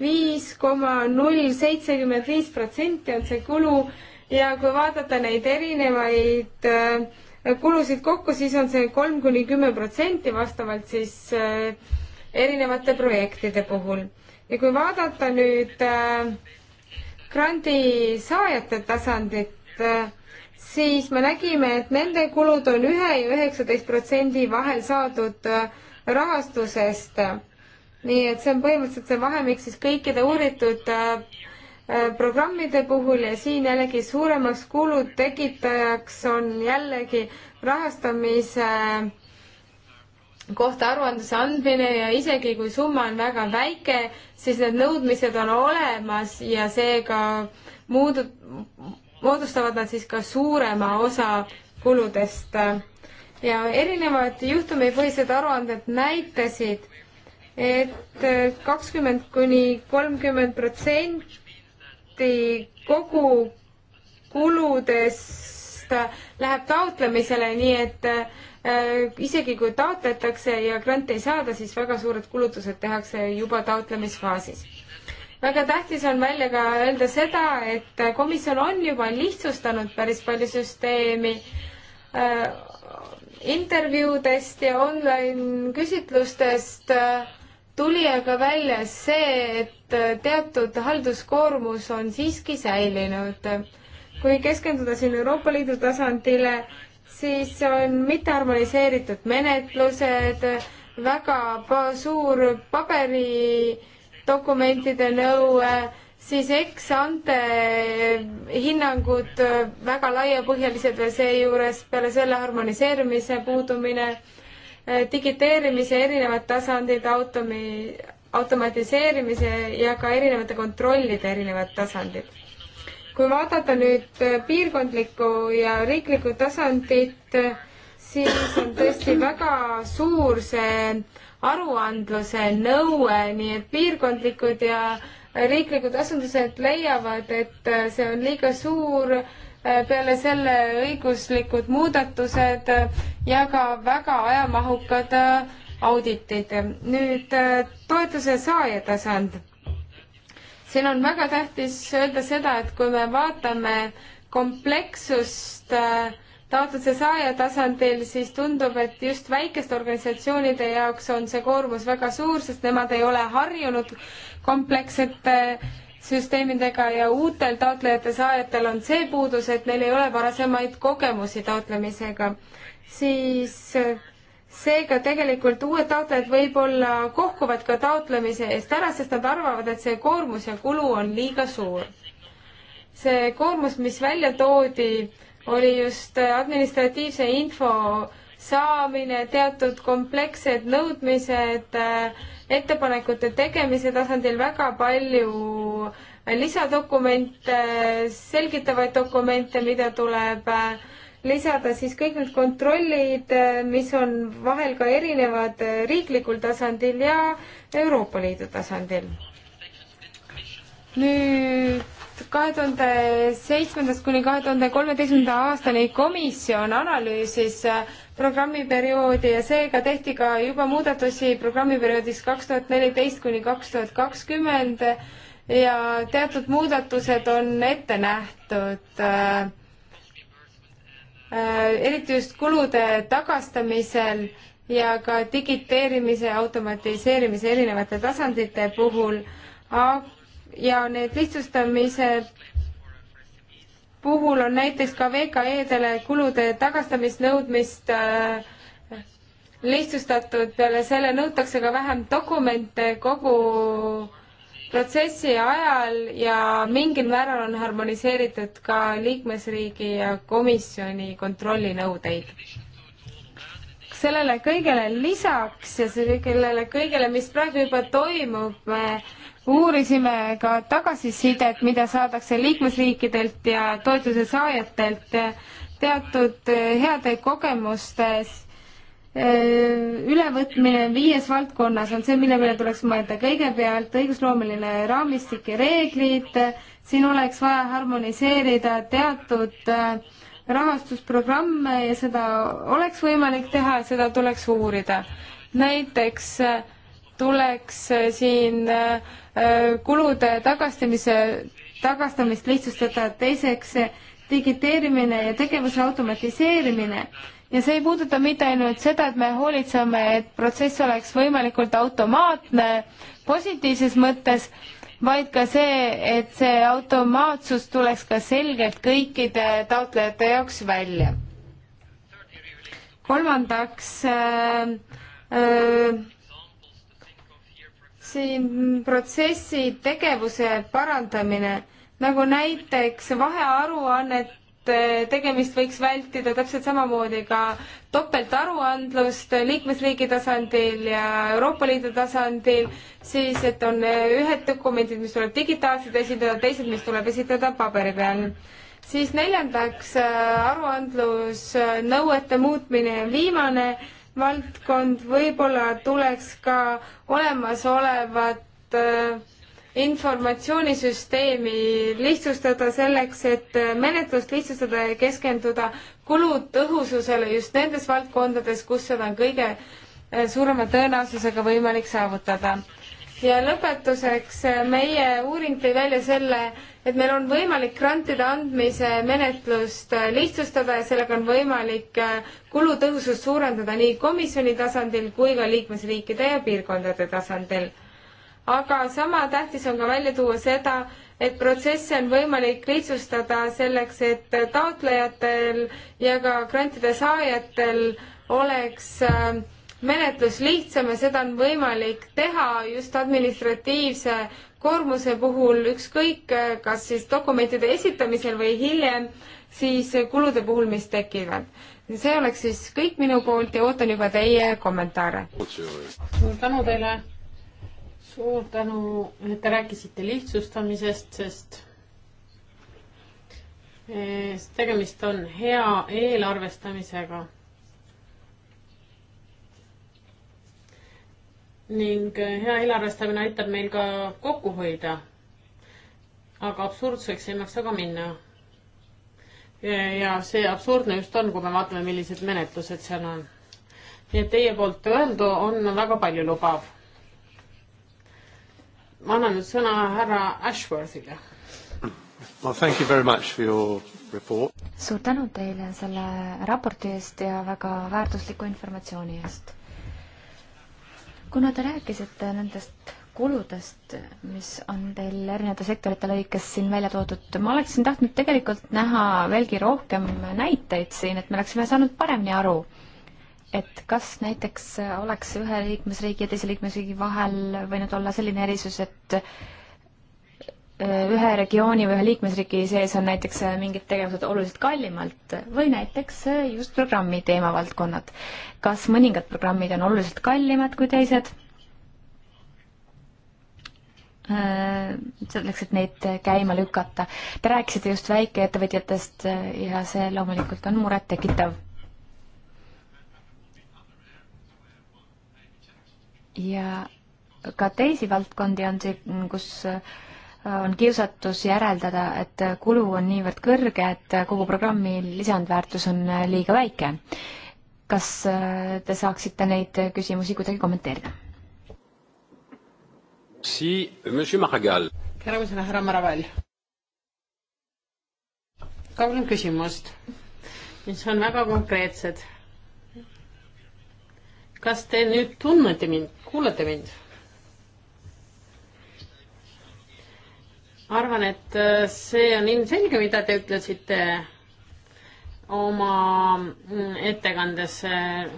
viis koma null seitsekümmend viis protsenti on see kulu ja kui vaadata neid erinevaid äh, kulusid kokku, siis on see kolm kuni kümme protsenti vastavalt siis äh, erinevate projektide puhul. ja kui vaadata nüüd äh, grandi saajate tasandit, siis me nägime, et nende kulud on ühe ja üheksateist protsendi vahel saadud äh, rahastusest. nii et see on põhimõtteliselt see vahemik siis kõikide uuritud äh, äh, programmide puhul ja siin jällegi suuremaks kulud tekitajaks on jällegi rahastamise kohta aruandluse andmine ja isegi kui summa on väga väike, siis need nõudmised on olemas ja seega muud moodustavad nad siis ka suurema osa kuludest. ja erinevad juhtumipõhised aruanded näitasid, et kakskümmend kuni kolmkümmend protsenti kogu kuludest läheb taotlemisele, nii et äh, isegi kui taotletakse ja granti ei saada, siis väga suured kulutused tehakse juba taotlemisfaasis väga tähtis on välja ka öelda seda, et komisjon on juba lihtsustanud päris palju süsteemi äh, intervjuudest ja online küsitlustest äh, tuli aga välja see, et teatud halduskoormus on siiski säilinud. kui keskenduda siin Euroopa Liidu tasandile, siis on mitteharmoniseeritud menetlused, väga suur paberi äh, dokumentide nõue, siis eksante hinnangud väga laiapõhjalised veel seejuures, peale selle harmoniseerumise puudumine, digiteerimise erinevad tasandid, automi-, automatiseerimise ja ka erinevate kontrollide erinevad tasandid. kui vaadata nüüd piirkondlikku ja riiklikku tasandit, siis on tõesti väga suur see aruandluse nõue, nii et piirkondlikud ja riiklikud asundused leiavad, et äh, see on liiga suur, äh, peale selle õiguslikud muudatused äh, ja ka väga ajamahukad auditid. nüüd toetuse saaja tasand. siin on väga tähtis öelda seda, et kui me vaatame komplekssust äh, taotluse saaja tasandil, siis tundub, et just väikeste organisatsioonide jaoks on see koormus väga suur, sest nemad ei ole harjunud komplekssete süsteemidega ja uutel taotlejate saajatel on see puudus, et neil ei ole varasemaid kogemusi taotlemisega. siis seega tegelikult uued taotlejad võib-olla kohkuvad ka taotlemise eest ära, sest nad arvavad, et see koormus ja kulu on liiga suur. see koormus, mis välja toodi, oli just administratiivse info saamine, teatud komplekssed nõudmised, ettepanekute tegemise tasandil väga palju lisadokumente, selgitavaid dokumente, mida tuleb lisada siis kõik need kontrollid, mis on vahel ka erinevad riiklikul tasandil ja Euroopa Liidu tasandil. nüüd kahe tuhande seitsmendast kuni kahe tuhande kolmeteistkümnenda aastani komisjon analüüsis äh, programmiperioodi ja seega tehti ka juba muudatusi programmiperioodis kaks tuhat neliteist kuni kaks tuhat kakskümmend ja teatud muudatused on ette nähtud äh, äh eriti just kulude tagastamisel ja ka digiteerimise, automatiseerimise erinevate tasandite puhul, aga ja need lihtsustamise puhul on näiteks ka VKE-dele kulude tagastamisnõudmist äh, lihtsustatud, peale selle nõutakse ka vähem dokumente kogu protsessi ajal ja mingil määral on harmoniseeritud ka liikmesriigi ja komisjoni kontrollinõudeid. sellele kõigele lisaks ja sellele kõigele, mis praegu juba toimub, me äh, uurisime ka tagasisidet, mida saadakse liikmesriikidelt ja toetuse saajatelt teatud eh, heade kogemustes eh, ülevõtmine viies valdkonnas on see, mille peale tuleks mõelda. kõigepealt õigusloomeline raamistik ja reeglid, siin oleks vaja harmoniseerida teatud eh, rahastusprogramme ja seda oleks võimalik teha, seda tuleks uurida. näiteks äh, tuleks äh, siin äh, kulude tagastamise, tagastamist lihtsustada, teiseks äh, digiteerimine ja tegevuse automatiseerimine. ja see ei puuduta mitte ainult seda, et me hoolitseme, et protsess oleks võimalikult automaatne positiivses mõttes, vaid ka see, et see automaatsus tuleks ka selgelt kõikide taotlejate jaoks välja. kolmandaks äh, äh, siin protsessi tegevuse parandamine, nagu näiteks vahearuannet tegemist võiks vältida täpselt samamoodi ka topeltaruandlust liikmesriigi tasandil ja Euroopa Liidu tasandil, siis et on ühed dokumendid, mis tuleb digitaalselt esitada, teised, mis tuleb esitada paberi peal. siis neljandaks äh, aruandlus, nõuete muutmine ja viimane valdkond, võib-olla tuleks ka olemasolevat äh, informatsioonisüsteemi lihtsustada selleks, et äh, menetlust lihtsustada ja keskenduda kulutõhususele just nendes valdkondades, kus seda on kõige äh, suurema tõenäosusega võimalik saavutada. ja lõpetuseks, meie uuring tõi välja selle, et meil on võimalik grantide andmise menetlust äh, lihtsustada ja sellega on võimalik äh, kulutõhusust suurendada nii komisjoni tasandil kui ka liikmesriikide ja piirkondade tasandil. aga sama tähtis on ka välja tuua seda, et protsesse on võimalik lihtsustada selleks, et taotlejatel ja ka grantide saajatel oleks äh, menetlus lihtsam ja seda on võimalik teha just administratiivse koormuse puhul, ükskõik kas siis dokumentide esitamisel või hiljem, siis kulude puhul, mis tekivad. see oleks siis kõik minu poolt ja ootan juba teie kommentaare. suur tänu teile, suur tänu, et te rääkisite lihtsustamisest, sest eh, tegemist on hea eelarvestamisega ning eh, hea eelarvestamine aitab meil ka kokku hoida. aga absurdseks ei maksa ka minna. ja see absurdne just on, kui me vaatame, millised menetlused seal on. nii et teie poolt öeldu on väga palju lubav. ma annan nüüd sõna härra Ashworthile. Well, thank you very much for your report. suur tänu teile selle raporti eest ja väga väärtusliku informatsiooni eest kuna te rääkisite nendest kuludest, mis on teil erinevate sektorite lõikes siin välja toodud, ma oleksin tahtnud tegelikult näha veelgi rohkem näiteid siin, et me oleksime saanud paremini aru, et kas näiteks oleks ühe liikmesriigi ja teise liikmesriigi vahel võinud olla selline erisus, et Äh, ühe regiooni või ühe liikmesriigi sees on näiteks äh, mingid tegevused oluliselt kallimalt või näiteks äh, just programmi teemavaldkonnad. kas mõningad programmid on oluliselt kallimad kui teised? selleks, et neid käima lükata. Te rääkisite just väikeettevõtjatest ja see loomulikult on murettekitav. ja ka teisi valdkondi on siin, kus äh, on kiusatus järeldada, et kulu on niivõrd kõrge, et kogu programmi lisandväärtus on liiga väike. kas äh, te saaksite neid küsimusi kuidagi kommenteerida? Si, monsieur Maragall. järgmisena härra Maragall. kolm küsimust, mis on väga konkreetsed. kas te nüüd tunnete mind, kuulete mind? arvan, et äh, see on ilmselge, mida te ütlesite oma mm, ettekandes. Äh,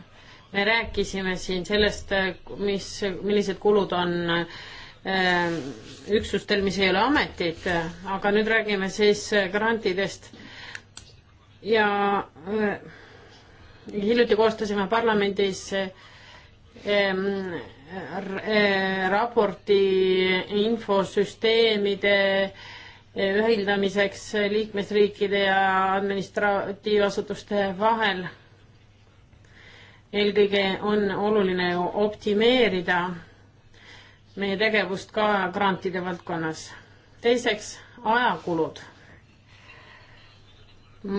me rääkisime siin sellest, äh, mis, millised kulud on üksustel, mis ei ole ametid, aga nüüd räägime siis grantidest. ja hiljuti koostasime parlamendis Äh, raporti infosüsteemide äh, ühildamiseks liikmesriikide ja administratiivasutuste vahel. eelkõige on oluline ju optimeerida meie tegevust ka grantide valdkonnas. teiseks, ajakulud.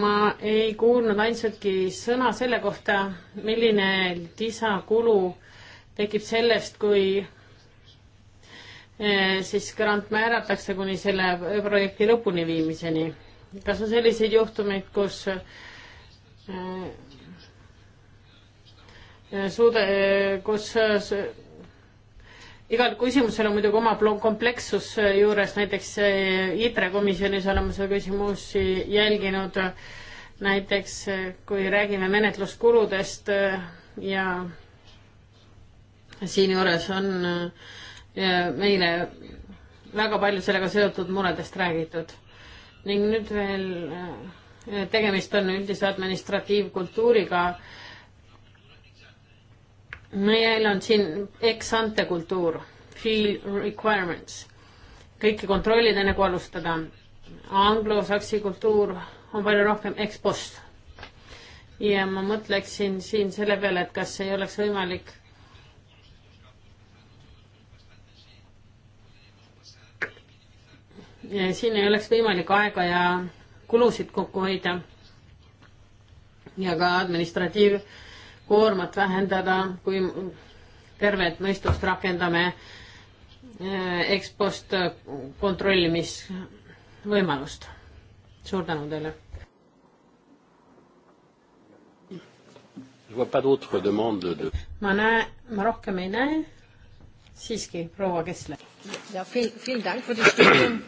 ma ei kuulnud ainsatki sõna selle kohta, milline lisakulu äh, tekib sellest, kui eh, siis grant määratakse kuni selle projekti lõpuni viimiseni. kas on selliseid juhtumeid, kus eh, eh, suude, kus igal küsimusel on muidugi oma komplekssus juures, näiteks ITRE komisjonis oleme seda küsimusi jälginud, näiteks kui räägime menetluskuludest ja siinjuures on äh, meile väga palju sellega seotud muredest räägitud ning nüüd veel äh, tegemist on üldise administratiivkultuuriga. meil on siin ex-ante kultuur, field requirements, kõike kontrollid enne kui alustada. anglosaksi kultuur on palju rohkem ex-post ja ma mõtleksin siin selle peale, et kas ei oleks võimalik siin ei oleks võimalik aega ja kulusid kokku hoida ja ka administratiivkoormat vähendada, kui tervet mõistust rakendame ekspost eh, kontrollimisvõimalust. suur tänu teile. ma näe, ma rohkem ei näe. siiski, proua Kessler. ja, vielen Dank für die Stimme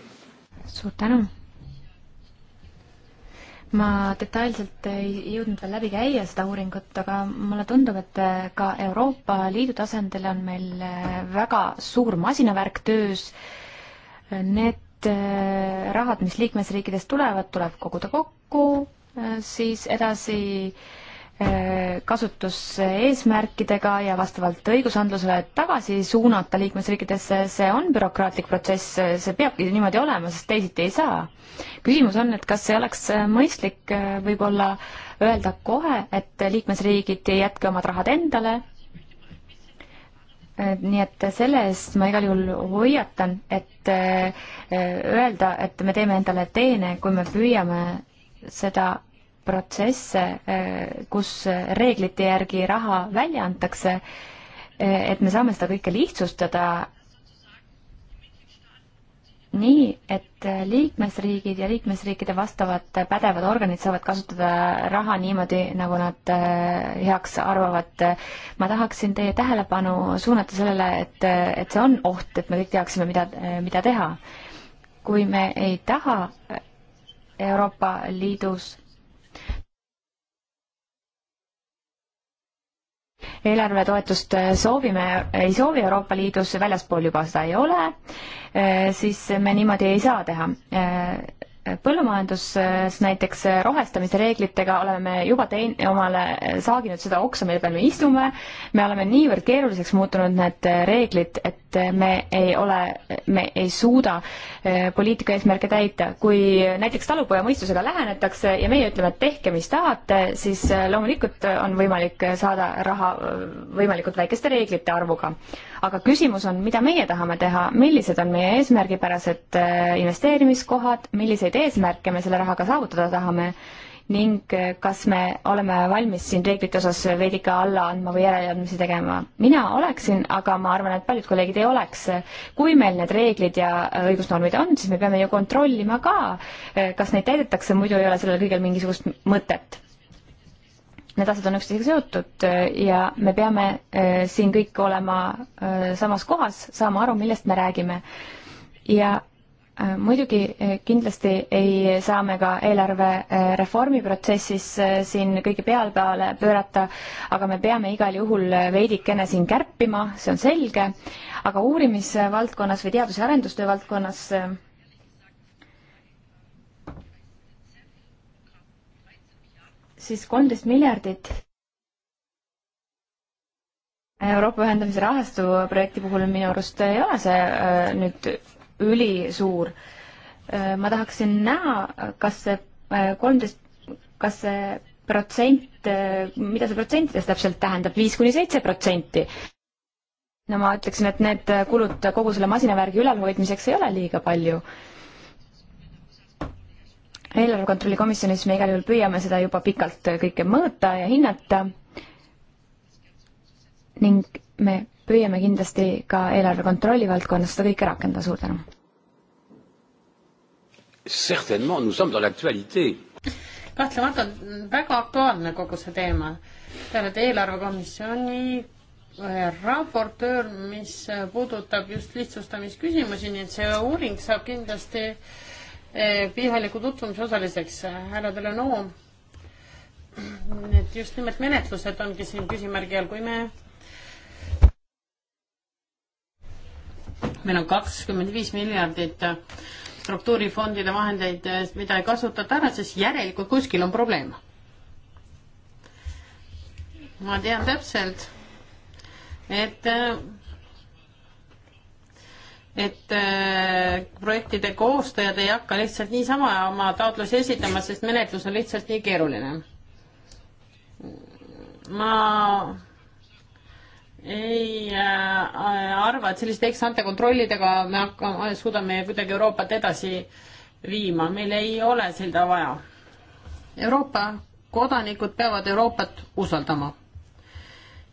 suur tänu! ma detailselt ei jõudnud veel läbi käia seda uuringut, aga mulle tundub, et ka Euroopa Liidu tasandil on meil väga suur masinavärk töös. Need äh, rahad, mis liikmesriikidest tulevad, tuleb koguda kokku, äh, siis edasi äh, Äh, kasutuseesmärkidega ja vastavalt õigusandlusele tagasi suunata liikmesriikidesse, see on bürokraatlik protsess, see peabki niimoodi olema, sest teisiti ei saa. küsimus on, et kas ei oleks mõistlik äh, võib-olla öelda kohe, et liikmesriigid ei jätka omad rahad endale, äh, nii et selle eest ma igal juhul hoiatan, et öelda, et me teeme endale teene, kui me püüame seda protsesse, eh, kus reeglite järgi raha välja antakse, eh, et me saame seda kõike lihtsustada nii, et liikmesriigid ja liikmesriikide vastavad pädevad organid saavad kasutada raha niimoodi, nagu nad eh, heaks arvavad. ma tahaksin teie tähelepanu suunata sellele, et, et see on oht, et me kõik teaksime, mida, mida teha. kui me ei taha Euroopa Liidus eelarvetoetust soovime, ei soovi Euroopa Liidus, väljaspool juba seda ei ole, eh, siis me niimoodi ei saa teha. Eh, põllumajanduses näiteks rohestamise reeglitega oleme me juba tein-, omale saaginud seda oksa, mille peal me istume, me oleme niivõrd keeruliseks muutunud need reeglid, et me ei ole, me ei suuda eh, poliitika eesmärke täita. kui näiteks talupojamõistusega lähenetakse ja meie ütleme, et tehke, mis tahate, siis eh, loomulikult on võimalik saada raha eh, võimalikult väikeste reeglite arvuga. aga küsimus on, mida meie tahame teha, millised on meie eesmärgipärased investeerimiskohad, milliseid milliseid eesmärke me selle rahaga saavutada tahame ning eh, kas me oleme valmis siin reeglite osas veidike alla andma või järeleandmisi tegema. mina oleksin, aga ma arvan, et paljud kolleegid ei oleks. kui meil need reeglid ja eh, õigusnormid on, siis me peame ju kontrollima ka, eh, kas neid täidetakse, muidu ei ole sellel kõigil mingisugust mõtet. Need asjad on üksteisega seotud ja me peame siin kõik olema samas kohas, saama aru, millest me räägime. ja Äh, muidugi äh, kindlasti ei saa me ka eelarve äh, reformi protsessis siin kõige peal peale pöörata, aga me peame igal juhul veidikene siin kärpima, see on selge, aga uurimisvaldkonnas või teadus- ja arendustöö valdkonnas siis kolmteist miljardit Euroopa ühendamise rahastu projekti puhul minu arust ei ole see nüüd ülisuur. Äh, ma tahaksin näha, kas see äh, kolmteist, kas see protsent, äh, mida see protsentides täpselt tähendab, viis kuni seitse protsenti? no ma ütleksin, et need kulud kogu selle masinavärgi ülalhoidmiseks ei ole liiga palju. eelarve kontrolli komisjonis me igal juhul püüame seda juba pikalt kõike mõõta ja hinnata ning me püüame kindlasti ka eelarve kontrolli valdkonnas seda kõike rakendada, suur tänu! certainement, nous sommes dans l'actualité. kahtlemata on väga aktuaalne kogu see teema. Te olete eelarvekomisjoni äh, raportöör, mis äh, puudutab just lihtsustamisküsimusi, nii et see uuring saab kindlasti äh, põhjaliku tutvumise osaliseks. härra Delanoo, et just nimelt menetlused ongi siin küsimärgi all, kui me meil on kakskümmend viis miljardit struktuurifondide vahendeid, eh, mida ei kasutata ära, siis järelikult kuskil on probleem. ma tean täpselt, et eh, et eh, projektide koostajad ei hakka lihtsalt niisama oma taotlusi esitama, sest menetlus on lihtsalt nii keeruline. ma ei äh, arva, et selliste eksante kontrollidega me hakkame, suudame kuidagi Euroopat edasi viima, meil ei ole seda vaja. Euroopa kodanikud peavad Euroopat usaldama.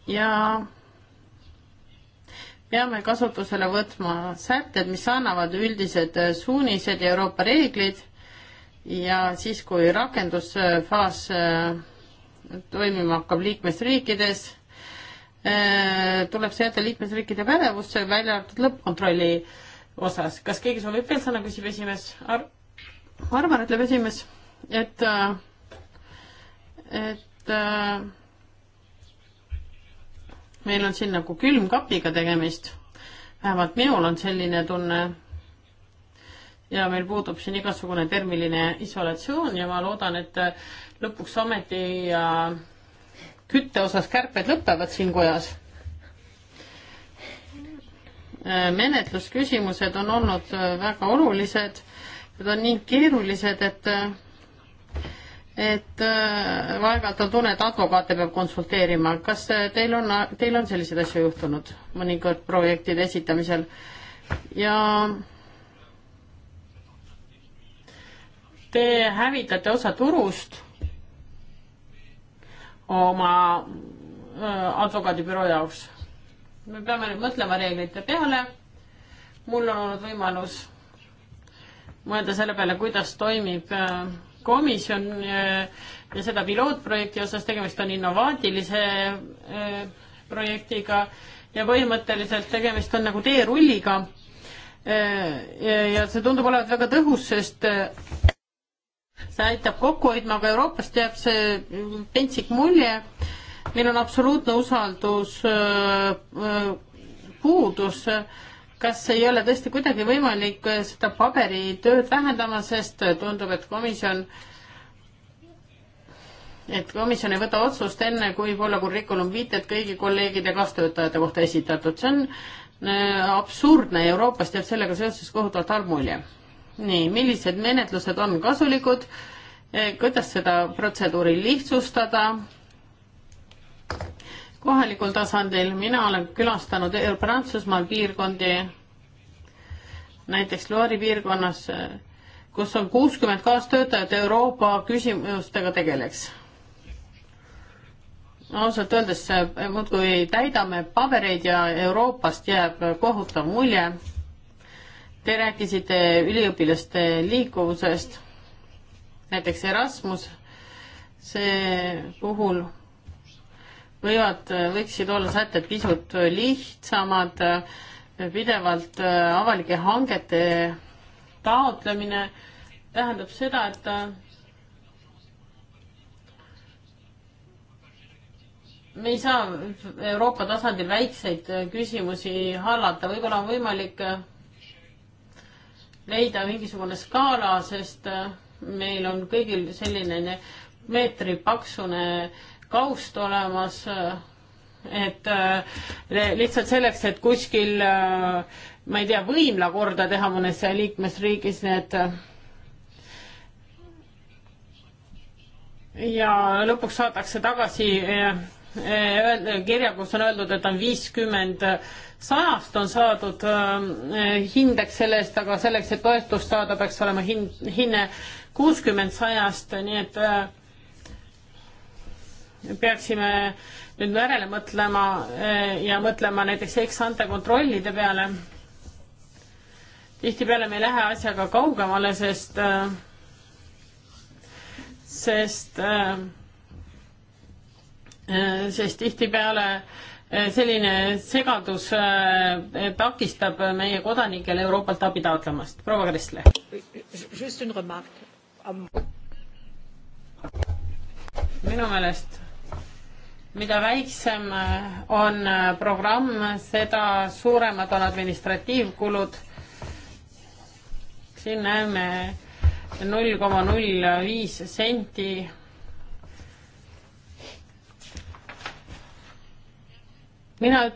ja peame kasutusele võtma sätted, mis annavad üldised suunised ja Euroopa reeglid ja siis, kui rakendusfaas äh, toimima hakkab liikmesriikides Äh, tuleb see jätta liikmesriikide pädevusse, välja arvatud lõppkontrolli osas. kas keegi soovib veel sõna, küsib esimees Ar? ma arvan, ütleb esimees, et, äh, et äh, meil on siin nagu külmkapiga tegemist. vähemalt minul on selline tunne. ja meil puudub siin igasugune termiline isolatsioon ja ma loodan, et lõpuks ometi äh, kütte osas kärped lõpevad siin kojas. Äh, menetlusküsimused on olnud äh, väga olulised, need on nii keerulised, et äh, et vaevalt on tunne, et advokaate peab konsulteerima. kas teil on, teil on selliseid asju juhtunud mõnikord projektide esitamisel? ja te hävitate osa turust oma äh, advokaadibüroo jaoks. me peame nüüd mõtlema reeglite peale. mul on olnud võimalus mõelda selle peale, kuidas toimib äh, komisjon äh, ja seda pilootprojekti osas, tegemist on innovaatilise projektiga ja põhimõtteliselt tegemist on nagu teerulliga. ja see tundub olevat väga tõhus, sest see aitab kokku hoidma, aga Euroopast jääb see pentsik mulje. meil on absoluutne usaldus äh, äh, puudus. kas ei ole tõesti kuidagi võimalik seda paberitööd vähendama, sest tundub, et komisjon et komisjon ei võta otsust enne, kui pole curriculum viited kõigi kolleegide kaastöötajate kohta esitatud. see on äh, absurdne ja Euroopast jääb sellega seoses kohutavalt halb mulje nii, millised menetlused on kasulikud, eh, kuidas seda protseduuri lihtsustada? kohalikul tasandil mina olen külastanud Prantsusmaal piirkondi, näiteks Loari piirkonnas, eh, kus on kuuskümmend kaastöötajat Euroopa küsimustega tegeleks ausalt öeldes eh, muudkui täidame pabereid ja Euroopast jääb kohutav mulje Te rääkisite üliõpilaste liikuvusest, näiteks Erasmus, see puhul võivad, võiksid olla sätted pisut lihtsamad, pidevalt avalike hangete taotlemine tähendab seda, et me ei saa Euroopa tasandil väikseid küsimusi hallata, võib-olla on võimalik leida mingisugune skaala, sest äh, meil on kõigil selline meetri paksune kaust olemas, äh, et äh, lihtsalt selleks, et kuskil, ma ei tea, võimla korda teha mõnes liikmesriigis, need ja lõpuks saadakse tagasi Eh, kirja, kus on öeldud, et on viiskümmend sajast on saadud eh, hindeks selle eest, aga selleks, et toetust saada, peaks olema hind, hinne kuuskümmend sajast, nii et eh, peaksime nüüd järele mõtlema ja mõtlema näiteks eksante kontrollide peale. tihtipeale me ei lähe asjaga kaugemale, sest, sest äh, Äh, sest tihtipeale äh, selline segadus äh, takistab meie kodanikel Euroopalt abi taotlemast. proua Kressle. minu meelest, mida väiksem on programm, seda suuremad on administratiivkulud. siin näeme null koma null viis senti mina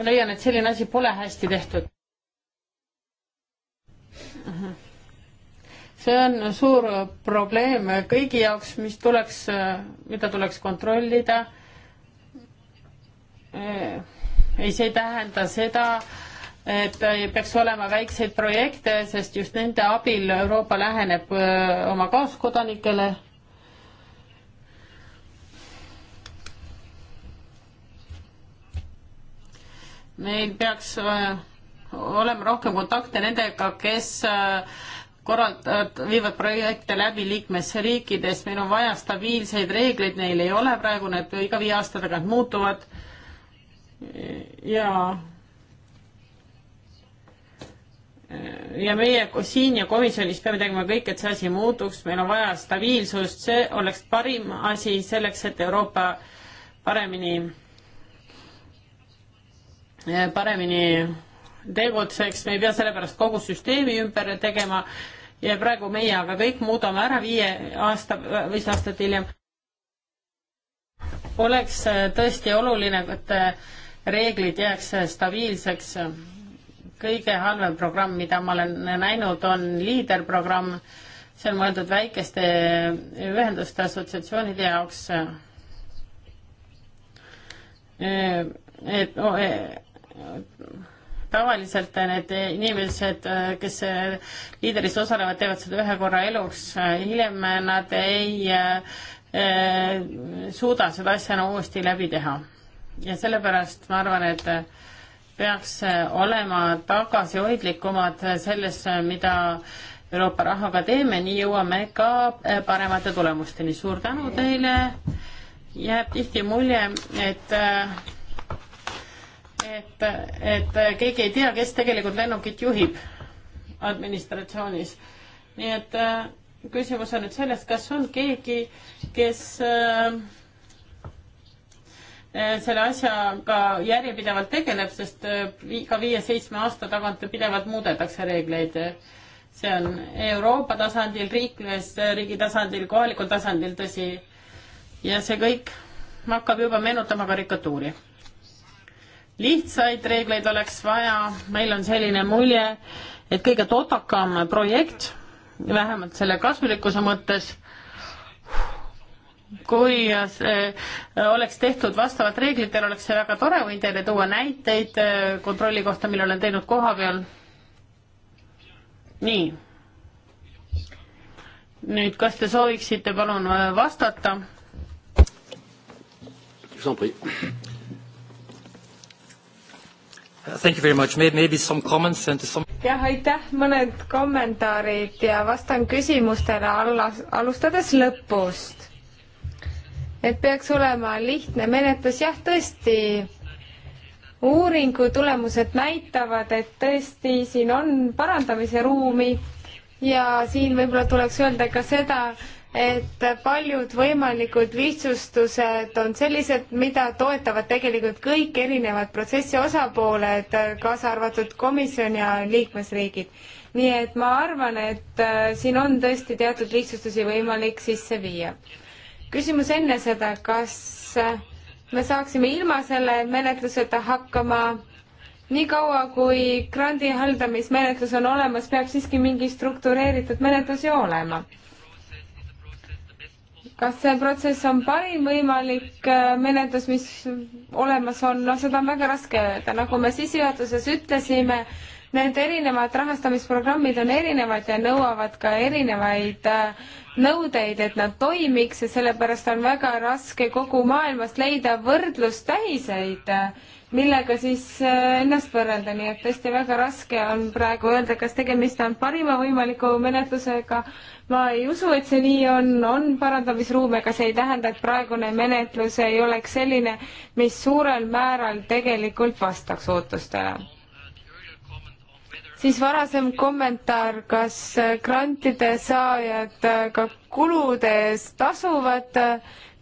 leian, et selline asi pole hästi tehtud. Mhm. see on suur probleem kõigi jaoks, mis tuleks, mida tuleks kontrollida. ei, see ei tähenda seda, et peaks olema väikseid projekte, sest just nende abil Euroopa läheneb oma kaaskodanikele meil peaks äh, olema rohkem kontakte nendega, kes äh, korraldavad, viivad projekte läbi liikmesriikides, meil on vaja stabiilseid reegleid, neil ei ole praegu, need iga viie aasta tagant muutuvad. ja ja meie siin ja komisjonis peame tegema kõik, et see asi muutuks, meil on vaja stabiilsust, see oleks parim asi selleks, et Euroopa paremini Eh, paremini tegutseks, me ei pea sellepärast kogu süsteemi ümber tegema ja praegu meie aga kõik muudame ära viie aasta, viis aastat hiljem. oleks eh, tõesti oluline, et eh, reeglid jääks stabiilseks. kõige halvem programm, mida ma olen näinud, on liiderprogramm. see on mõeldud väikeste ühenduste assotsiatsioonide jaoks et no, oh, tavaliselt need inimesed, kes liideris osalevad, teevad seda ühe korra eluks, hiljem nad ei eh, suuda seda asja enam uuesti läbi teha. ja sellepärast ma arvan, et peaks olema tagasihoidlikumad selles, mida Euroopa rahaga teeme, nii jõuame ka paremate tulemusteni. suur tänu teile, jääb tihti mulje, et eh, et, et keegi ei tea, kes tegelikult lennukit juhib administratsioonis. nii et äh, küsimus on nüüd selles, kas on keegi, kes äh, äh selle asjaga järjepidevalt tegeleb, sest äh, iga viie-seitsme aasta tagant pidevalt muudetakse reegleid. see on Euroopa tasandil, riikliku äh, tasandil, kohalikul tasandil, tõsi. ja see kõik hakkab juba meenutama karikatuuri lihtsaid reegleid oleks vaja, meil on selline mulje, et kõige totakam projekt, vähemalt selle kasulikkuse mõttes, kui oleks tehtud vastavad reeglitel, oleks see väga tore, võin teile tuua näiteid äh, kontrolli kohta, mille olen teinud koha peal. nii. nüüd, kas te sooviksite palun äh, vastata? Thank you very much. Maybe some comments and some jah, aitäh, mõned kommentaarid ja vastan küsimustele alla, alustades lõpust. et peaks olema lihtne menetlus, jah, tõesti, uuringu tulemused näitavad, et tõesti siin on parandamise ruumi ja siin võib-olla tuleks öelda ka seda, et paljud võimalikud lihtsustused on sellised, mida toetavad tegelikult kõik erinevad protsessi osapooled, kaasa arvatud komisjon ja liikmesriigid. nii et ma arvan, et äh, siin on tõesti teatud lihtsustusi võimalik sisse viia. küsimus enne seda, kas äh, me saaksime ilma selle menetluseta hakkama niikaua, kui grandi haldamismenetlus on olemas, peab siiski mingi struktureeritud menetlusi olema kas see protsess on parim võimalik äh, menetlus, mis olemas on, noh, seda on väga raske öelda, nagu me sissejuhatuses ütlesime, need erinevad rahastamisprogrammid on erinevad ja nõuavad ka erinevaid äh, nõudeid, et nad toimiks ja sellepärast on väga raske kogu maailmast leida võrdlustähiseid, äh, millega siis ennast võrrelda, nii et tõesti väga raske on praegu öelda, kas tegemist on parima võimaliku menetlusega ma ei usu, et see nii on, on parandamisruume, aga see ei tähenda, et praegune menetlus ei oleks selline, mis suurel määral tegelikult vastaks ootustele. siis varasem kommentaar, kas grantide saajad ka kulude eest tasuvad,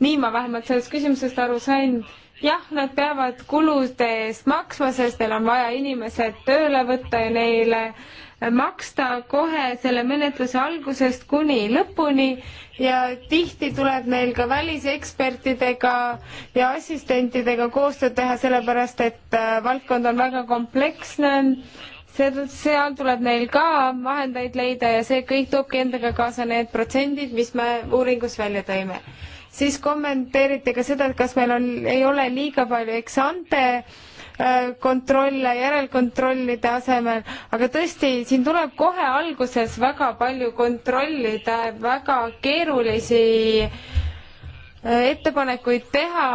nii ma vähemalt sellest küsimusest aru sain jah, nad peavad kulude eest maksma, sest neil on vaja inimesed tööle võtta ja neile maksta kohe selle menetluse algusest kuni lõpuni ja tihti tuleb meil ka välisekspertidega ja assistentidega koostööd teha, sellepärast et äh, valdkond on väga kompleksne, seal, seal tuleb neil ka vahendeid leida ja see kõik toobki endaga kaasa need protsendid, mis me uuringus välja tõime. siis kommenteeriti ka seda, et kas meil on, ei ole liiga palju eksante äh, Äh, kontrolle järelkontrollide asemel, aga tõesti, siin tuleb kohe alguses väga palju kontrollida, väga keerulisi äh, ettepanekuid teha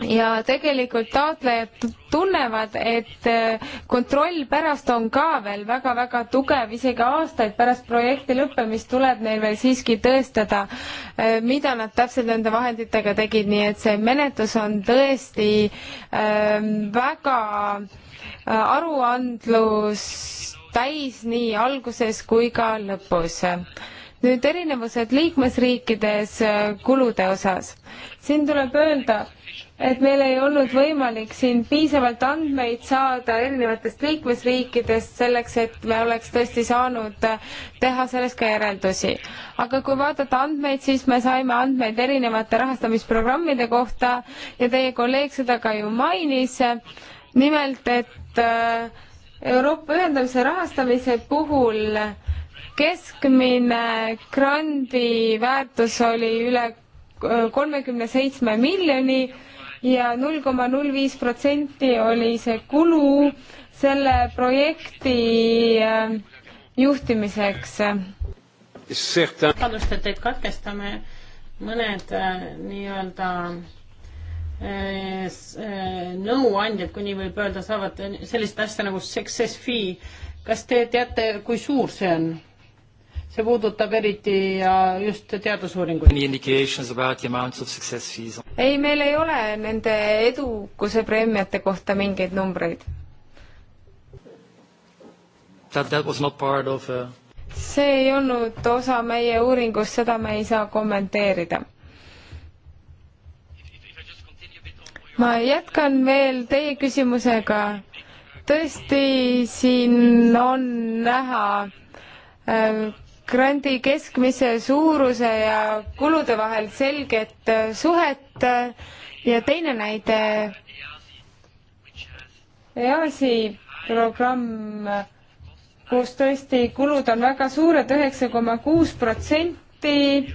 ja tegelikult taotlejad tunnevad, et äh, kontroll pärast on ka veel väga-väga tugev, isegi aastaid pärast projekti lõppemist tuleb neil veel siiski tõestada, äh, mida nad täpselt nende vahenditega tegid, nii et see menetlus on tõesti ähm, väga äh, aruandlus täis nii alguses kui ka lõpus nüüd erinevused liikmesriikides kulude osas. siin tuleb öelda, et meil ei olnud võimalik siin piisavalt andmeid saada erinevatest liikmesriikidest selleks, et me oleks tõesti saanud teha sellest ka järeldusi. aga kui vaadata andmeid, siis me saime andmeid erinevate rahastamisprogrammide kohta ja teie kolleeg seda ka ju mainis, nimelt et äh, Euroopa ühendamise rahastamise puhul keskmine grandi väärtus oli üle äh, kolmekümne seitsme miljoni ja null koma null viis protsenti oli see kulu selle projekti äh, juhtimiseks. vabandust, et teid katkestame, mõned äh, nii-öelda äh, nõuandjad, kui nii võib öelda, saavad sellist asja nagu success fee. kas te teate, kui suur see on? see puudutab eriti just teadusuuringuid. ei, meil ei ole nende edukuse preemiate kohta mingeid numbreid. Uh, see ei olnud osa meie uuringust, seda me ei saa kommenteerida. ma jätkan veel teie küsimusega. tõesti, siin on näha äh, grandi keskmise suuruse ja kulude vahel selget suhet ja teine näide, EAS-i programm, kus tõesti kulud on väga suured, üheksa koma kuus protsenti,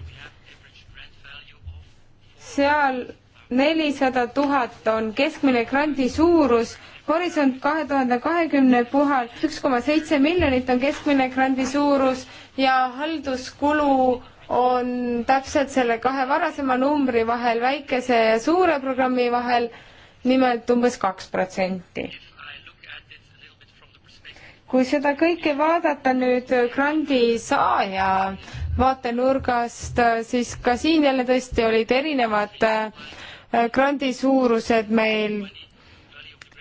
seal nelisada tuhat on keskmine grandi suurus, Horisont kahe tuhande kahekümne puhul üks koma seitse miljonit on keskmine grandi suurus ja halduskulu on täpselt selle kahe varasema numbri vahel, väikese ja suure programmi vahel, nimelt umbes kaks protsenti. kui seda kõike vaadata nüüd grandi saaja vaatenurgast, siis ka siin jälle tõesti olid erinevad äh, grandi suurused meil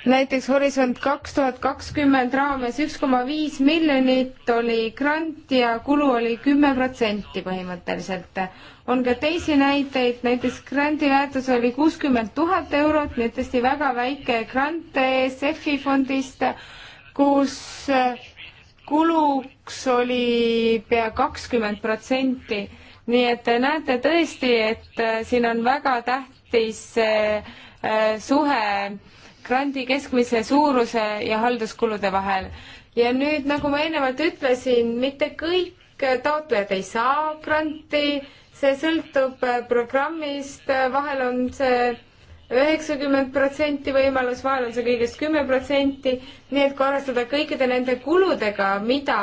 näiteks Horisont kaks tuhat kakskümmend raames üks koma viis miljonit oli grant ja kulu oli kümme protsenti põhimõtteliselt. on ka teisi näiteid, näiteks grandi väärtus oli kuuskümmend tuhat eurot, nii et tõesti väga väike grant ESF-i fondist, kus eh, kuluks oli pea kakskümmend protsenti. nii et te näete tõesti, et eh, siin on väga tähtis eh, suhe grandi keskmise suuruse ja halduskulude vahel. ja nüüd, nagu ma eelnevalt ütlesin, mitte kõik taotlejad ei saa granti, see sõltub äh, programmist, vahel on see üheksakümmend protsenti võimalus, vahel on see kõigest kümme protsenti, nii et kui arvestada kõikide nende kuludega, mida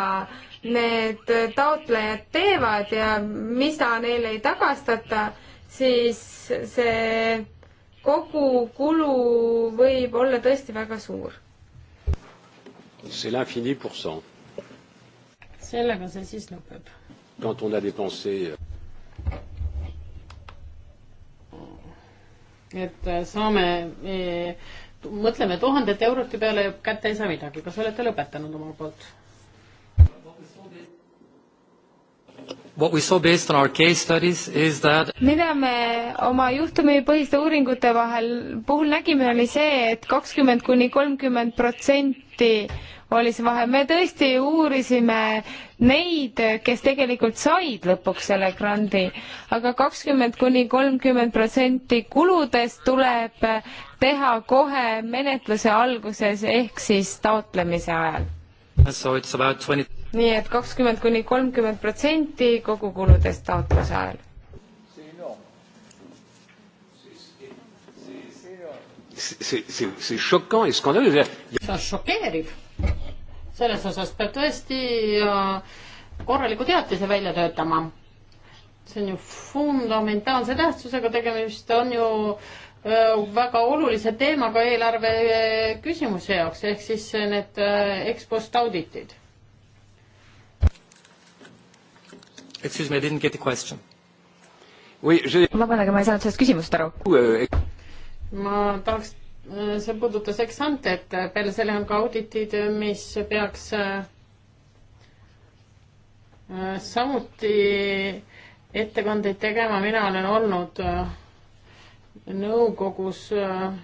need taotlejad teevad ja mida neile ei tagastata, siis see kogu kulu võib olla tõesti väga suur. sellega see siis lõpeb. Quand on a dépensé euh, et äh, saame, äh, mõtleme tuhandete eurote peale ja kätte ei saa midagi, kas olete lõpetanud omalt poolt? That... mida me oma juhtumipõhiste uuringute vahel, puhul nägime, oli see, et kakskümmend kuni kolmkümmend protsenti oli see vahe, me tõesti uurisime neid, kes tegelikult said lõpuks selle grandi aga, aga kakskümmend kuni kolmkümmend protsenti kuludest tuleb teha kohe menetluse alguses ehk siis taotlemise ajal nii et kakskümmend kuni kolmkümmend protsenti kogukuludest taotluse ajal. see on šokeeriv. selles osas peab tõesti äh, korraliku teatise välja töötama. see on ju fundamentaalse tähtsusega, tegemist on ju äh, väga olulise teemaga eelarve küsimuse jaoks, ehk siis need ekspost auditid. Excuse me, I didn't get the question. vabandage, ma ei saanud sellest küsimusest aru. Euh, ma tahaks, see puudutas ex-antet, peale selle on ka auditid, mis peaks samuti ettekandeid tegema, mina olen olnud äh, nõukogus äh,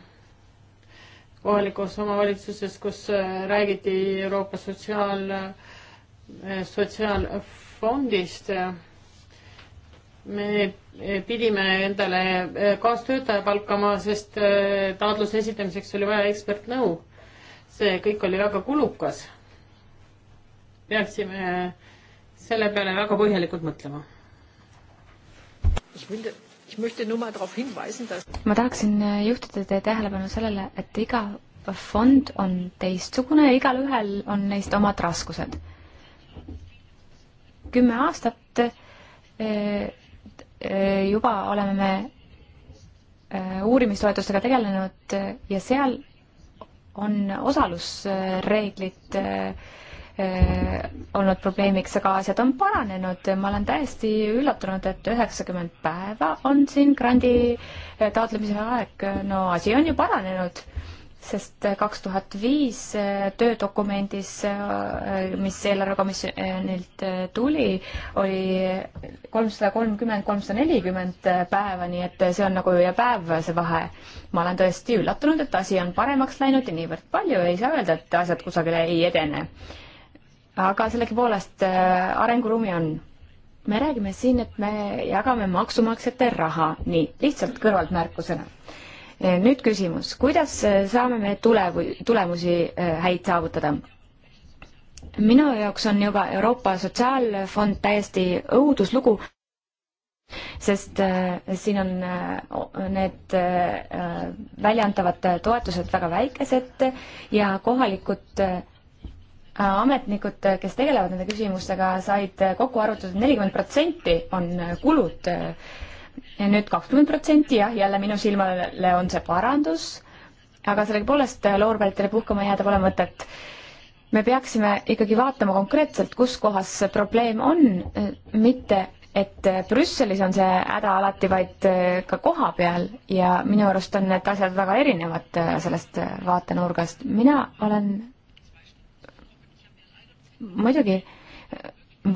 kohalikus omavalitsuses, kus äh, räägiti Euroopa sotsiaal, äh, sotsiaalfondist. me pidime endale kaastöötaja palkama, sest taotluse esitamiseks oli vaja ekspertnõu. see kõik oli väga kulukas. peaksime selle peale väga põhjalikult mõtlema. Ich finde ma tahaksin äh, juhtida teie tähelepanu sellele, et iga fond on teistsugune ja igalühel on neist omad raskused. kümme aastat äh, äh, juba oleme me uurimistoetustega tegelenud ja seal on osalusreeglid äh, Eh, olnud probleemiks, aga asjad on paranenud. ma olen täiesti üllatunud, et üheksakümmend päeva on siin grandi eh, taotlemise aeg. no asi on ju paranenud, sest kaks tuhat viis eh, töödokumendis, mis eelarvekomisjonilt tuli, oli kolmsada kolmkümmend, kolmsada nelikümmend päeva, nii et see on nagu öö ja päev, see vahe. ma olen tõesti üllatunud, et asi on paremaks läinud ja niivõrd palju ei saa öelda, et asjad kusagile ei edene aga sellegipoolest äh, arenguruumi on. me räägime siin, et me jagame maksumaksjate raha, nii, lihtsalt kõrvaltmärkusena. Äh, nüüd küsimus, kuidas äh, saame me tulevu-, tulemusi häid saavutada? minu jaoks on juba Euroopa Sotsiaalfond täiesti õuduslugu, sest äh, siin on äh, need äh, väljaantavad toetused väga väikesed ja kohalikud äh, ametnikud, kes tegelevad nende küsimustega, said kokku arvutatud, nelikümmend protsenti on kulud. nüüd kakskümmend protsenti, jah, jälle minu silmale on see parandus, aga sellegipoolest loorberitele puhkama jääda pole mõtet. me peaksime ikkagi vaatama konkreetselt, kus kohas see probleem on, mitte et Brüsselis on see häda alati vaid ka koha peal ja minu arust on need asjad väga erinevad sellest vaatenurgast. mina olen muidugi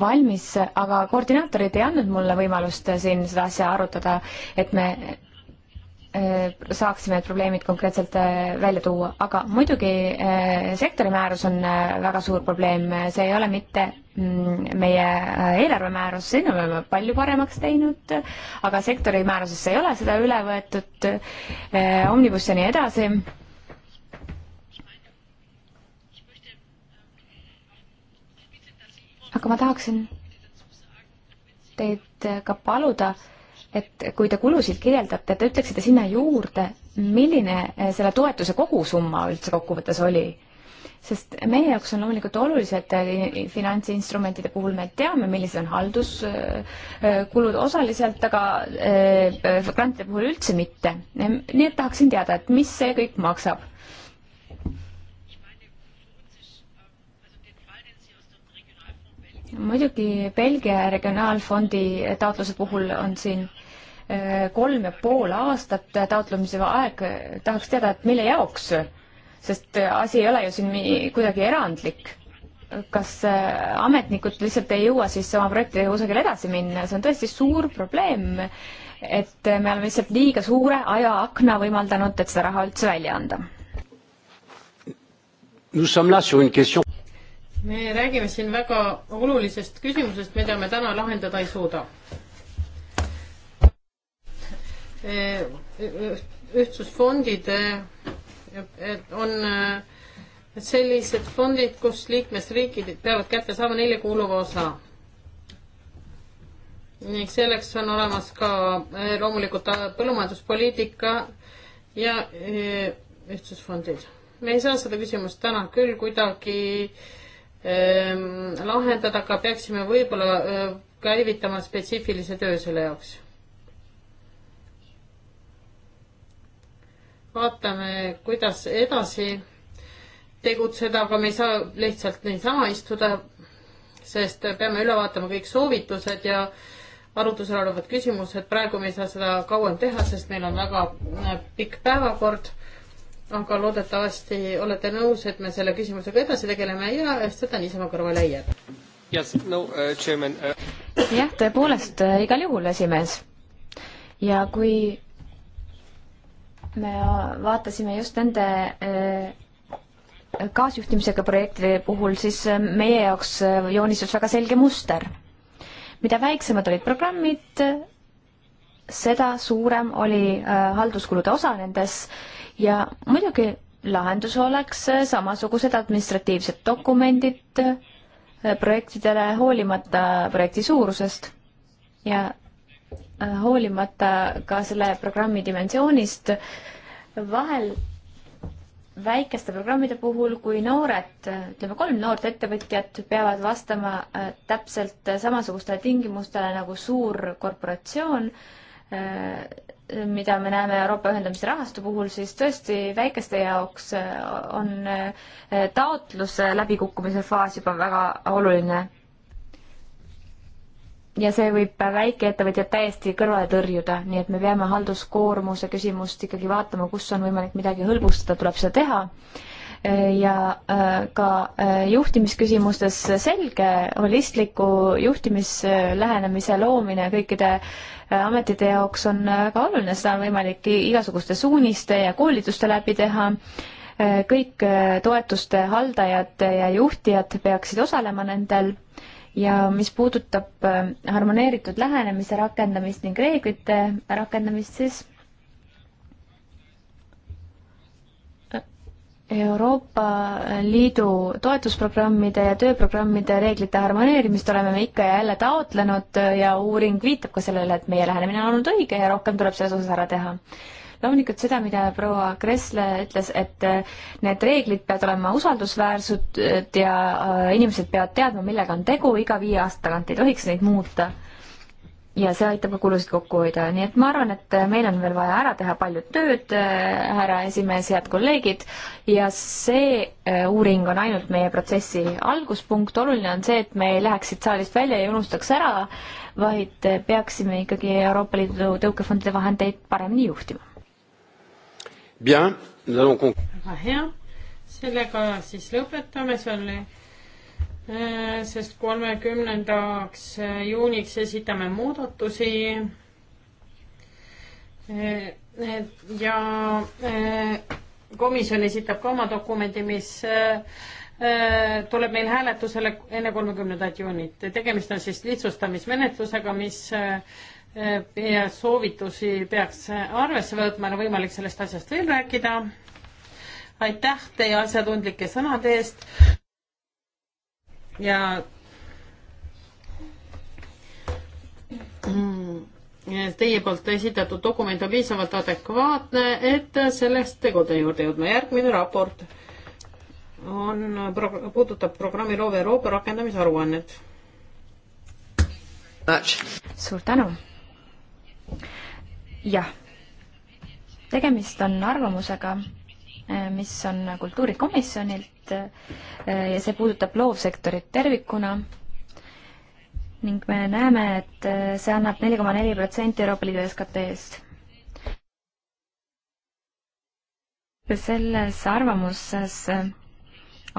valmis, aga koordinaatorid ei andnud mulle võimalust siin seda asja arutada, et me äh, saaksime need probleemid konkreetselt äh, välja tuua, aga muidugi äh, sektori määrus on väga suur probleem, see ei ole mitte mm, meie eelarvemäärus, sinna me oleme palju paremaks teinud, aga sektori määrusesse ei ole seda üle võetud, Omnibus ja nii edasi aga ma tahaksin teid ka paluda, et kui te kulusid kirjeldate, te ütleksite sinna juurde, milline selle toetuse kogusumma üldse kokkuvõttes oli sest meie jaoks on loomulikult olulised äh, finantsinstrumentide puhul me teame, millised on halduskulud äh, äh, osaliselt, aga grantide puhul üldse mitte. nii et tahaksin teada, et mis see kõik maksab muidugi Belgia regionaalfondi taotluse puhul on siin äh, kolm ja pool aastat taotlemise aeg, tahaks teada, et mille jaoks, sest asi ei ole ju siin kuidagi erandlik. kas äh, ametnikud lihtsalt ei jõua siis oma projektidega kusagile edasi minna, see on tõesti suur probleem, et me oleme lihtsalt liiga suure ajaakna võimaldanud, et seda raha üldse välja anda. Nous sommes là sur une question me räägime siin väga olulisest küsimusest, mida me täna lahendada ei suuda. E, e, ühtsusfondid e, on sellised fondid, kus liikmesriigid peavad kätte saama neile kuuluva osa. ning selleks on olemas ka loomulikult põllumajanduspoliitika ja ühtsusfondid. me ei saa seda küsimust täna küll kuidagi äh, Ehm, lahendada, aga peaksime võib-olla eh, käivitama spetsiifilise töö selle jaoks. vaatame, kuidas edasi tegutseda, aga me ei saa lihtsalt niisama istuda, sest peame üle vaatama kõik soovitused ja arutusel olevad küsimused, praegu me ei saa seda kauem teha, sest meil on väga eh, pikk päevakord aga loodetavasti olete nõus, et me selle küsimusega edasi tegeleme ja seda niisama kõrvale ei jää. Uh, uh, jah, tõepoolest, uh, igal juhul, esimees. ja kui me vaatasime just nende kaasjuhtimisega projektide puhul, siis meie jaoks joonistus väga selge muster. mida väiksemad olid programmid, seda suurem oli halduskulude osa nendes ja muidugi lahendus oleks samasugused administratiivsed dokumendid äh, projektidele hoolimata projekti suurusest ja äh, hoolimata ka selle programmi dimensioonist, vahel väikeste programmide puhul, kui noored, äh, ütleme kolm noort ettevõtjat peavad vastama täpselt samasugustele tingimustele nagu suur korporatsioon, mida me näeme Euroopa ühendamise rahastu puhul, siis tõesti väikeste jaoks äh, on äh, taotluse läbikukkumise faas juba väga oluline. ja see võib väikeettevõtjad täiesti kõrvale tõrjuda, nii et me peame halduskoormuse küsimust ikkagi vaatama, kus on võimalik midagi hõlbustada, tuleb seda teha ja äh, ka äh, juhtimisküsimustes selge holistliku juhtimislähenemise loomine kõikide äh, ametite jaoks on väga oluline, seda on võimalik igasuguste suuniste ja koolituste läbi teha. kõik toetuste haldajad ja juhtijad peaksid osalema nendel ja mis puudutab harmoneeritud lähenemise rakendamist ning reeglite rakendamist, siis Euroopa Liidu toetusprogrammide ja tööprogrammide reeglite harmoneerimist oleme me ikka ja jälle taotlenud ja uuring viitab ka sellele, et meie lähenemine on olnud õige ja rohkem tuleb selles osas ära teha loomulikult seda, mida proua Kressle ütles, et need reeglid peavad olema usaldusväärsed ja äh, inimesed peavad teadma, millega on tegu, iga viie aasta tagant ei tohiks neid muuta ja see aitab ka kulusid kokku hoida, nii et ma arvan, et meil on veel vaja ära teha palju tööd, äh, härra esimees, head kolleegid, ja see äh, uuring on ainult meie protsessi alguspunkt, oluline on see, et me ei läheks siit saalist välja ja unustaks ära, vaid äh, peaksime ikkagi Euroopa Liidu tõukefondide vahendeid paremini juhtima. väga hea, sellega siis lõpetame, see oli Äh, sest kolmekümnendaks äh, juuniks esitame muudatusi. Äh, ja komisjon esitab ka oma dokumendi, mis tuleb meil hääletusele enne kolmekümnendat juunit. tegemist on siis lihtsustamismenetlusega, mis soovitusi peaks arvesse võtma, on võimalik sellest asjast veel rääkida. aitäh teie asjatundlike sõnade eest ja mm, teie poolt esitatud dokument on piisavalt adekvaatne, et sellest tegude juurde jõudma. järgmine raport on, puudutab programmi Loove Euroopa rakendamisaruannet. suur tänu. jah, tegemist on arvamusega, eh, mis on kultuurikomisjonilt Eh, ja see puudutab loovsektorit tervikuna ning me näeme, et eh, see annab neli koma neli protsenti Euroopa Liidu SKT-st. selles arvamuses eh,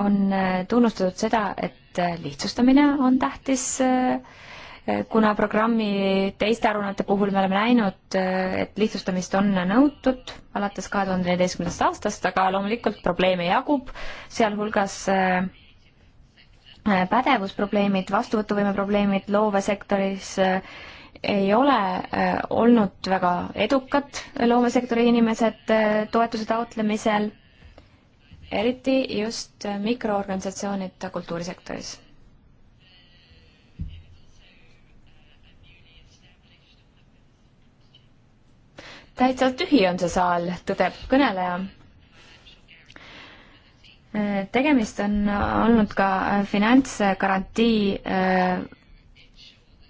on tunnustatud seda, et lihtsustamine on tähtis äh, Eh, kuna programmi teiste aruannete puhul me oleme näinud, eh, et lihtsustamist on nõutud alates kahe tuhande neljateistkümnendast aastast, aga loomulikult probleeme jagub, sealhulgas eh, pädevusprobleemid, vastuvõtuvõime probleemid loovesektoris ei ole olnud väga edukad loomesektori inimesed toetuse taotlemisel, eriti just mikroorganisatsioonid kultuurisektoris täitsa tühi on see saal, tõdeb kõneleja. Äh, tegemist on olnud ka finantsgarantii äh,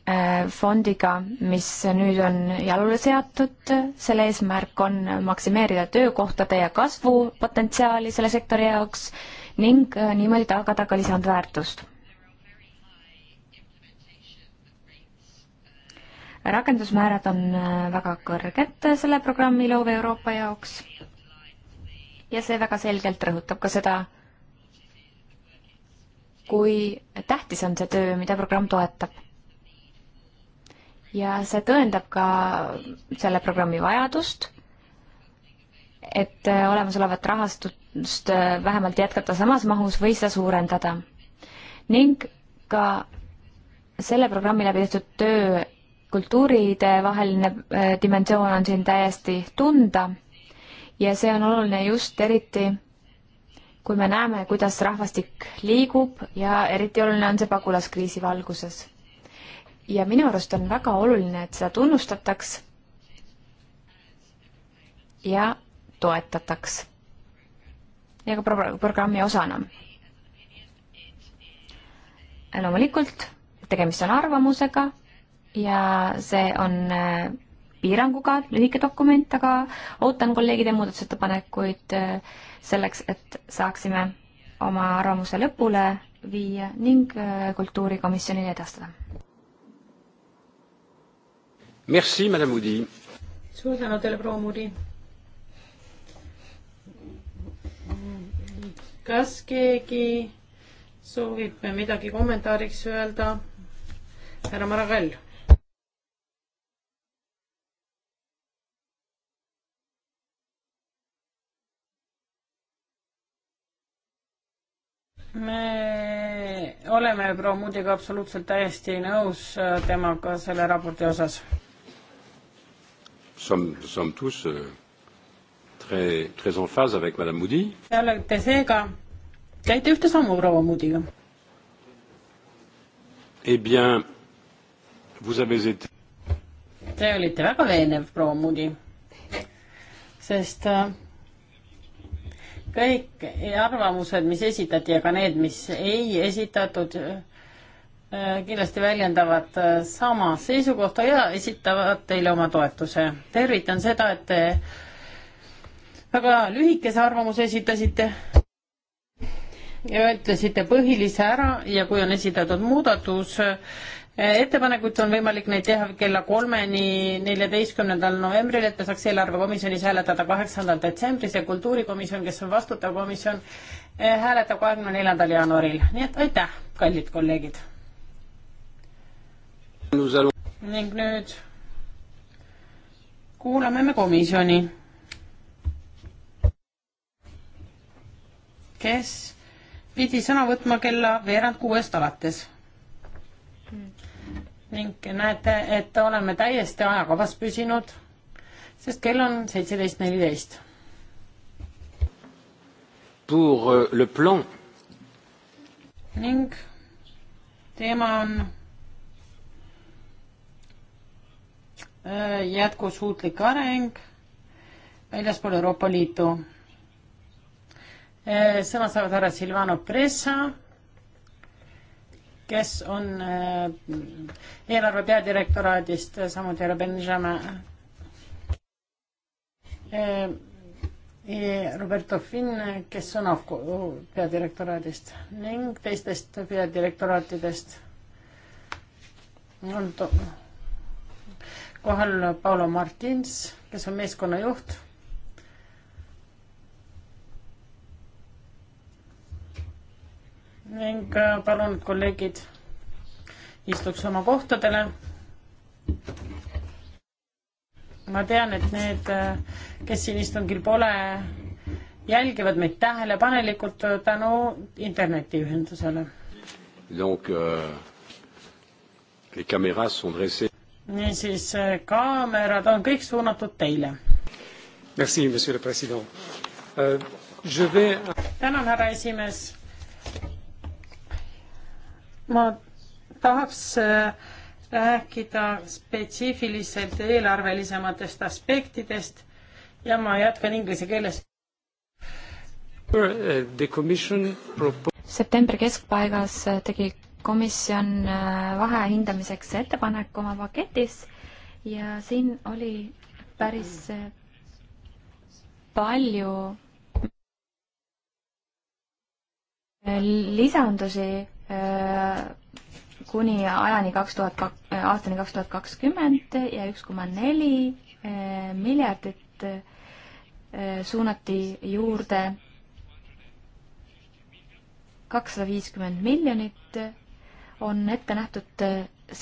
äh, fondiga, mis nüüd on jalule seatud, selle eesmärk on maksimeerida töökohtade ja kasvu potentsiaali selle sektori jaoks ning niimoodi tagada ka lisandväärtust rakendusmäärad on äh, väga kõrged äh, selle programmi Loov Euroopa jaoks ja see väga selgelt rõhutab ka seda, kui tähtis on see töö, mida programm toetab. ja see tõendab ka selle programmi vajadust, et äh, olemasolevat rahastust vähemalt jätkata samas mahus või seda suurendada. ning ka selle programmi läbi tehtud töö kultuuride vaheline äh, dimensioon on siin täiesti tunda ja see on oluline just eriti, kui me näeme, kuidas rahvastik liigub ja eriti oluline on see pagulaskriisi valguses. ja minu arust on väga oluline, et seda tunnustataks ja toetataks ja ka pro programmi osana. loomulikult tegemist on arvamusega ja see on äh, piiranguga lühike dokument, aga ootan kolleegide muudatusettepanekuid äh, selleks, et saaksime oma arvamuse lõpule viia ning äh, kultuurikomisjonile edastada. Merci, madame Moody. suur tänu teile, proua Moody. kas keegi soovib midagi kommentaariks öelda? härra Maragall me oleme proua Mudiga absoluutselt täiesti nõus äh, temaga selle raporti osas. Euh, Te olete seega, käite ühte sammu proua Mudiga. Eh bien, vous avez été... Te olite väga veenev, proua Mudi, sest äh, kõik arvamused, mis esitati ja ka need, mis ei esitatud, äh, kindlasti väljendavad äh, sama seisukohta ja esitavad teile oma toetuse. tervitan seda, et te väga lühikese arvamuse esitasite ja ütlesite põhilise ära ja kui on esitatud muudatus, Eh, ettepanekuid on võimalik neid teha kella kolmeni, neljateistkümnendal novembril, et me saaks eelarvekomisjonis hääletada kaheksandal detsembris ja kultuurikomisjon, kes on vastutav komisjon, eh, hääletab kahekümne neljandal jaanuaril. nii et aitäh, kallid kolleegid! ning nüüd kuulame me komisjoni, kes pidi sõna võtma kella veerand kuuest alates Hmm. ning näete, et oleme täiesti ajakavas püsinud, sest kell on seitseteist neliteist. Pour euh, le plan. ning teema on äh, jätkusuutlik areng väljaspool Euroopa Liitu. Äh, sõna saavad härra Silvano Pressa kes on äh, eelarve peadirektoraadist, samuti härra Benjamin. Äh, Roberto Finn, kes on AFCO peadirektoraadist ning teistest peadirektoraatidest on kohal Paolo Martins, kes on meeskonnajuht ning äh, palun, kolleegid, istuks oma kohtadele. ma tean, et need, äh, kes siin istungil pole, jälgivad meid tähelepanelikult tänu internetiühendusele. Euh, niisiis, äh, kaamerad on kõik suunatud teile. Merci, monsieur le president uh,. Vais... tänan, härra esimees ma tahaks äh, rääkida spetsiifiliselt eelarvelisematest aspektidest ja ma jätkan inglise keeles. septembri keskpaigas tegi komisjon äh, vahehindamiseks ettepaneku oma paketis ja siin oli päris äh, palju lisandusi Äh, kuni ajani kaks tuhat kak-, äh, aastani kaks tuhat kakskümmend ja üks koma neli äh, miljardit suunati juurde kakssada viiskümmend miljonit on ette nähtud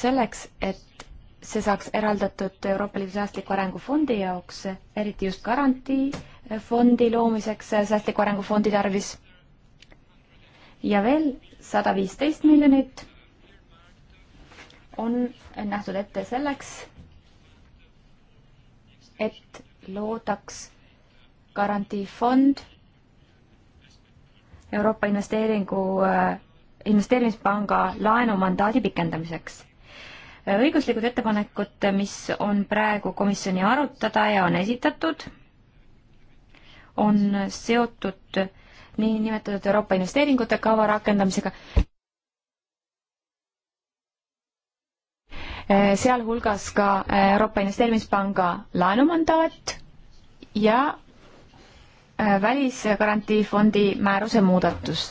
selleks, et see saaks eraldatud Euroopa Liidu säästliku arengu fondi jaoks, eriti just garantiifondi loomiseks säästliku arengu fondi tarvis ja veel sada viisteist miljonit on nähtud ette selleks, et loodaks garantiifond Euroopa investeeringu, äh, investeerimispanga laenumandaadi pikendamiseks. Äh, õiguslikud ettepanekud, mis on praegu komisjoni arutada ja on esitatud, on seotud niinimetatud Euroopa investeeringute kava rakendamisega. Eh, sealhulgas ka eh, Euroopa Investeerimispanga laenumandaat ja eh, välisgarantiifondi määruse muudatus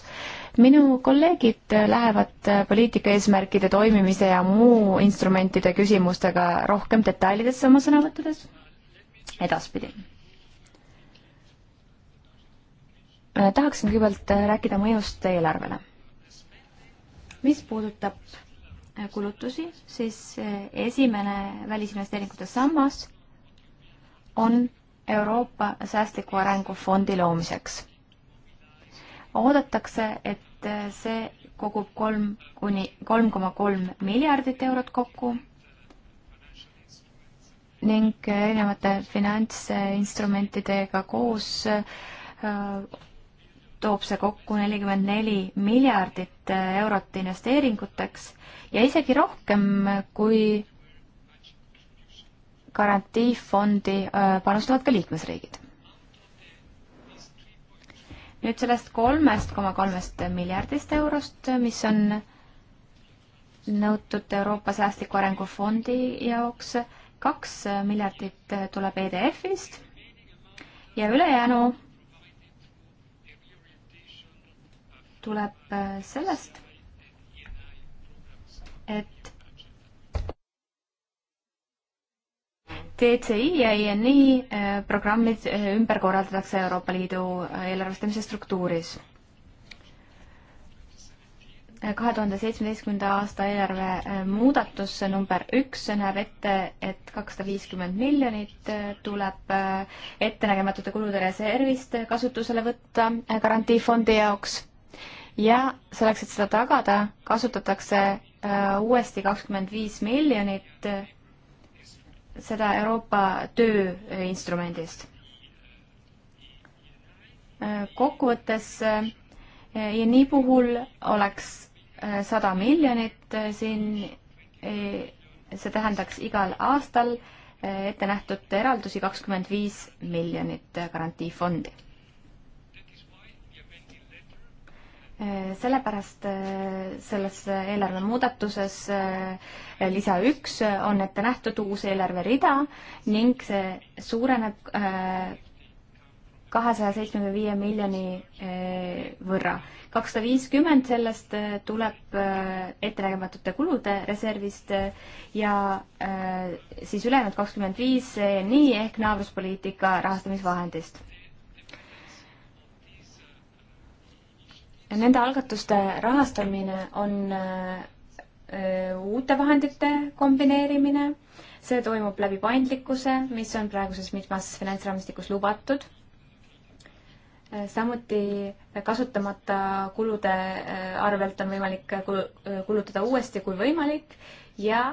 minu kolleegid lähevad poliitika eesmärkide toimimise ja muu instrumentide küsimustega rohkem detailidesse oma sõnavõttudes edaspidi. Äh, tahaksin kõigepealt äh, rääkida mõjust eelarvele. mis puudutab äh, kulutusi, siis esimene välisinvesteeringute sammas on Euroopa Säästliku Arengu Fondi loomiseks. oodatakse, et see kogub kolm kuni kolm koma kolm miljardit eurot kokku ning erinevate finantsinstrumentidega koos toob see kokku nelikümmend neli miljardit äh, eurot investeeringuteks ja isegi rohkem, kui garantiifondi äh, panustavad ka liikmesriigid. nüüd sellest kolmest koma kolmest miljardist eurost, mis on nõutud Euroopa Säästliku Arengu Fondi jaoks, kaks miljardit tuleb EDF-ist ja ülejäänu tuleb äh, sellest, et DCI ja INI e äh, programmid äh, ümber korraldatakse Euroopa Liidu eelarvestamise struktuuris. kahe tuhande seitsmeteistkümnenda aasta eelarve muudatus number üks näeb ette, et kakssada viiskümmend miljonit tuleb ettenägematute kulude reservist kasutusele võtta garantiifondi jaoks ja selleks, et seda tagada, kasutatakse äh, uuesti kakskümmend viis miljonit äh, seda Euroopa tööinstrumendist. Äh, kokkuvõttes INI puhul oleks sada miljonit siin, see tähendaks igal aastal ette nähtud eraldusi kakskümmend viis miljonit garantiifondi Äh, sellepärast äh, selles eelarve muudatuses äh, lisa üks on ette nähtud uus eelarverida ning see suureneb kahesaja seitsmekümne viie miljoni võrra. kakssada viiskümmend sellest tuleb ettenägematute kulude reservist ja siis ülejäänud kakskümmend viis nii ehk naabruspoliitika rahastamisvahendist nende algatuste rahastamine on äh, uute vahendite kombineerimine, see toimub läbi paindlikkuse, mis on praeguses mitmes finantsraamistikus lubatud, äh, samuti kasutamata kulude äh, arvelt on võimalik kulutada uuesti, kui võimalik, ja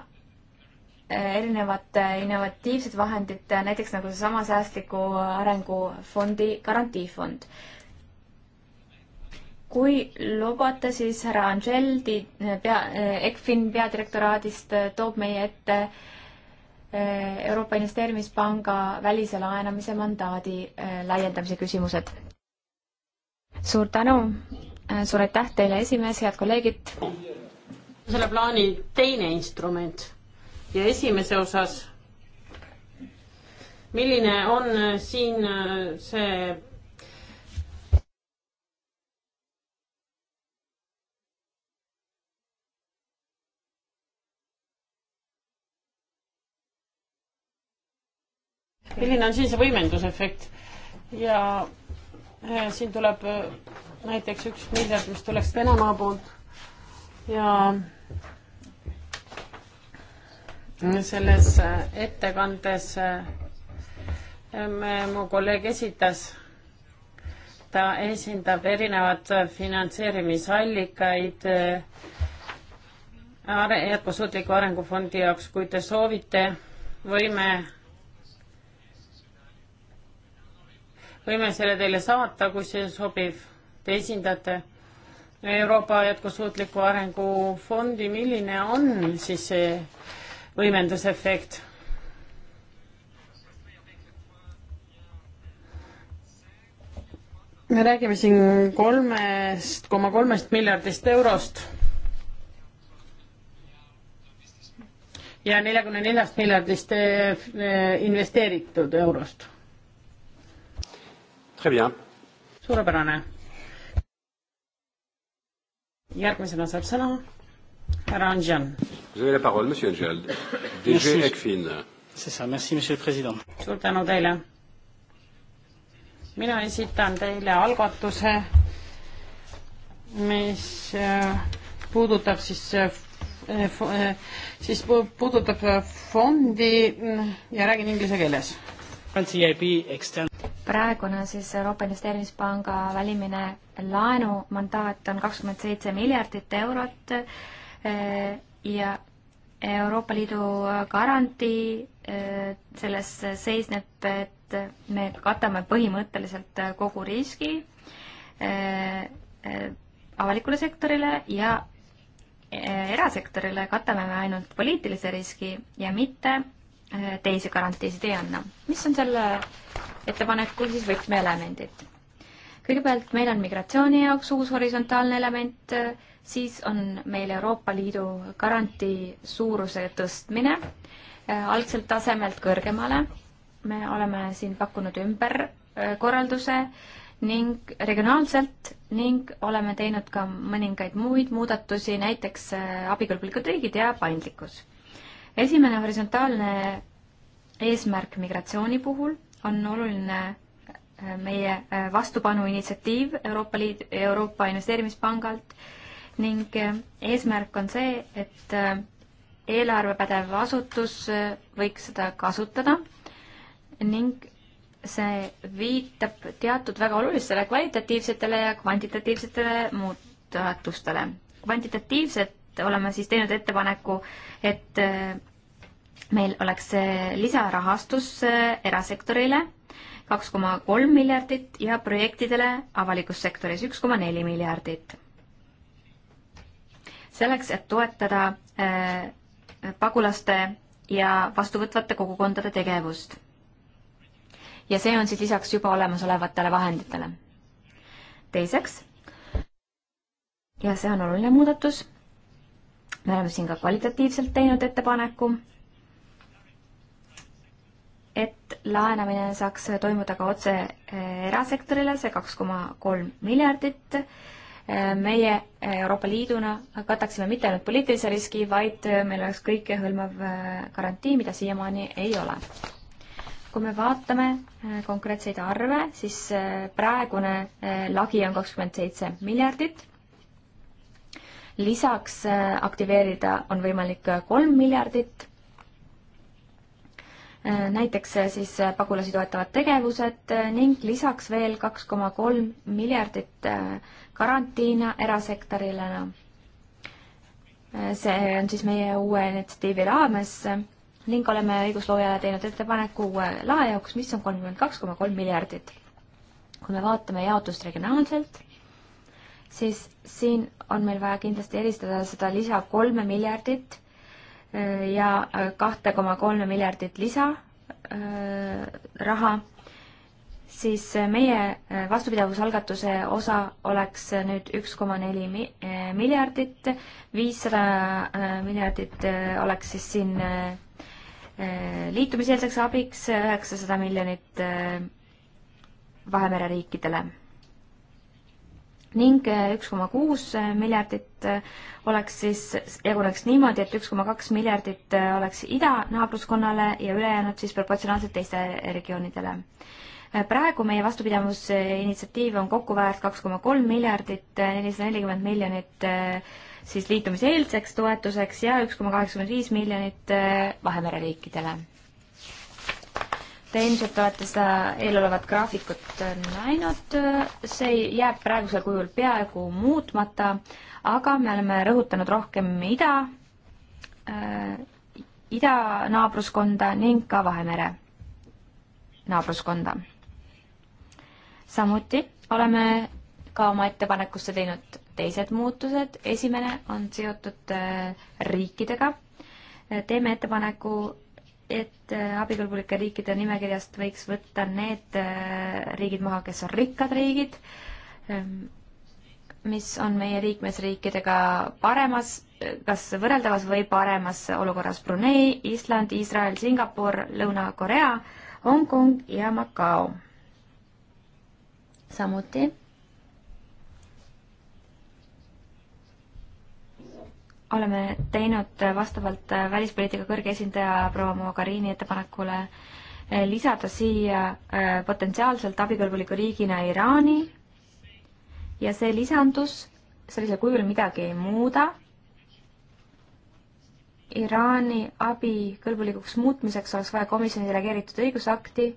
erinevad innovatiivsed vahendid, näiteks nagu seesama säästliku arengu fondi garantiifond kui lubate, siis härra Angeldi pea, ECFIN peadirektoraadist äh, toob meie ette äh, Euroopa Investeerimispanga välise laenamise mandaadi äh, laiendamise küsimused. suur tänu, suur aitäh teile, esimees, head kolleegid! selle plaani teine instrument ja esimese osas, milline on siin see milline on siis võimendusefekt ja eh, siin tuleb eh, näiteks üks miljard, mis tuleks Venemaa poolt ja mm, selles eh, ettekandes me, mu kolleeg esitas, ta esindab erinevad finantseerimisallikaid jätkusuutliku arengufondi jaoks, kui te soovite, võime võime selle teile saata, kui see sobib. Te esindate Euroopa Jätkusuutliku Arengu Fondi, milline on siis see võimendusefekt? me räägime siin kolmest koma kolmest miljardist eurost ja neljakümne neljast miljardist eh, eh, investeeritud eurost suurepärane. järgmisena saab sõna härra Anjan. suur tänu teile. mina esitan teile algatuse, mis äh, puudutab siis äh, äh, siis puudutab fondi ja räägin inglise keeles praegune siis Euroopa Investeerimispanga välimine laenumandaat on kakskümmend seitse miljardit eurot eh, ja Euroopa Liidu garantii eh, selles seisneb, et me katame põhimõtteliselt kogu riski eh, avalikule sektorile ja erasektorile katame me ainult poliitilise riski ja mitte teisi garantiisid ei anna. mis on selle ettepanekul siis võtmeelemendid. kõigepealt meil on migratsiooni jaoks uus horisontaalne element, siis on meil Euroopa Liidu garantii suuruse tõstmine äh, algselt tasemelt kõrgemale. me oleme siin pakkunud ümberkorralduse äh, ning regionaalselt ning oleme teinud ka mõningaid muid muudatusi, näiteks äh, abikõlblikud riigid ja paindlikkus. esimene horisontaalne eesmärk migratsiooni puhul on oluline äh, meie äh, vastupanuinitsiatiiv Euroopa Liidu, Euroopa Investeerimispangalt ning äh, eesmärk on see, et eelarvepädev asutus võiks seda kasutada ning see viitab teatud väga olulistele kvalitatiivsetele ja kvantitatiivsetele muudatustele. kvantitatiivset oleme siis teinud ettepaneku, et meil oleks eh, lisarahastus eh, erasektorile kaks koma kolm miljardit ja projektidele avalikus sektoris üks koma neli miljardit. selleks, et toetada eh, pagulaste ja vastuvõtvate kogukondade tegevust. ja see on siis lisaks juba olemasolevatele vahenditele. teiseks, ja see on oluline muudatus, me oleme siin ka kvalitatiivselt teinud ettepaneku et laenamine saaks toimuda ka otse eh, erasektorile, see kaks koma kolm miljardit. Eh, meie eh, Euroopa Liiduna kataksime mitte ainult poliitilise riski, vaid meil oleks kõikehõlmav garantii, mida siiamaani ei ole. kui me vaatame konkreetseid arve, siis praegune lagi on kakskümmend seitse miljardit lisaks aktiveerida on võimalik kolm miljardit Äh, näiteks äh, siis äh, pagulasi toetavad tegevused ning lisaks veel kaks koma kolm miljardit karantiina erasektorile. Noh. see on siis meie uue initsiatiivi raames ning oleme õigusloojale teinud ettepaneku uue lae jaoks, mis on kolmkümmend kaks koma kolm miljardit. kui me vaatame jaotust regionaalselt, siis siin on meil vaja kindlasti eristada seda lisa kolme miljardit ja kahte koma kolme miljardit lisa äh, raha, siis meie äh, vastupidavusalgatuse osa oleks nüüd üks koma neli äh, miljardit, viissada miljardit oleks siis siin liitumiseelseks abiks, üheksasada miljonit Vahemere riikidele ning äh, üks koma kuus äh, miljardit äh, oleks siis, jaguneks niimoodi, et üks koma kaks miljardit oleks idanaabruskonnale ja ülejäänud siis proportsionaalselt teiste regioonidele. praegu meie vastupidavusinitsiatiiv on kokku väärt kaks koma kolm miljardit, nelisada nelikümmend miljonit siis liitumiseelseks toetuseks ja üks koma kaheksakümmend viis miljonit Vahemere riikidele Te ilmselt olete seda eelolevat graafikut näinud, see jääb praegusel kujul peaaegu muutmata, aga me oleme rõhutanud rohkem ida äh,, idanaabruskonda ning ka Vahemere naabruskonda. samuti oleme ka oma ettepanekusse teinud teised muutused, esimene on seotud äh, riikidega, teeme ettepaneku et äh, abikõlbulike riikide nimekirjast võiks võtta need äh, riigid maha, kes on rikkad riigid, ähm, mis on meie liikmesriikidega paremas, kas võrreldavas või paremas olukorras Brunei, Island, Iisrael, Singapur, Lõuna-Korea, Hongkong ja Macao. samuti oleme teinud vastavalt välispoliitika kõrge esindaja proua Mogherini ettepanekule eh, lisada siia eh, potentsiaalselt abikõlbuliku riigina Iraani ja see lisandus sellisel kujul midagi ei muuda. Iraani abi kõlbulikuks muutmiseks oleks vaja komisjoni delegeeritud õigusakti,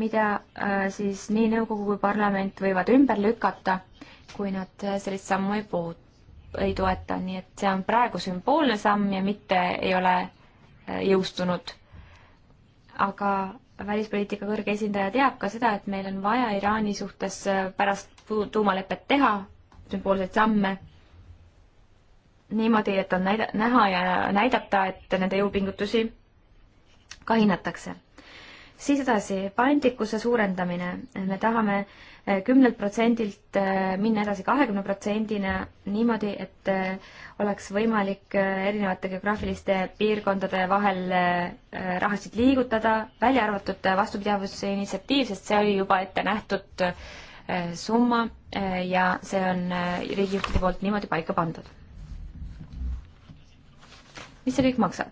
mida eh, siis nii nõukogu kui parlament võivad ümber lükata, kui nad sellist sammu ei puutu ei toeta, nii et see on praegu sümboolne samm ja mitte ei ole äh, jõustunud. aga välispoliitika kõrge esindaja teab ka seda, et meil on vaja Iraani suhtes äh, pärast tuumalepet teha sümboolseid samme niimoodi, et on näida, näha ja näidata, et nende jõupingutusi ka hinnatakse. siis edasi, paindlikkuse suurendamine. me tahame äh, kümnelt protsendilt äh, minna edasi kahekümne protsendina niimoodi, et äh, oleks võimalik äh, erinevate geograafiliste piirkondade vahel rahasid liigutada, välja arvatud vastupidavuse initsiatiiv, sest see oli juba ette nähtud summa ja see on riigijuhtide poolt niimoodi paika pandud. mis see kõik maksab?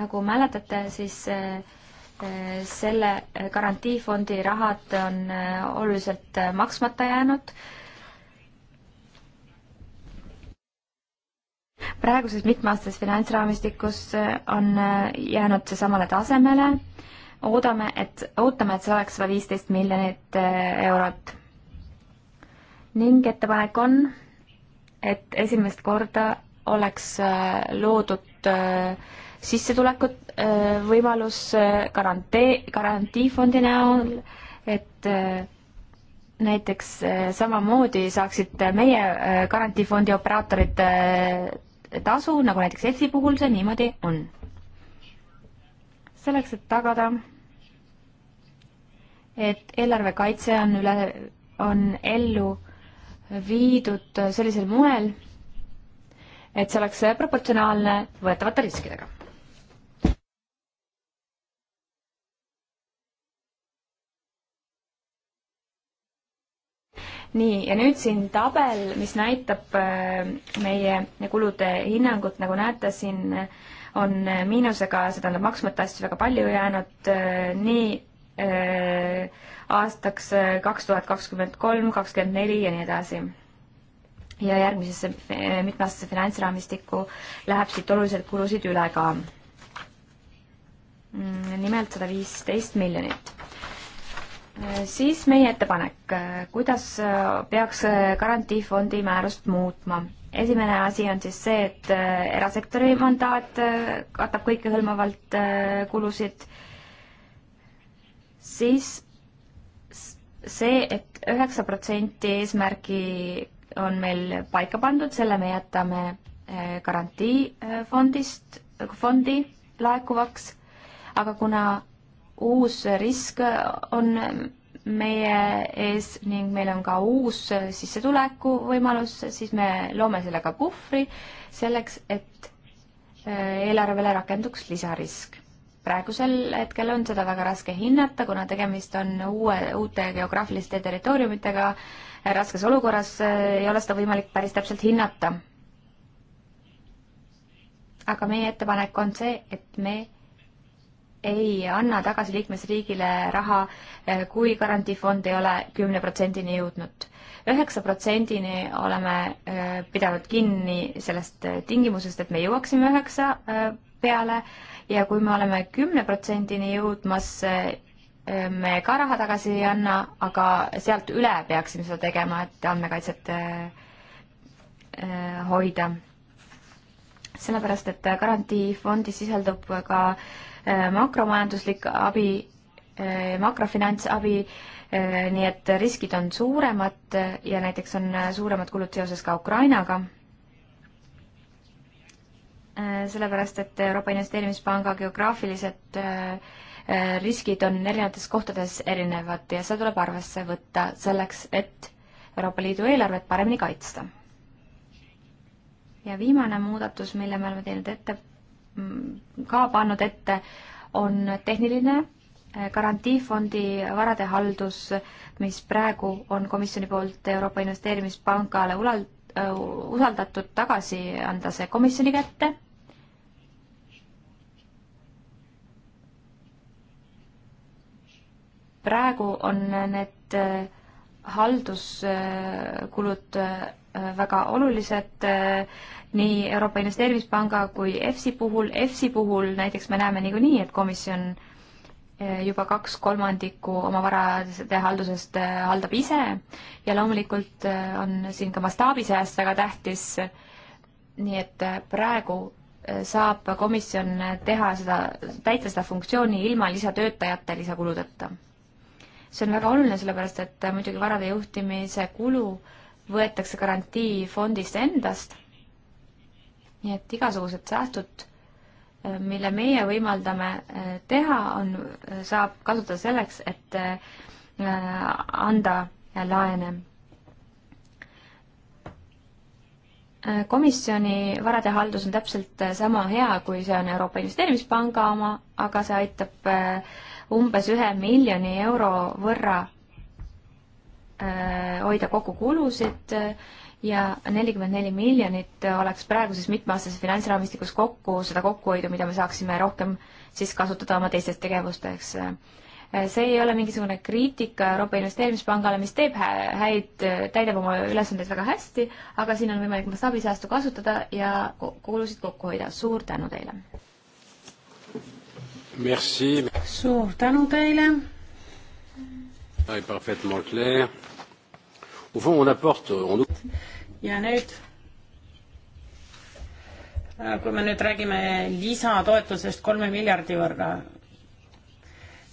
nagu mäletate, siis äh, selle garantiifondi rahad on äh, oluliselt äh, maksmata jäänud. praeguses mitmeaastases finantsraamistikus äh, on jäänud see samale tasemele. oodame, et, ootame, et see oleks sada viisteist miljonit eurot. ning ettepanek on, et esimest korda oleks loodud äh, sissetulekut, äh, võimalus äh, garantee, garantiifondi näol, et äh, näiteks samamoodi saaksid meie garantiifondi operaatorid tasu, nagu näiteks EFSi puhul see niimoodi on. selleks, et tagada, et eelarve kaitse on üle, on ellu viidud sellisel moel, et see oleks proportsionaalne võetavate riskidega nii, ja nüüd siin tabel, mis näitab äh, meie kulude hinnangut, nagu näete, siin on äh, miinusega, see tähendab maksmata asju väga palju jäänud, äh, nii aastaks kaks tuhat kakskümmend kolm, kakskümmend neli ja nii edasi. ja järgmisesse mitmeaastase finantsraamistikku läheb siit oluliselt kulusid üle ka. Mm, nimelt sada viisteist miljonit siis meie ettepanek, kuidas peaks garantiifondi määrust muutma? esimene asi on siis see, et erasektori mandaat katab kõikehõlmavalt kulusid, siis see et, et üheksa protsenti eesmärgi on meil paika pandud, selle me jätame garantiifondist, fondi laekuvaks, aga kuna uus risk on meie ees ning meil on ka uus sissetuleku võimalus, siis me loome sellega puhvri selleks, et äh, eelarvele rakenduks lisarisk. praegusel hetkel on seda väga raske hinnata, kuna tegemist on uue, uute geograafiliste territooriumitega, raskes olukorras äh, ei ole seda võimalik päris täpselt hinnata. aga meie ettepanek on see, et me ei anna tagasi liikmesriigile raha, eh, kui garantiifond ei ole kümne protsendini jõudnud. üheksa protsendini oleme eh, pidanud kinni sellest eh, tingimusest, et me jõuaksime üheksa peale ja kui me oleme kümne protsendini jõudmas, me ka raha tagasi ei anna, aga sealt üle peaksime seda tegema, et andmekaitset hoida. sellepärast, et garantiifondis sisaldub ka äh, Äh, makromajanduslik abi, äh, makrofinantsabi, äh, nii et riskid on suuremad ja näiteks on suuremad kulud seoses ka Ukrainaga. sellepärast, et Euroopa Investeerimispanga geograafilised riskid on erinevates kohtades erinevad ja see tuleb arvesse võtta selleks, et Euroopa Liidu eelarvet paremini kaitsta. ja viimane muudatus, mille me oleme teinud ette Mm, ka pannud ette, on tehniline eh, garantiifondi varade haldus, mis praegu on komisjoni poolt Euroopa Investeerimispangale ulal-, eh, usaldatud, tagasi anda see komisjoni kätte praegu on need eh, halduskulud Äh, väga olulised äh, nii Euroopa Investeerimispanga kui EFSI puhul. EFSI puhul näiteks me näeme niikuinii, et komisjon äh, juba kaks kolmandikku oma varade haldusest haldab ise ja loomulikult on siin ka mastaabisääst väga tähtis. nii et praegu saab komisjon teha seda, täita seda funktsiooni ilma lisatöötajate lisakuludeta. see on väga oluline, sellepärast et muidugi varade juhtimise kulu äh, võetakse garantii fondist endast. nii et igasugused säästud, äh, mille meie võimaldame äh, teha, on, äh, saab kasutada selleks, et anda laene. komisjoni varade haldus on täpselt sama hea, kui see on Euroopa Investeerimispanga oma, aga see aitab umbes ühe miljoni euro võrra Äh, hoida kokku kulusid äh, ja nelikümmend neli miljonit oleks praeguses mitmeaastases finantsraamistikus kokku seda kokkuhoidu, mida me saaksime rohkem siis kasutada oma teisteks tegevusteks. Äh, see ei ole mingisugune kriitika Euroopa Investeerimispangale, mis teeb häid, täidab oma ülesandeid väga hästi, aga siin on võimalik mastaabisäästu kasutada ja kulusid kokku hoida. suur tänu teile! suur tänu teile! Ah, au fond, on apporte, euh, on... ja nüüd, äh, kui me nüüd räägime lisatoetusest kolme miljardi võrra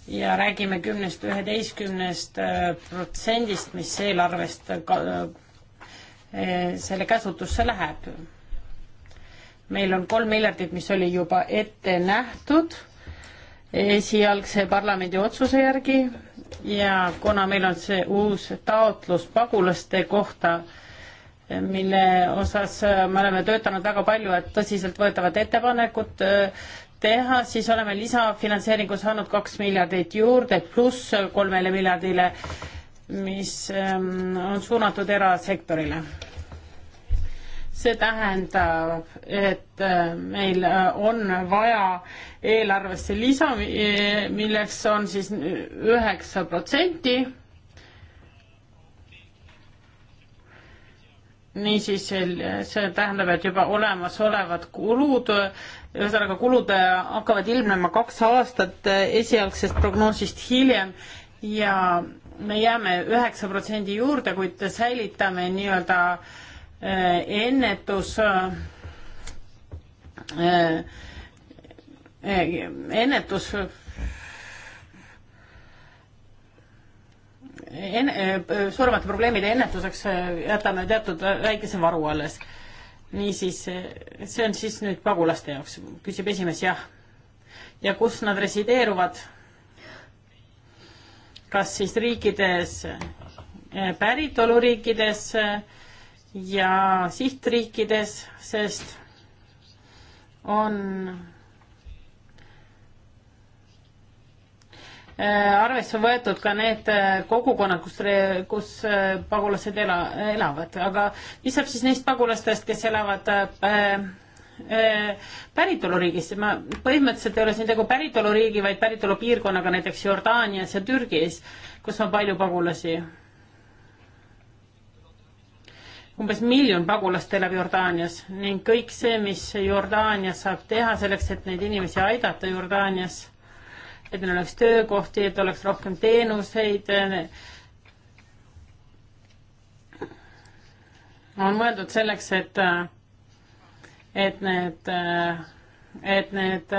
ja räägime kümnest, üheteistkümnest äh, protsendist, mis eelarvest ka, äh, selle käsutusse läheb. meil on kolm miljardit, mis oli juba ette nähtud esialgse parlamendi otsuse järgi ja kuna meil on see uus taotlus pagulaste kohta, mille osas äh, me oleme töötanud väga palju, et tõsiseltvõetavat ettepanekut äh, teha, siis oleme lisafinantseeringu saanud kaks miljardit juurde, pluss kolmele miljardile, mis ähm, on suunatud erasektorile see tähendab, et äh, meil äh, on vaja eelarvesse lisa, äh, milleks on siis üheksa protsenti. niisiis, see tähendab, et juba olemasolevad kulud, ühesõnaga kulud hakkavad ilmnema kaks aastat esialgsest prognoosist hiljem ja me jääme üheksa protsendi juurde, kuid säilitame nii-öelda äh, Äh, ennetus äh, äh, ennetus en-, suuremate probleemide ennetuseks jätame teatud väikese varu alles. niisiis, see on siis nüüd pagulaste jaoks, küsib esimees jah. ja kus nad resideeruvad? kas siis riikides, päritoluriikides äh, ja sihtriikides, sest on äh, arvesse võetud ka need äh, kogukonnad, kus, kus äh, pagulased ela, elavad, aga mis saab siis neist pagulastest, kes elavad äh, äh, päritoluriigis, ma põhimõtteliselt ei ole siin tegu päritoluriigi, vaid päritolupiirkonnaga näiteks Jordaanias ja Türgis, kus on palju pagulasi umbes miljon pagulast elab Jordaanias ning kõik see, mis Jordaania saab teha selleks, et neid inimesi aidata Jordaanias, et neil oleks töökohti, et oleks rohkem teenuseid, on mõeldud selleks, et, et need, et need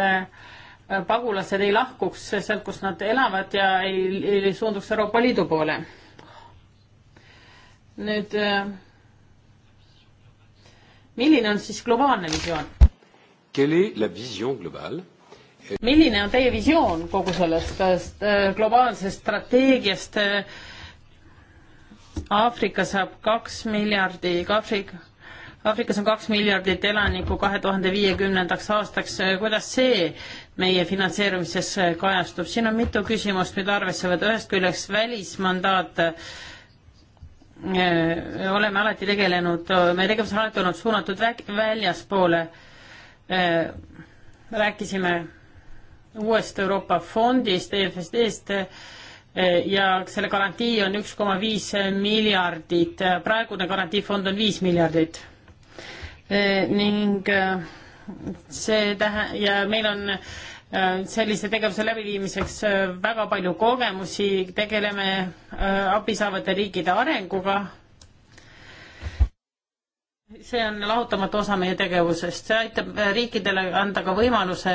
pagulased ei lahkuks sealt, kus nad elavad ja ei, ei suunduks Euroopa Liidu poole. nüüd äh, milline on siis globaalne visioon? milline on teie visioon kogu sellest äh, globaalsest strateegiast? Äh? Aafrika saab kaks miljardi, Aafrika, Aafrikas on kaks miljardit elanikku kahe tuhande viiekümnendaks aastaks, kuidas see meie finantseerimises kajastub? siin on mitu küsimust, mida arvesse võtta, ühest küljest välismandaat äh, Äh, oleme alati tegelenud, meie tegevus on alati olnud suunatud väljaspoole. Äh, rääkisime uuest Euroopa fondist, EFSD-st äh, ja selle garantii on üks koma viis miljardit, praegune garantiifond on viis miljardit. ning see tähe- ja meil on Äh, sellise tegevuse läbiviimiseks äh, väga palju kogemusi, tegeleme äh, abi saavate riikide arenguga. see on lahutamatu osa meie tegevusest, see aitab riikidele anda ka võimaluse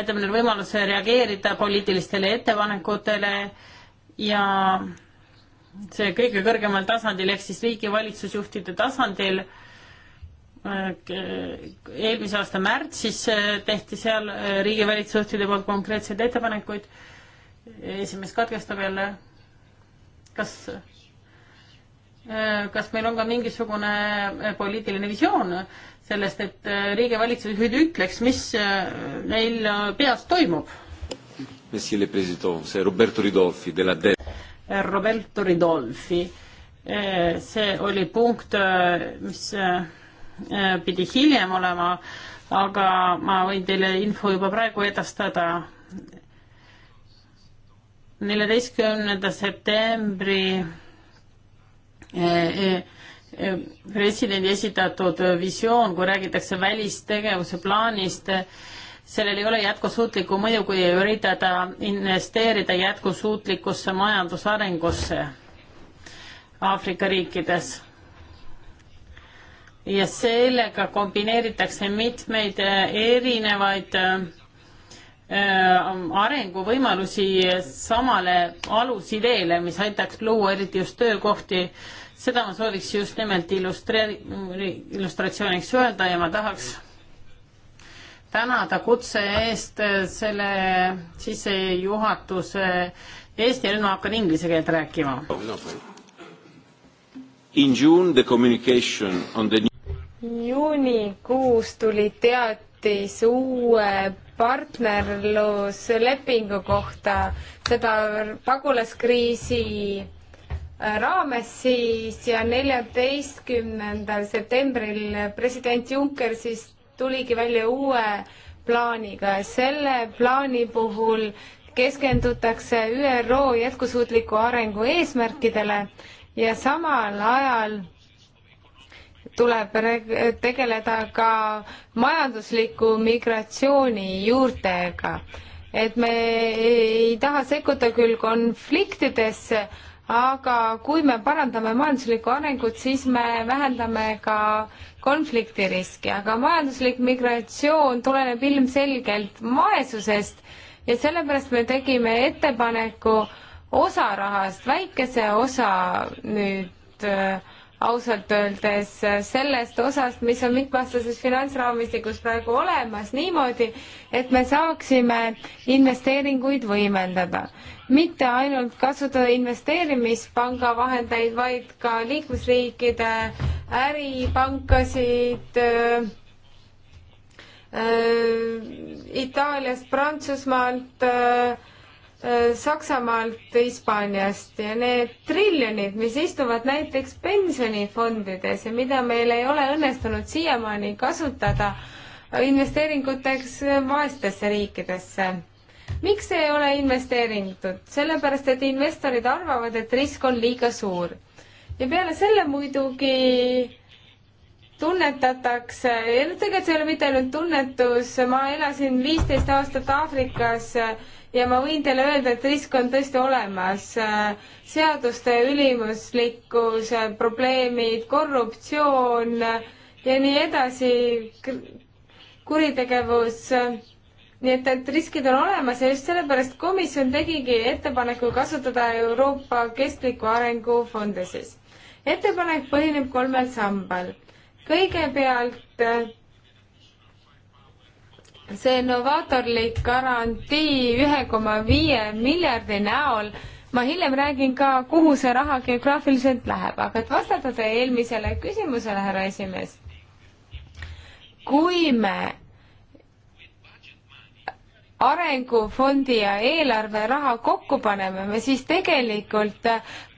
aitab neil võimaluse reageerida poliitilistele ettepanekutele ja see kõige kõrgemal tasandil ehk siis riigi valitsusjuhtide tasandil äh, eelmise aasta märtsis äh, tehti seal äh, riigivalitsusjuhtide poolt konkreetseid ettepanekuid. esimees katkestab jälle. kas, äh, kas meil on ka mingisugune poliitiline visioon sellest, et riigivalitsusjuhid ütleks, mis neil peas toimub? Monsieur le Président, see Roberto Ridolfi de la De-. Roberto Ridolfi, see oli punkt, mis Äh, pidi hiljem olema, aga ma võin teile info juba praegu edastada. neljateistkümnenda septembri äh, äh, presidendi esitatud visioon, kui räägitakse välistegevuse plaanist, sellel ei ole jätkusuutlikku mõju, kui üritada investeerida jätkusuutlikusse majandusarengusse Aafrika riikides ja sellega kombineeritakse mitmeid äh, erinevaid äh, äh, arenguvõimalusi samale alusideele, mis aitaks luua eriti just töökohti. seda ma sooviks just nimelt illustreeri-, illustratsiooniks öelda ja ma tahaks tänada kutse eest selle sissejuhatuse eest ja nüüd ma hakkan inglise keelt rääkima. In June the communication on the juunikuus tuli teatis uue partnerluslepingu kohta, seda pagulaskriisi äh, raames siis ja neljateistkümnendal septembril president Juncker siis tuligi välja uue plaaniga. selle plaani puhul keskendutakse ÜRO jätkusuutliku arengu eesmärkidele ja samal ajal tuleb tegeleda ka majandusliku migratsiooni juurtega. et me ei taha sekkuda küll konfliktidesse, aga kui me parandame majanduslikku arengut, siis me vähendame ka konfliktiriski, aga majanduslik migratsioon tuleneb ilmselgelt vaesusest ja sellepärast me tegime ettepaneku osa rahast, väikese osa nüüd äh, ausalt öeldes sellest osast, mis on mitmeaastases finantsraamistikus praegu olemas niimoodi, et me saaksime investeeringuid võimendada. mitte ainult kasutada investeerimispanga vahendeid, vaid ka liikmesriikide äripankasid äh,, äh, Itaaliast, Prantsusmaalt äh,, Äh, Saksamaalt, Hispaaniast ja need triljonid, mis istuvad näiteks pensionifondides ja mida meil ei ole õnnestunud siiamaani kasutada investeeringuteks vaestesse riikidesse. miks ei ole investeeritud? sellepärast, et investorid arvavad, et risk on liiga suur. ja peale selle muidugi tunnetatakse, ja no tegelikult see ei ole mitte ainult tunnetus, ma elasin viisteist aastat Aafrikas ja ma võin teile öelda, et risk on tõesti olemas. seaduste ülimuslikkus, probleemid, korruptsioon ja nii edasi, kuritegevus. nii et, et riskid on olemas ja just sellepärast komisjon tegigi ettepaneku kasutada Euroopa Kestliku Arengu Fonde siis. ettepanek põhineb kolmel sambal. kõigepealt see novaatorlik garantii ühe koma viie miljardi näol, ma hiljem räägin ka, kuhu see raha geograafiliselt läheb, aga et vastata teie eelmisele küsimusele, härra esimees, kui me arengufondi ja eelarveraha kokku paneme, me siis tegelikult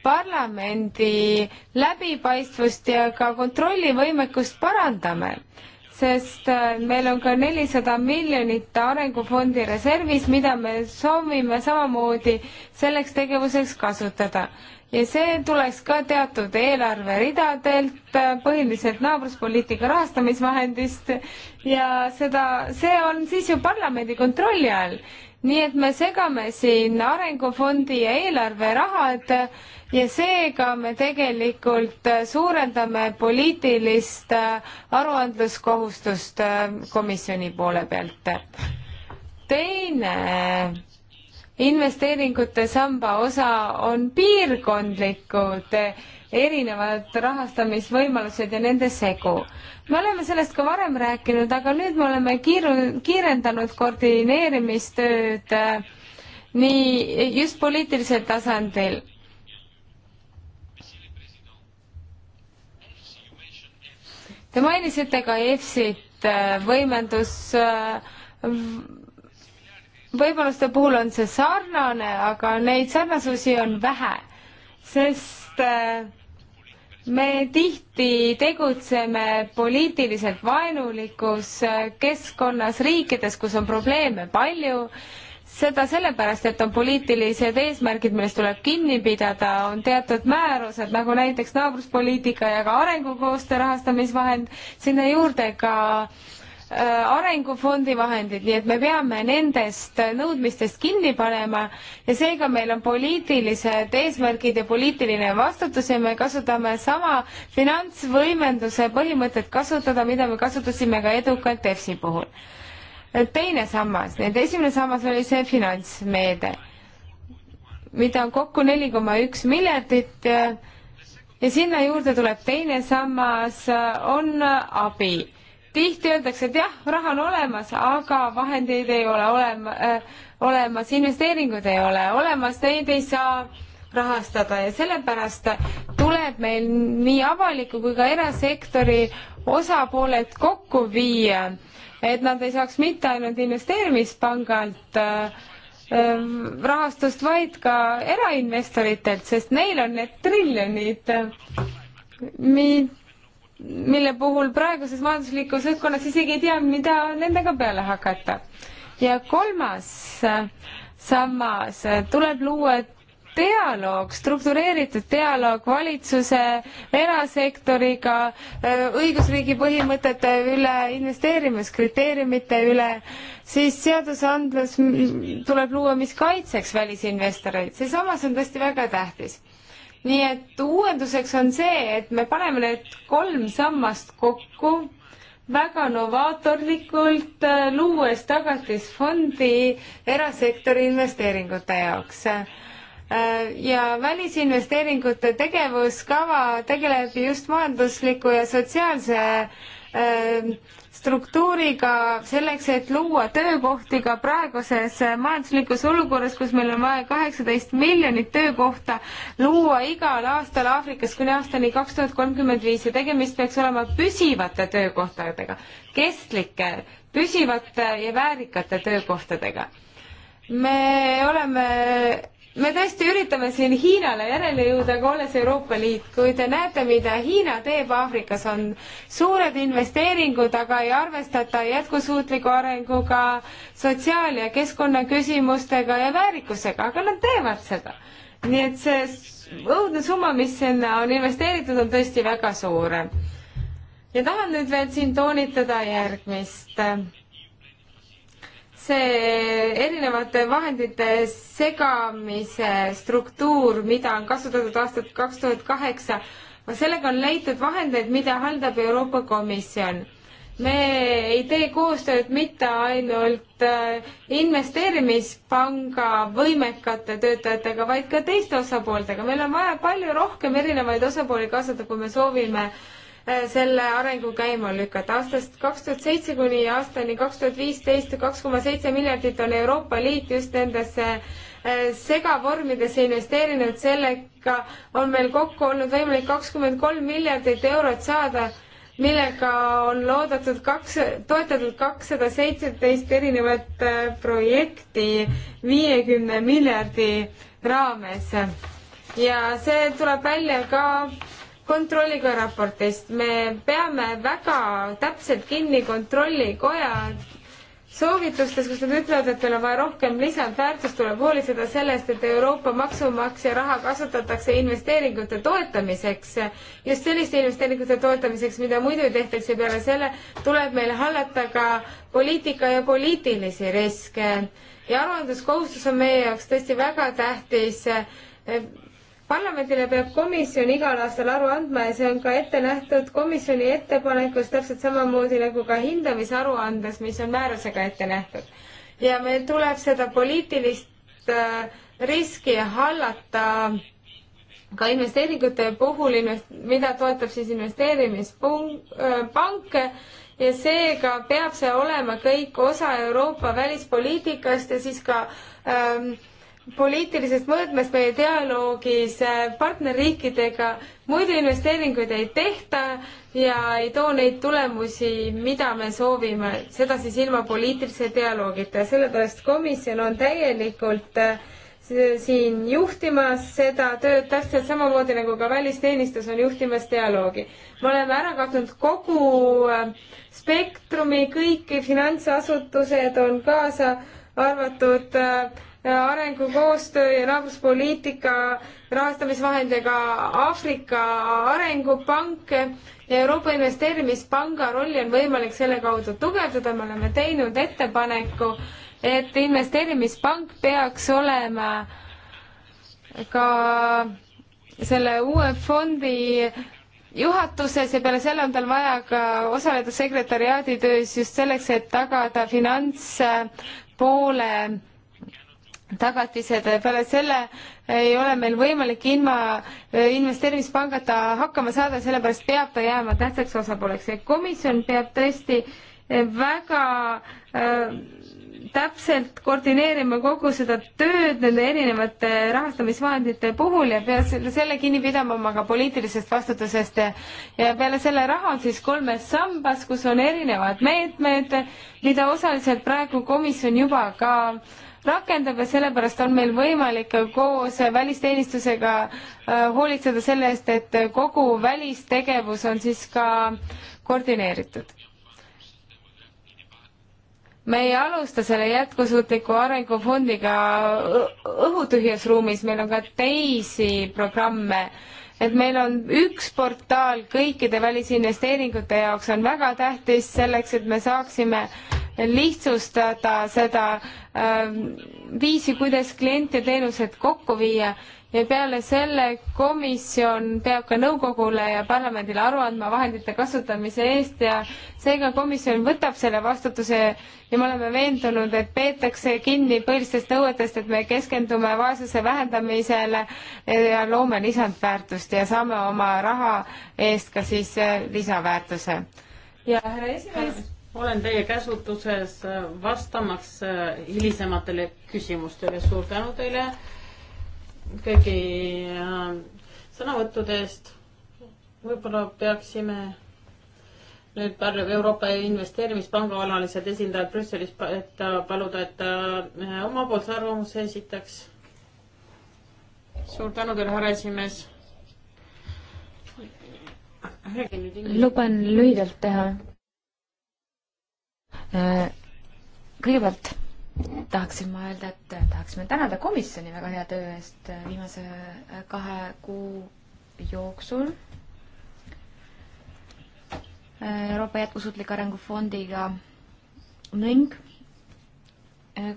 parlamendi läbipaistvust ja ka kontrollivõimekust parandame sest äh, meil on ka nelisada miljonit arengufondi reservis, mida me soovime samamoodi selleks tegevuseks kasutada. ja see tuleks ka teatud eelarveridadelt, äh, põhiliselt naabruspoliitika rahastamisvahendist ja seda, see on siis ju parlamendi kontrolli all nii et me segame siin arengufondi ja eelarverahad ja seega me tegelikult suurendame poliitilist äh, aruandluskohustust äh, komisjoni poole pealt. teine investeeringute samba osa on piirkondlikud erinevad rahastamisvõimalused ja nende segu. me oleme sellest ka varem rääkinud, aga nüüd me oleme kiiru-, kiirendanud koordineerimistööd äh, nii just poliitilisel tasandil. Te mainisite ka EFSit, äh, võimendus äh, võimaluste puhul on see sarnane, aga neid sarnasusi on vähe, sest äh, me tihti tegutseme poliitiliselt vaenulikus äh, keskkonnas, riikides, kus on probleeme palju, seda sellepärast, et on poliitilised eesmärgid, millest tuleb kinni pidada, on teatud määrused, nagu näiteks naabruspoliitika ja ka arengukoostöö rahastamisvahend, sinna juurde ka äh, Äh, arengufondi vahendid, nii et me peame nendest nõudmistest kinni panema ja seega meil on poliitilised eesmärgid ja poliitiline vastutus ja me kasutame sama finantsvõimenduse põhimõtet kasutada, mida me kasutasime ka edukalt EFSi puhul. teine sammas, nii et esimene sammas oli see finantsmeede, mida on kokku neli koma üks miljardit ja sinna juurde tuleb teine sammas, äh, on abi tihti öeldakse, et jah, raha on olemas, aga vahendeid ei ole olema äh,, olemas, investeeringud ei ole olemas, neid ei saa rahastada ja sellepärast tuleb meil nii avaliku kui ka erasektori osapooled kokku viia, et nad ei saaks mitte ainult investeerimispangalt äh, rahastust, vaid ka erainvestoritelt, sest neil on need triljonid, mida mille puhul praeguses majanduslikus õhkkonnas isegi ei tea, mida nendega peale hakata. ja kolmas sammas, tuleb luua dialoog, struktureeritud dialoog valitsuse, erasektoriga, õigusriigi põhimõtete üle, investeerimiskriteeriumite üle, siis seadusandlus tuleb luua, mis kaitseks välisinvestoreid, see sammas on tõesti väga tähtis nii et uuenduseks on see, et me paneme need kolm sammast kokku väga novaatorlikult, äh, luues tagatisfondi erasektori investeeringute jaoks äh, ja välisinvesteeringute tegevuskava tegeleb just majandusliku ja sotsiaalse äh, struktuuriga selleks, et luua töökohti ka praeguses majanduslikus olukorras, kus meil on vaja kaheksateist miljonit töökohta luua igal aastal Aafrikas kuni aastani kaks tuhat kolmkümmend viis ja tegemist peaks olema püsivate töökohtadega, kestlike, püsivate ja väärikate töökohtadega. me oleme me tõesti üritame siin Hiinale järele jõuda, aga olles Euroopa Liit, kui te näete, mida Hiina teeb Aafrikas, on suured investeeringud, aga ei arvestata jätkusuutliku arenguga, sotsiaal- ja keskkonnaküsimustega ja väärikusega, aga nad teevad seda. nii et see õudne summa, mis sinna on investeeritud, on tõesti väga suur. ja tahan nüüd veel siin toonitada järgmist see erinevate vahendite segamise struktuur, mida on kasutatud aastat kaks tuhat kaheksa, sellega on leitud vahendeid, mida haldab Euroopa Komisjon. me ei tee koostööd mitte ainult äh, investeerimispanga võimekate töötajatega, vaid ka teiste osapooltega. meil on vaja palju rohkem erinevaid osapooli kaasata, kui me soovime äh, Äh, selle arengu käima lükata. aastast kaks tuhat seitse kuni aastani kaks tuhat viisteist kaks koma seitse miljardit on Euroopa Liit just nendesse äh, segavormidesse investeerinud, sellega on meil kokku olnud võimalik kakskümmend kolm miljardit eurot saada, millega on loodetud kaks, toetatud kakssada seitseteist erinevat äh, projekti viiekümne miljardi raames. ja see tuleb välja ka kontrolliga raportist. me peame väga täpselt kinni kontrollikoja soovitustes, kus nad ütlevad, et meil on vaja rohkem lisandväärtust, tuleb hoolitseda sellest, et Euroopa maksumaksja raha kasutatakse investeeringute toetamiseks. just selliste investeeringute toetamiseks, mida muidu tehtakse peale selle, tuleb meil hallata ka poliitika ja poliitilisi riske. ja aruandluskohustus on meie jaoks tõesti väga tähtis parlamendile peab komisjon igal aastal aru andma ja see on ka ette nähtud komisjoni ettepanekus täpselt samamoodi nagu ka hindamisaruandes, mis on määrusega ette nähtud. ja meil tuleb seda poliitilist äh, riski hallata ka investeeringute puhul, mida toetab siis investeerimispank äh, ja seega peab see olema kõik osa Euroopa välispoliitikast ja siis ka ähm, poliitilisest mõõtmest meie dialoogis äh, partnerriikidega, muidu investeeringuid ei tehta ja ei too neid tulemusi, mida me soovime, seda siis ilma poliitilise dialoogita ja sellepärast komisjon on täielikult äh, siin juhtimas seda tööd täpselt samamoodi nagu ka välisteenistus on juhtimas dialoogi. me oleme ära katnud kogu äh, spektrumi, kõik finantsasutused on kaasa arvatud äh, arengukoostöö ja naabruspoliitika rahastamisvahendiga Aafrika Arengupank ja Euroopa Investeerimispanga rolli on võimalik selle kaudu tugevdada, me oleme teinud ettepaneku, et investeerimispank peaks olema ka selle uue fondi juhatuses ja peale selle on tal vaja ka osaleda sekretäriaadi töös just selleks, et tagada finantspoole tagatised, peale selle ei ole meil võimalik ilma äh, investeerimispangata hakkama saada, sellepärast peab ta jääma tähtsaks osapooleks ja komisjon peab tõesti äh, väga äh, täpselt koordineerima kogu seda tööd nende erinevate rahastamisvahendite puhul ja peab selle kinni pidama oma ka poliitilisest vastutusest ja, ja peale selle raha on siis kolmes sambas, kus on erinevad meetmed, mida osaliselt praegu komisjon juba ka äh, rakendab ja sellepärast on meil võimalik koos välisteenistusega äh, hoolitseda selle eest, et kogu välistegevus on siis ka koordineeritud. me ei alusta selle jätkusuutliku arengufondiga õhutühjas ruumis, meil on ka teisi programme et meil on üks portaal kõikide välisinvesteeringute jaoks on väga tähtis selleks, et me saaksime lihtsustada seda Ähm, viisi, kuidas klient ja teenused kokku viia ja peale selle komisjon peab ka nõukogule ja parlamendile aru andma vahendite kasutamise eest ja seega komisjon võtab selle vastutuse ja me oleme veendunud, et peetakse kinni põhilistest nõuetest, et me keskendume vaesuse vähendamisele ja loome lisandväärtust ja saame oma raha eest ka siis äh, lisaväärtuse. ja härra esimees olen teie käsutuses äh, vastamaks äh, hilisematele küsimustele. suur tänu teile kõigi äh, sõnavõttude eest. võib-olla peaksime nüüd palju Euroopa Investeerimispanga alalised esindajad Brüsselis, et paluda, et ta omapoolse arvamuse esitaks. suur tänu teile, härra esimees. luban lühidalt teha kõigepealt tahaksin ma öelda, et tahaksime tänada komisjoni väga hea töö eest viimase äh, kahe kuu jooksul. Äh, Euroopa Jätkusuutliku Arengu Fondiga ning äh,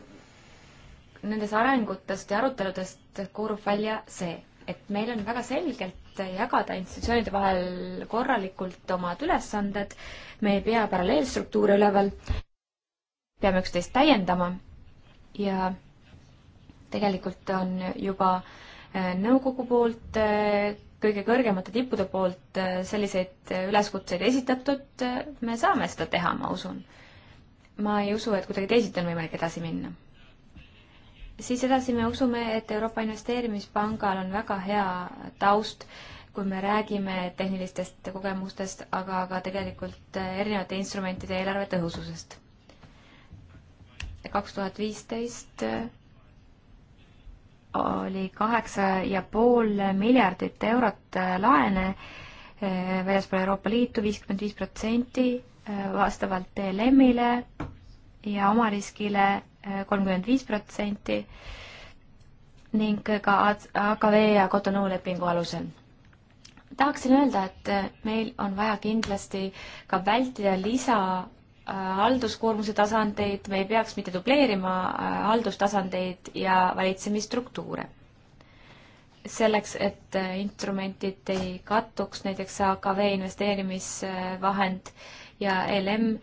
nendest arengutest ja aruteludest koorub välja see, et meil on väga selgelt et jagada institutsioonide vahel korralikult omad ülesanded, me ei pea paralleelstruktuure üleval, peame üksteist täiendama ja tegelikult on juba eh, nõukogu poolt, eh, kõige kõrgemate tippude poolt eh, selliseid üleskutseid esitatud, me saame seda teha, ma usun. ma ei usu, et kuidagi teisiti on võimalik edasi minna siis edasi me usume, et Euroopa Investeerimispangal on väga hea taust, kui me räägime tehnilistest kogemustest, aga ka tegelikult erinevate instrumentide eelarve tõhususest. kaks tuhat viisteist oli kaheksa ja pool miljardit eurot laene eh, väljaspool Euroopa Liitu, viiskümmend viis protsenti eh, vastavalt LM-ile ja omariskile kolmkümmend viis protsenti ning ka AKV ja Cotonou lepingu alusel. tahaksin öelda, et meil on vaja kindlasti ka vältida lisa äh, halduskoormuse tasandeid, me ei peaks mitte dubleerima äh, haldustasandeid ja valitsemisstruktuure selleks, et äh, instrumentid ei kattuks, näiteks AKV investeerimisvahend ja LM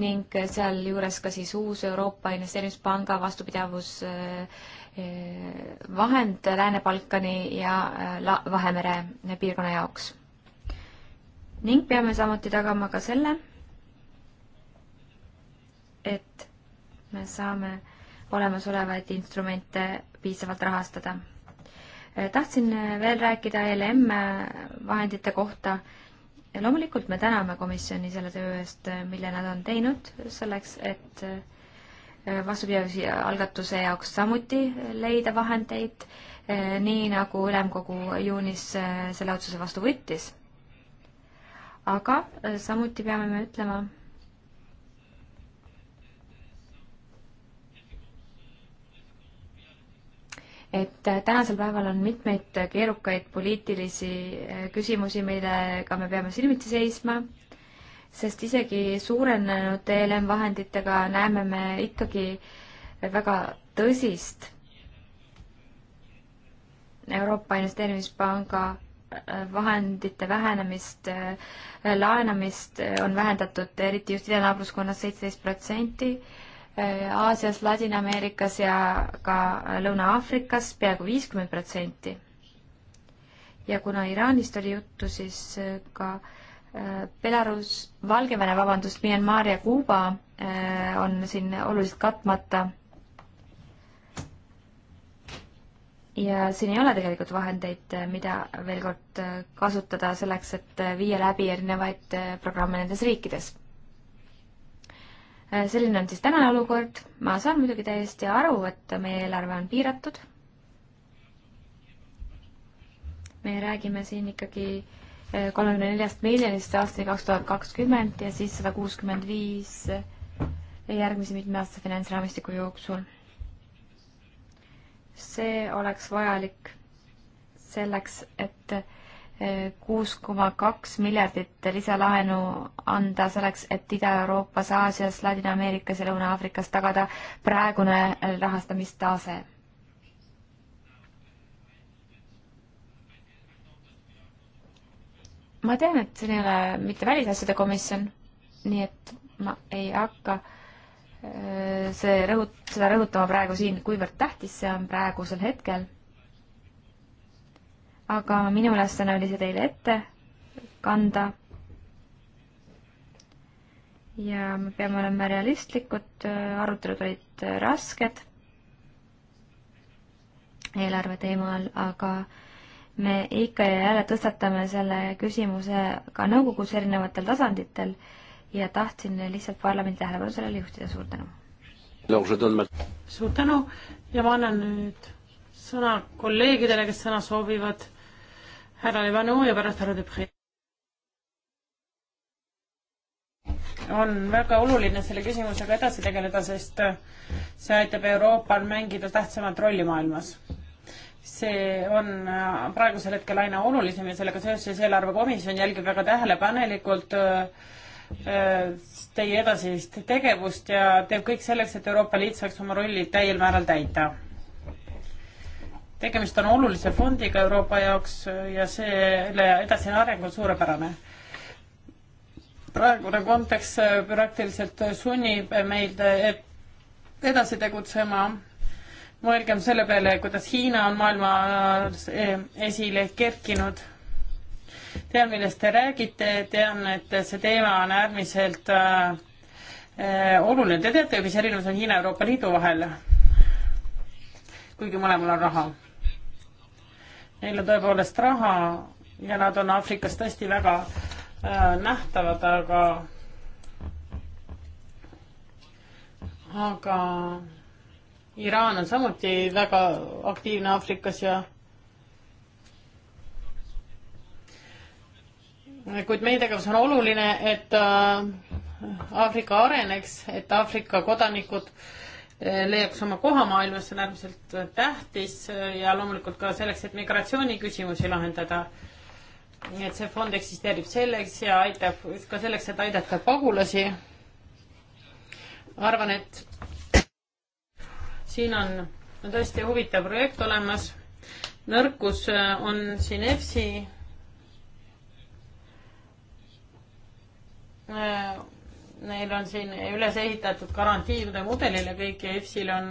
ning sealjuures ka siis uus Euroopa Investeerimispanga vastupidavus eh, eh, vahend Lääne-Balkani ja eh, Vahemere piirkonna jaoks. ning peame samuti tagama ka selle, et me saame olemasolevaid instrumente piisavalt rahastada. tahtsin veel rääkida ELM vahendite kohta ja loomulikult me täname komisjoni selle töö eest, äh, mille nad on teinud selleks, et äh, vastupidavusi algatuse jaoks samuti leida vahendeid, äh, nii nagu ülemkogu juunis selle otsuse vastu võttis. aga samuti peame me ütlema, et tänasel päeval on mitmeid keerukaid poliitilisi eh, küsimusi, millega me peame silmitsi seisma, sest isegi suurenenud ELM-vahenditega näeme me ikkagi väga tõsist Euroopa Investeerimispanga eh, vahendite vähenemist, eh, laenamist on vähendatud eriti just idanaabruskonnas seitseteist protsenti Äh, Aasias, Ladina-Ameerikas ja ka Lõuna-Aafrikas peaaegu viiskümmend protsenti. ja kuna Iraanist oli juttu, siis äh, ka äh, Belarus, Valgevene, vabandust, Myanmar ja Kuuba on siin oluliselt katmata. ja siin ei ole tegelikult vahendeid, mida veel kord kasutada selleks, et viia läbi erinevaid programme nendes riikides Äh, selline on siis tänane olukord, ma saan muidugi täiesti aru, et meie eelarve on piiratud. me räägime siin ikkagi äh, kolmekümne neljast miljonist aastani kaks tuhat kakskümmend ja siis sada kuuskümmend viis äh, järgmise mitme aasta finantsraamistiku jooksul. see oleks vajalik selleks, et kuus koma kaks miljardit lisalaenu anda selleks, et Ida-Euroopas, Aasias, Ladina-Ameerikas ja Lõuna-Aafrikas tagada praegune rahastamistase. ma tean, et siin ei ole mitte välisasjade komisjon, nii et ma ei hakka äh, see rõhut-, seda rõhutama praegu siin, kuivõrd tähtis see on praegusel hetkel aga minu ülesanne oli see teile ette kanda. ja me peame olema realistlikud, arutelud olid rasked eelarve teemal, aga me ikka ja jälle tõstatame selle küsimuse ka nõukogus erinevatel tasanditel ja tahtsin lihtsalt parlamendi tähelepanu sellele juhtida, suur tänu. suur tänu ja ma annan nüüd sõna kolleegidele, kes sõna soovivad härra Ivanov ja pärast härra Debrev. on väga oluline selle küsimusega edasi tegeleda, sest see aitab Euroopal mängida tähtsamat rolli maailmas. see on praegusel hetkel aina olulisem ja sellega seoses eelarvekomisjon jälgib väga tähelepanelikult äh, teie edasist tegevust ja teeb kõik selleks, et Euroopa Liit saaks oma rolli täiel määral täita tegemist on olulise fondiga Euroopa jaoks ja selle edasine areng on suurepärane. praegune kontekst praktiliselt sunnib meid edasi tegutsema. mõelgem selle peale, kuidas Hiina on maailmas esile kerkinud. tean, millest te räägite, tean, et see teema on äärmiselt äh, oluline. Te teate ju, mis erinevus on Hiina ja Euroopa Liidu vahel? kuigi mõlemal on raha neil on tõepoolest raha ja nad on Aafrikas tõesti väga äh, nähtavad, aga aga Iraan on samuti väga aktiivne Aafrikas ja kuid meie tegevus on oluline, et äh, Aafrika areneks, et Aafrika kodanikud äh, leiaks oma koha maailmas, see on äärmiselt tähtis ja loomulikult ka selleks, et migratsiooniküsimusi lahendada. nii et see fond eksisteerib selleks ja aitab ka selleks, et aidata pagulasi. arvan, et siin on tõesti huvitav projekt olemas. nõrkus on siin EFSI neil on siin üles ehitatud garantiide mudelile kõik ja EFSil on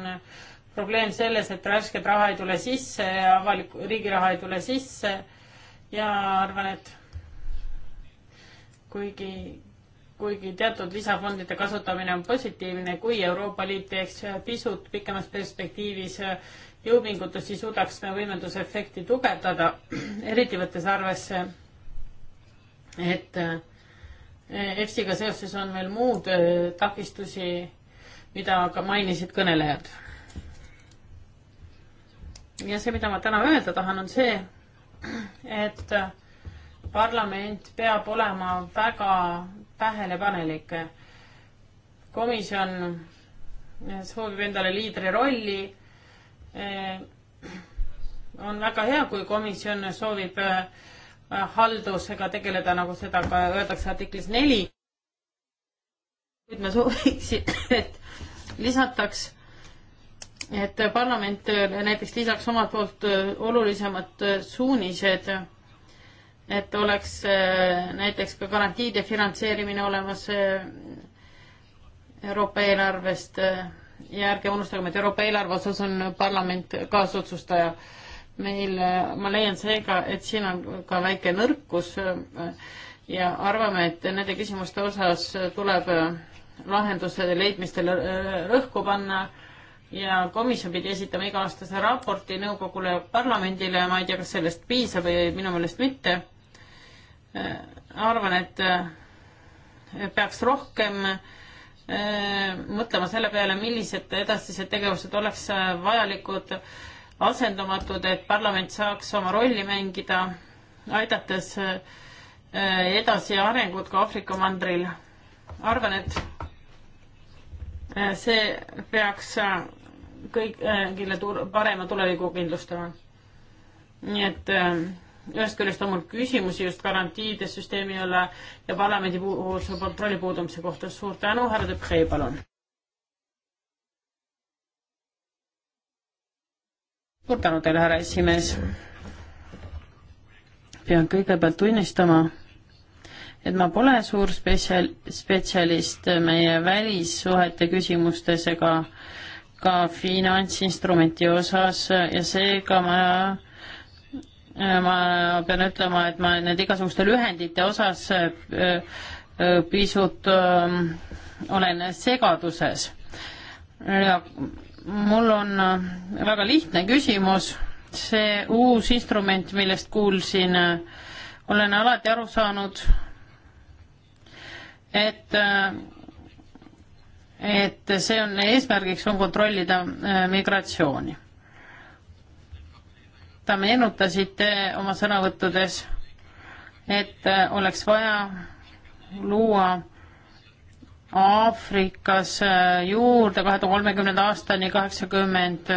probleem selles, et värsket raha ei tule sisse ja avalik, riigi raha ei tule sisse ja arvan, et kuigi, kuigi teatud lisafondide kasutamine on positiivne, kui Euroopa Liit teeks pisut pikemas perspektiivis jõupingutus, siis suudaks me võimendusefekti tugevdada, eriti võttes arvesse, et äh, EFSiga seoses on veel muud äh, takistusi, mida ka mainisid kõnelejad. ja see, mida ma täna öelda tahan, on see, et parlament peab olema väga tähelepanelik. komisjon soovib endale liidri rolli. Äh, on väga hea, kui komisjon soovib äh, haldusega tegeleda, nagu seda ka öeldakse artiklis neli. kuid me sooviksin, et lisataks, et parlament näiteks lisaks omalt poolt olulisemad suunised, et oleks äh, näiteks ka garantiide finantseerimine olemas äh, Euroopa eelarvest äh, ja ärge unustagem, et Euroopa eelarve osas on parlament kaasotsustaja meil, ma leian seega, et siin on ka väike nõrkus äh, ja arvame, et nende küsimuste osas tuleb äh, lahenduste leidmistele äh, rõhku panna ja komisjon pidi esitama iga-aastase raporti nõukogule ja parlamendile ja ma ei tea, kas sellest piisab või minu meelest mitte. arvan, et peaks rohkem mõtlema selle peale, millised edasised tegevused oleks vajalikud asendumatud, et parlament saaks oma rolli mängida, aidates äh, edasi arengut ka Aafrika mandril. arvan, et äh, see peaks äh, kõigile parema tuleviku kindlustama. nii et ühest küljest on mul küsimusi just garantiide süsteemi üle ja parlamendi puhul kontrolli puudumise kohta. suur tänu, härra Depree, palun. suur tänu teile, härra esimees. pean kõigepealt tunnistama, et ma pole suur spetsial-, spetsialist meie välissuhete küsimustes ega ka finantsinstrumenti osas ja seega ma ma pean ütlema, et ma need igasuguste lühendite osas äh, äh, pisut ähm, olen segaduses. ja mul on äh, väga lihtne küsimus. see uus instrument, millest kuulsin, äh, olen alati aru saanud, et, äh, et see on, eesmärgiks on kontrollida migratsiooni. Te meenutasite oma sõnavõttudes, et oleks vaja luua Aafrikas äh, juurde kahe tuhande kolmekümnenda aastani kaheksakümmend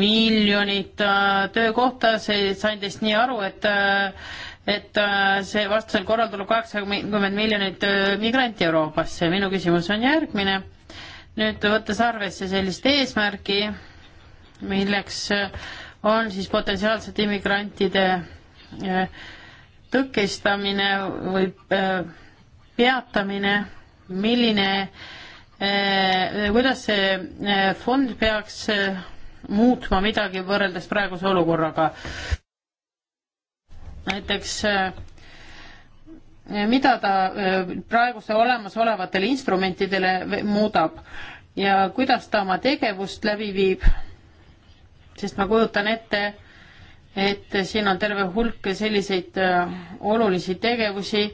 miljonit äh, töökohta, see, sain teist nii aru, et äh, et see vastasel korral tuleb kaheksakümmend miljonit migranti Euroopasse. minu küsimus on järgmine. nüüd võttes arvesse sellist eesmärki, milleks on siis potentsiaalsete immigrantide tõkestamine või peatamine milline, eh, kuidas see eh, fond peaks eh, muutma midagi võrreldes praeguse olukorraga? näiteks mida ta praeguse olemasolevatele instrumentidele muudab ja kuidas ta oma tegevust läbi viib, sest ma kujutan ette, et siin on terve hulk selliseid olulisi tegevusi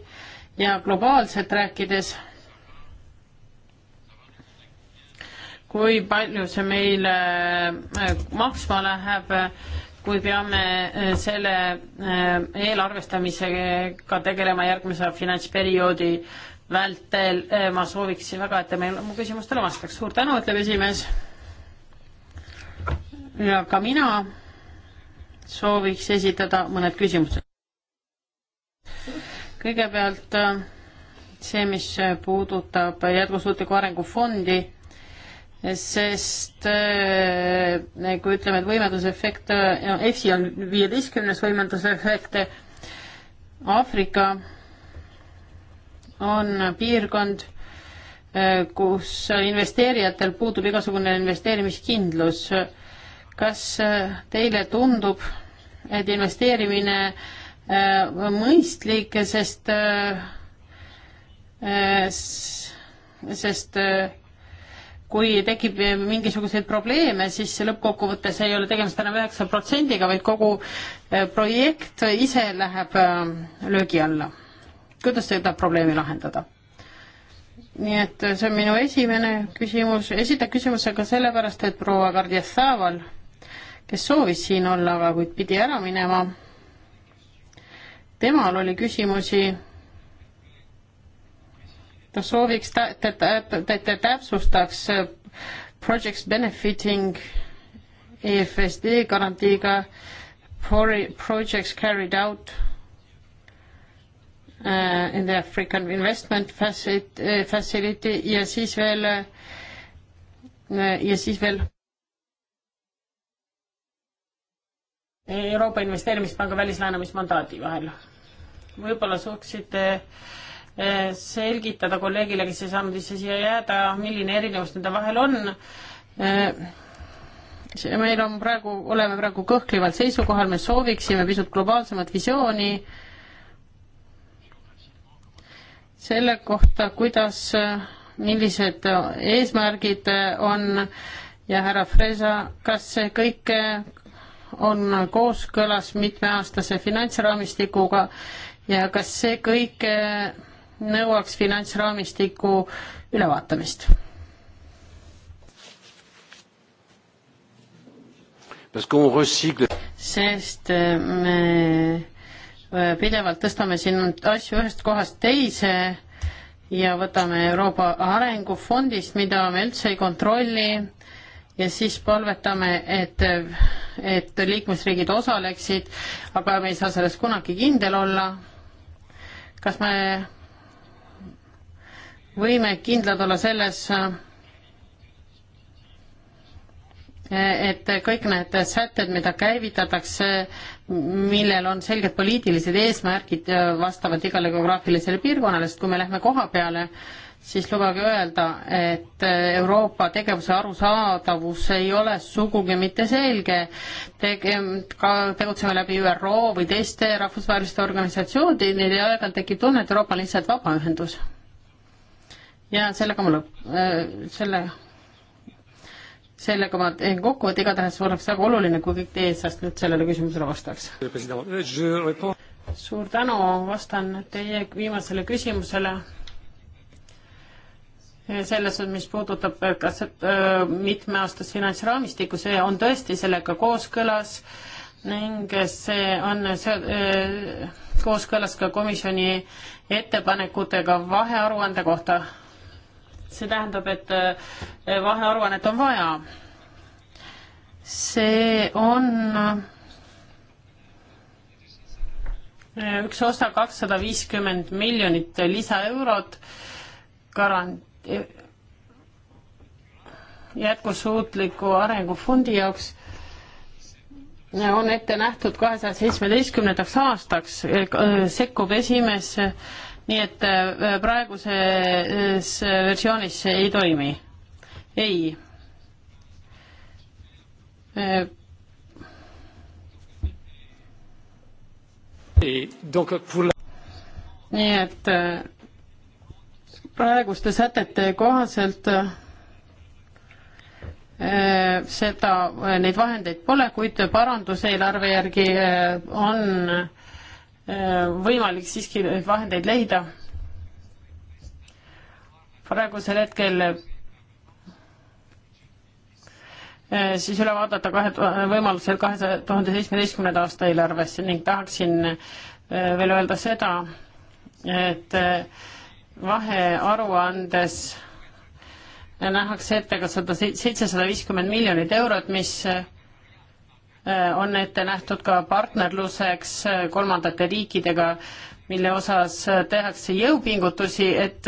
ja globaalselt rääkides kui palju see meile äh, maksma läheb, kui peame äh, selle äh, eelarvestamisega tegelema järgmise finantsperioodi vältel. ma sooviksin väga, et te meil mu küsimustele vastaks. suur tänu, ütleb esimees. ja ka mina sooviks esitada mõned küsimused. kõigepealt see, mis puudutab jätkusuutliku arengu fondi sest äh, kui ütleme, et võimendusefekt, äh, EFSI on viieteistkümnes võimendusefekt, Aafrika on piirkond, äh, kus investeerijatel puudub igasugune investeerimiskindlus. kas teile tundub, et investeerimine on mõistlik, sest sest kui tekib mingisuguseid probleeme, siis lõppkokkuvõttes ei ole tegemist enam üheksa protsendiga, vaid kogu eh, projekt ise läheb eh, löögi alla. kuidas seda probleemi lahendada? nii et see on minu esimene küsimus, esita küsimuse ka sellepärast, et proua Kardjasaval, kes soovis siin olla, aga kuid pidi ära minema, temal oli küsimusi sooviks, et te täpsustaks äh, projects benefiting EFSD garantiiga projects carried out uh, in the African Investment äh, Facility ja siis veel ja siis veel Euroopa Investeerimispanga välislaenamismandaadi vahel. võib-olla suutsite uh, Eh, selgitada kolleegile, kes ei saanud ise siia jääda, milline erinevus nende vahel on. Eh, meil on praegu, oleme praegu kõhklival seisukohal, me sooviksime pisut globaalsemat visiooni selle kohta, kuidas, millised eesmärgid on ja härra Freza, kas see kõik on kooskõlas mitmeaastase finantsraamistikuga ja kas see kõik nõuaks finantsraamistiku ülevaatamist. sest äh, me äh, pidevalt tõstame siin asju ühest kohast teise ja võtame Euroopa Arengufondist, mida me üldse ei kontrolli ja siis palvetame, et, et liikmesriigid osaleksid, aga me ei saa selles kunagi kindel olla. kas me võime kindlad olla selles, et kõik need sätted, mida käivitatakse, millel on selged poliitilised eesmärgid, vastavad igale geograafilisele piirkonnale, sest kui me lähme koha peale, siis lubage öelda, et Euroopa tegevuse arusaadavus ei ole sugugi mitte selge. tege-, ka tegutseme läbi ÜRO või teiste rahvusvaheliste organisatsioonide ja aeg-ajalt tekib tunne, et Euroopa on lihtsalt vabaühendus ja sellega ma lõpp, äh, selle, sellega ma teen kokkuvõtte, igatahes oleks väga oluline, kui kõik teie seast nüüd sellele küsimusele vastaks. suur tänu, vastan teie viimasele küsimusele. selles, mis puudutab, kas äh, mitmeaastast finantsraamistikku, see on tõesti sellega kooskõlas ning see on see, äh, kooskõlas ka komisjoni ettepanekutega vahearuande kohta see tähendab, et äh, vahearuannet on vaja. see on äh, üks osa kakssada viiskümmend miljonit lisaeurot garant-, äh, jätkusuutliku arengufondi jaoks on ette nähtud kahesaja seitsmeteistkümnendaks aastaks, sekkub esimesse nii et äh, praeguses äh, versioonis see ei toimi. ei. Äh. nii et praeguste sätete kohaselt seda, neid vahendeid pole, kuid paranduseelarve järgi on äh, Äh, võimalik siiski vahendeid leida. praegusel hetkel äh, siis üle vaadata kahe, võimalusel kahe tuhande seitsmeteistkümnenda aasta eelarvesse ning tahaksin äh, veel öelda seda, et vahearuandes nähakse ette ka sada, seitsesada viiskümmend miljonit eurot, mis Äh, on ette nähtud ka partnerluseks äh, kolmandate riikidega, mille osas äh, tehakse jõupingutusi, et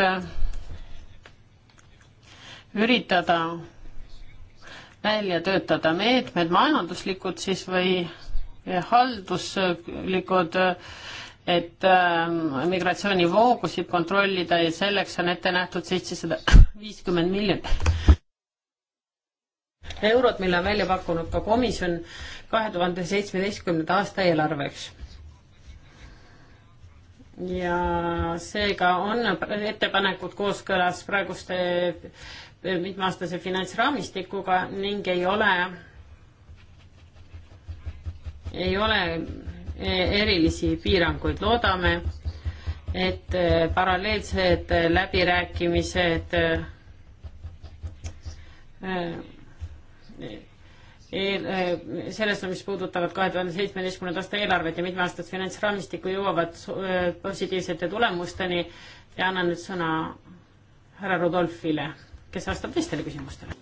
üritada välja töötada meetmed, majanduslikud siis või halduslikud, et äh, migratsioonivoogusid kontrollida ja selleks on ette nähtud seitsesada viiskümmend miljonit eurot, mille on välja pakkunud ka komisjon äh, kahe tuhande seitsmeteistkümnenda aasta eelarveks. ja seega on ettepanekud kooskõlas praeguste mitmeaastase finantsraamistikuga ning ei ole, ei ole erilisi piiranguid, loodame, et paralleelsed läbirääkimised Äh, sellest, mis puudutavad kahe tuhande seitsmeteistkümnenda aasta eelarvet ja mitmeaastast finantsraamistikku, jõuavad äh, positiivsete tulemusteni ja annan nüüd sõna härra Rodolfile, kes vastab teistele küsimustele.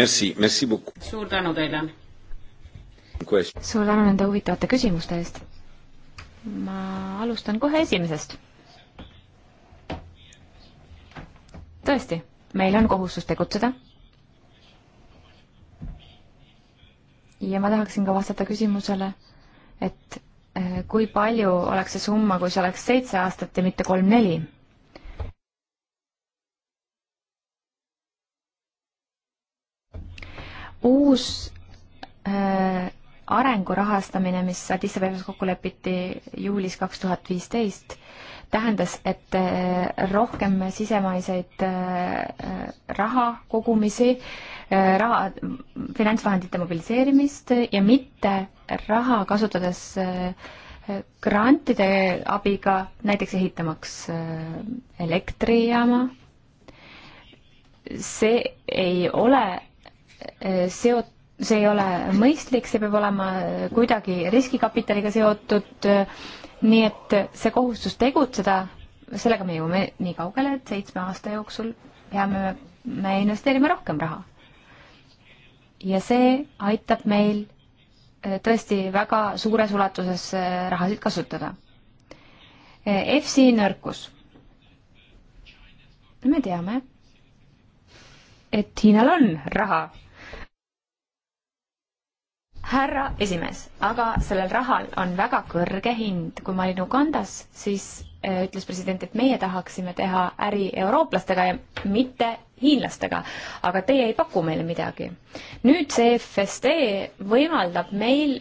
Merci, merci beaucoup. suur tänu teile. suur tänu nende huvitavate küsimuste eest. ma alustan kohe esimesest. tõesti, meil on kohustus tegutseda ja ma tahaksin ka vastata küsimusele, et eh, kui palju oleks see summa, kui see oleks seitse aastat ja mitte kolm-neli? uus äh, arengu rahastamine, mis Addis Abebas kokku lepiti juulis kaks tuhat viisteist, tähendas, et äh, rohkem sisemaiseid äh, raha kogumisi, äh, raha, finantsvahendite mobiliseerimist ja mitte raha kasutades grantide abiga näiteks ehitamaks elektrijaama. see ei ole seotud see ei ole mõistlik, see peab olema kuidagi riskikapitaliga seotud, nii et see kohustus tegutseda, sellega me jõuame nii kaugele, et seitsme aasta jooksul peame me investeerima rohkem raha. ja see aitab meil eh, tõesti väga suures ulatuses eh, rahasid kasutada. EFSI eh, nõrkus. me teame, et Hiinal on raha härra esimees, aga sellel rahal on väga kõrge hind. kui ma olin Ugandas, siis äh, ütles president, et meie tahaksime teha äri eurooplastega ja mitte hiinlastega, aga teie ei paku meile midagi. nüüd see FSD võimaldab meil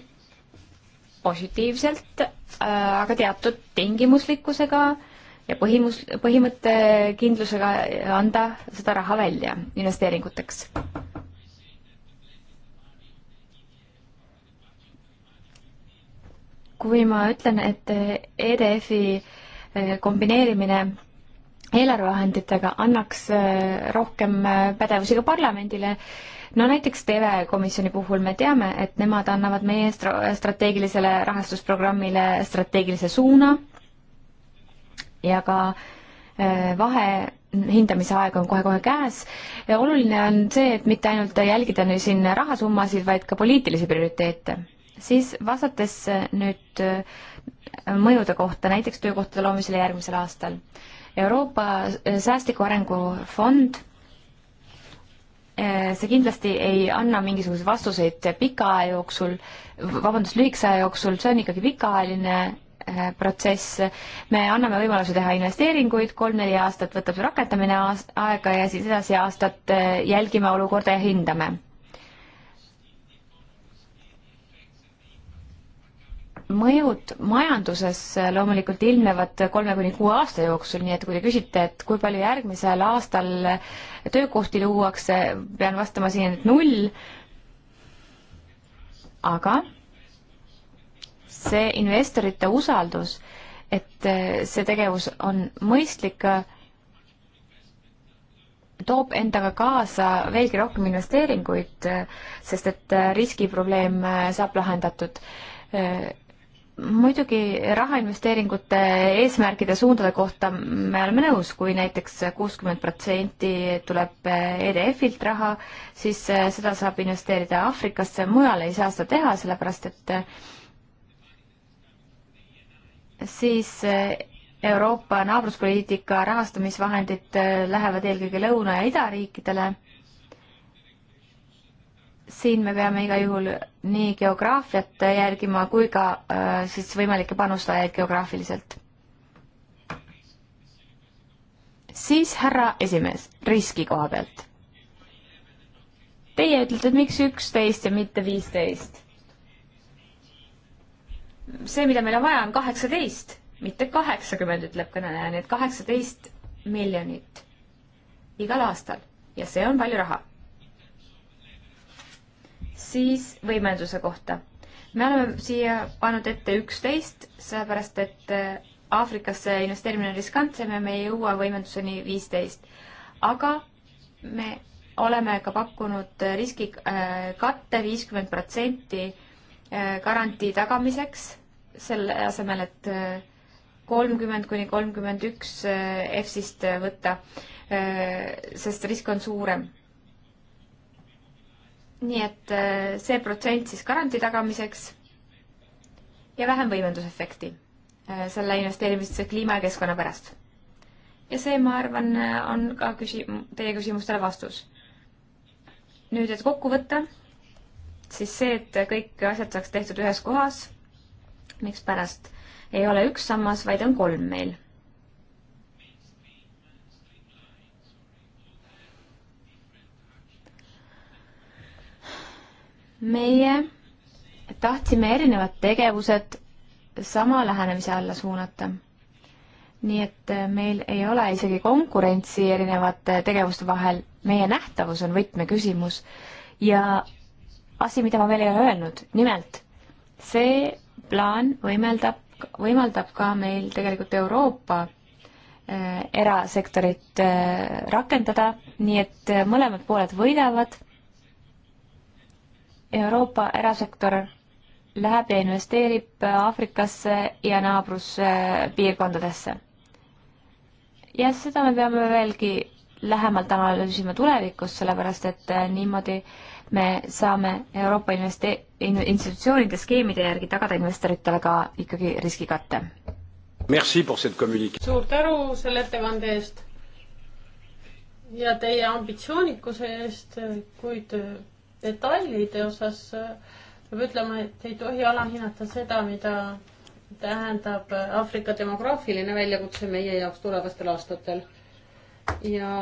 positiivselt, äh, aga teatud tingimuslikkusega ja põhimus, põhimõttekindlusega anda seda raha välja investeeringuteks kui ma ütlen, et EDF-i eh, kombineerimine eelarvevahenditega annaks eh, rohkem eh, pädevusi ka parlamendile, no näiteks TV-komisjoni puhul me teame, et nemad annavad meie strateegilisele rahastusprogrammile strateegilise suuna ja ka vahe hindamise aeg on kohe-kohe käes. oluline on see, et mitte ainult jälgida nüüd siin rahasummasid, vaid ka poliitilisi prioriteete siis vastates äh, nüüd äh, mõjude kohta, näiteks töökohtade loomisele järgmisel aastal. Euroopa äh, Säästliku Arengu Fond, see kindlasti ei anna mingisuguseid vastuseid pika aja jooksul, vabandust, lühikese aja jooksul, see on ikkagi pikaajaline protsess, me anname võimaluse teha investeeringuid, kolm-neli aastat võtab see rakendamine aega ja siis edasi aastat jälgime olukorda ja hindame mõjud majanduses loomulikult ilmnevad kolme kuni kuue aasta jooksul, nii et kui te küsite, et kui palju järgmisel aastal töökohti luuakse, pean vastama siin, et null. aga see investorite usaldus, et see tegevus on mõistlik, toob endaga kaasa veelgi rohkem investeeringuid, sest et riskiprobleem saab lahendatud muidugi rahainvesteeringute eesmärgide suundade kohta me oleme nõus, kui näiteks kuuskümmend protsenti tuleb EDF-ilt raha, siis äh, seda saab investeerida Aafrikasse, mujal ei saa seda teha, sellepärast et äh, siis äh, Euroopa naabruspoliitika rahastamisvahendid lähevad eelkõige lõuna- ja idariikidele siin me peame igal juhul nii geograafiat järgima kui ka äh, siis võimalikke panustajaid geograafiliselt. siis härra esimees, riski koha pealt. Teie ütlete, et miks üksteist ja mitte viisteist? see, mida meil on vaja, on kaheksateist, mitte kaheksakümmend, ütleb kõneleja, nii et kaheksateist miljonit igal aastal ja see on palju raha siis võimenduse kohta. me oleme siia pannud ette üksteist, sellepärast et äh, Aafrikasse investeerimine on riskantsem ja me ei jõua võimenduseni viisteist. aga me oleme ka pakkunud äh, riskikatte äh, viiskümmend protsenti garantii tagamiseks, selle asemel, et kolmkümmend kuni kolmkümmend üks EFSist võtta, sest risk on suurem nii et äh, see protsent siis garantii tagamiseks ja vähem võimendusefekti äh, selle investeerimise kliima ja keskkonna pärast. ja see, ma arvan, äh, on ka küsi-, teie küsimustele vastus. nüüd, et kokku võtta, siis see, et kõik asjad saaks tehtud ühes kohas, mikspärast ei ole üks sammas, vaid on kolm meil meie tahtsime erinevad tegevused sama lähenemise alla suunata. nii et äh, meil ei ole isegi konkurentsi erinevate tegevuste vahel, meie nähtavus on võtmeküsimus ja asi, mida ma veel ei ole öelnud, nimelt see plaan võimeldab, võimaldab ka meil tegelikult Euroopa äh, erasektorit äh, rakendada, nii et mõlemad pooled võidavad Euroopa erasektor läheb ja investeerib Aafrikasse ja naabruspiirkondadesse. ja seda me peame veelgi lähemalt analüüsima tulevikus, sellepärast et äh, niimoodi me saame Euroopa investe-, institutsioonide skeemide järgi tagada investoritele ka ikkagi riskikatte. suur tänu selle ettekande eest ja teie ambitsioonikuse eest, kuid detailide osas peab ütlema, et ei tohi alahinnata seda, mida tähendab Aafrika demograafiline väljakutse meie jaoks tulevastel aastatel. ja,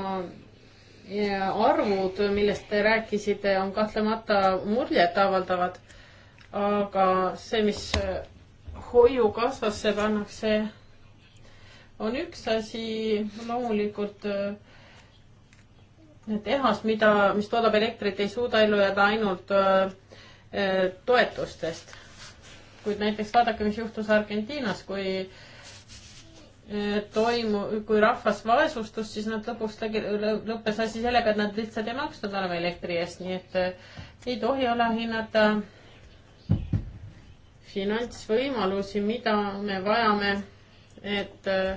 ja arvud, millest te rääkisite, on kahtlemata muljetavaldavad, aga see, mis hoiukassasse pannakse, on üks asi, loomulikult äh, tehas, mida, mis toodab elektrit, ei suuda ellu jääda ainult öö, äh, äh, toetustest. kuid näiteks vaadake, mis juhtus Argentiinas, kui äh, toimu-, kui rahvas vaesustus, siis nad lõpuks tegi, lõppes asi sellega, et nad lihtsalt ei maksnud enam elektri eest, nii et ei tohi alahinnata finantsvõimalusi, mida me vajame, et äh,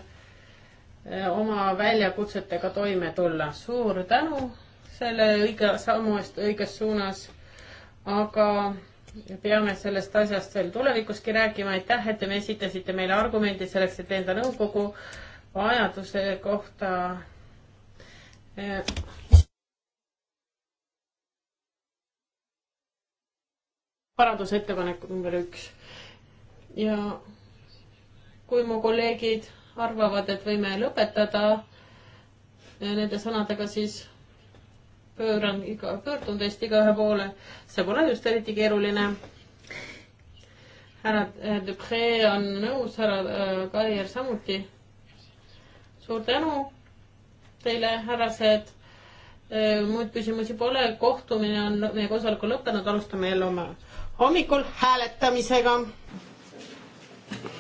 Eh, oma väljakutsetega toime tulla. suur tänu selle õige sammu eest õiges suunas, aga peame sellest asjast veel tulevikuski rääkima. aitäh, et te me esitasite meile argumendi selleks, et enda nõukogu vajaduse kohta eh, parandusettepanek number üks ja kui mu kolleegid arvavad, et võime lõpetada nende sõnadega, siis pööran iga, pöördun teist igaühe poole. see pole just eriti keeruline. härra äh, Dupre on nõus, härra Kaier äh, samuti. suur tänu teile, härrased. Äh, muid küsimusi pole, kohtumine on meie koosolek on lõppenud, alustame jälle homme hommikul hääletamisega.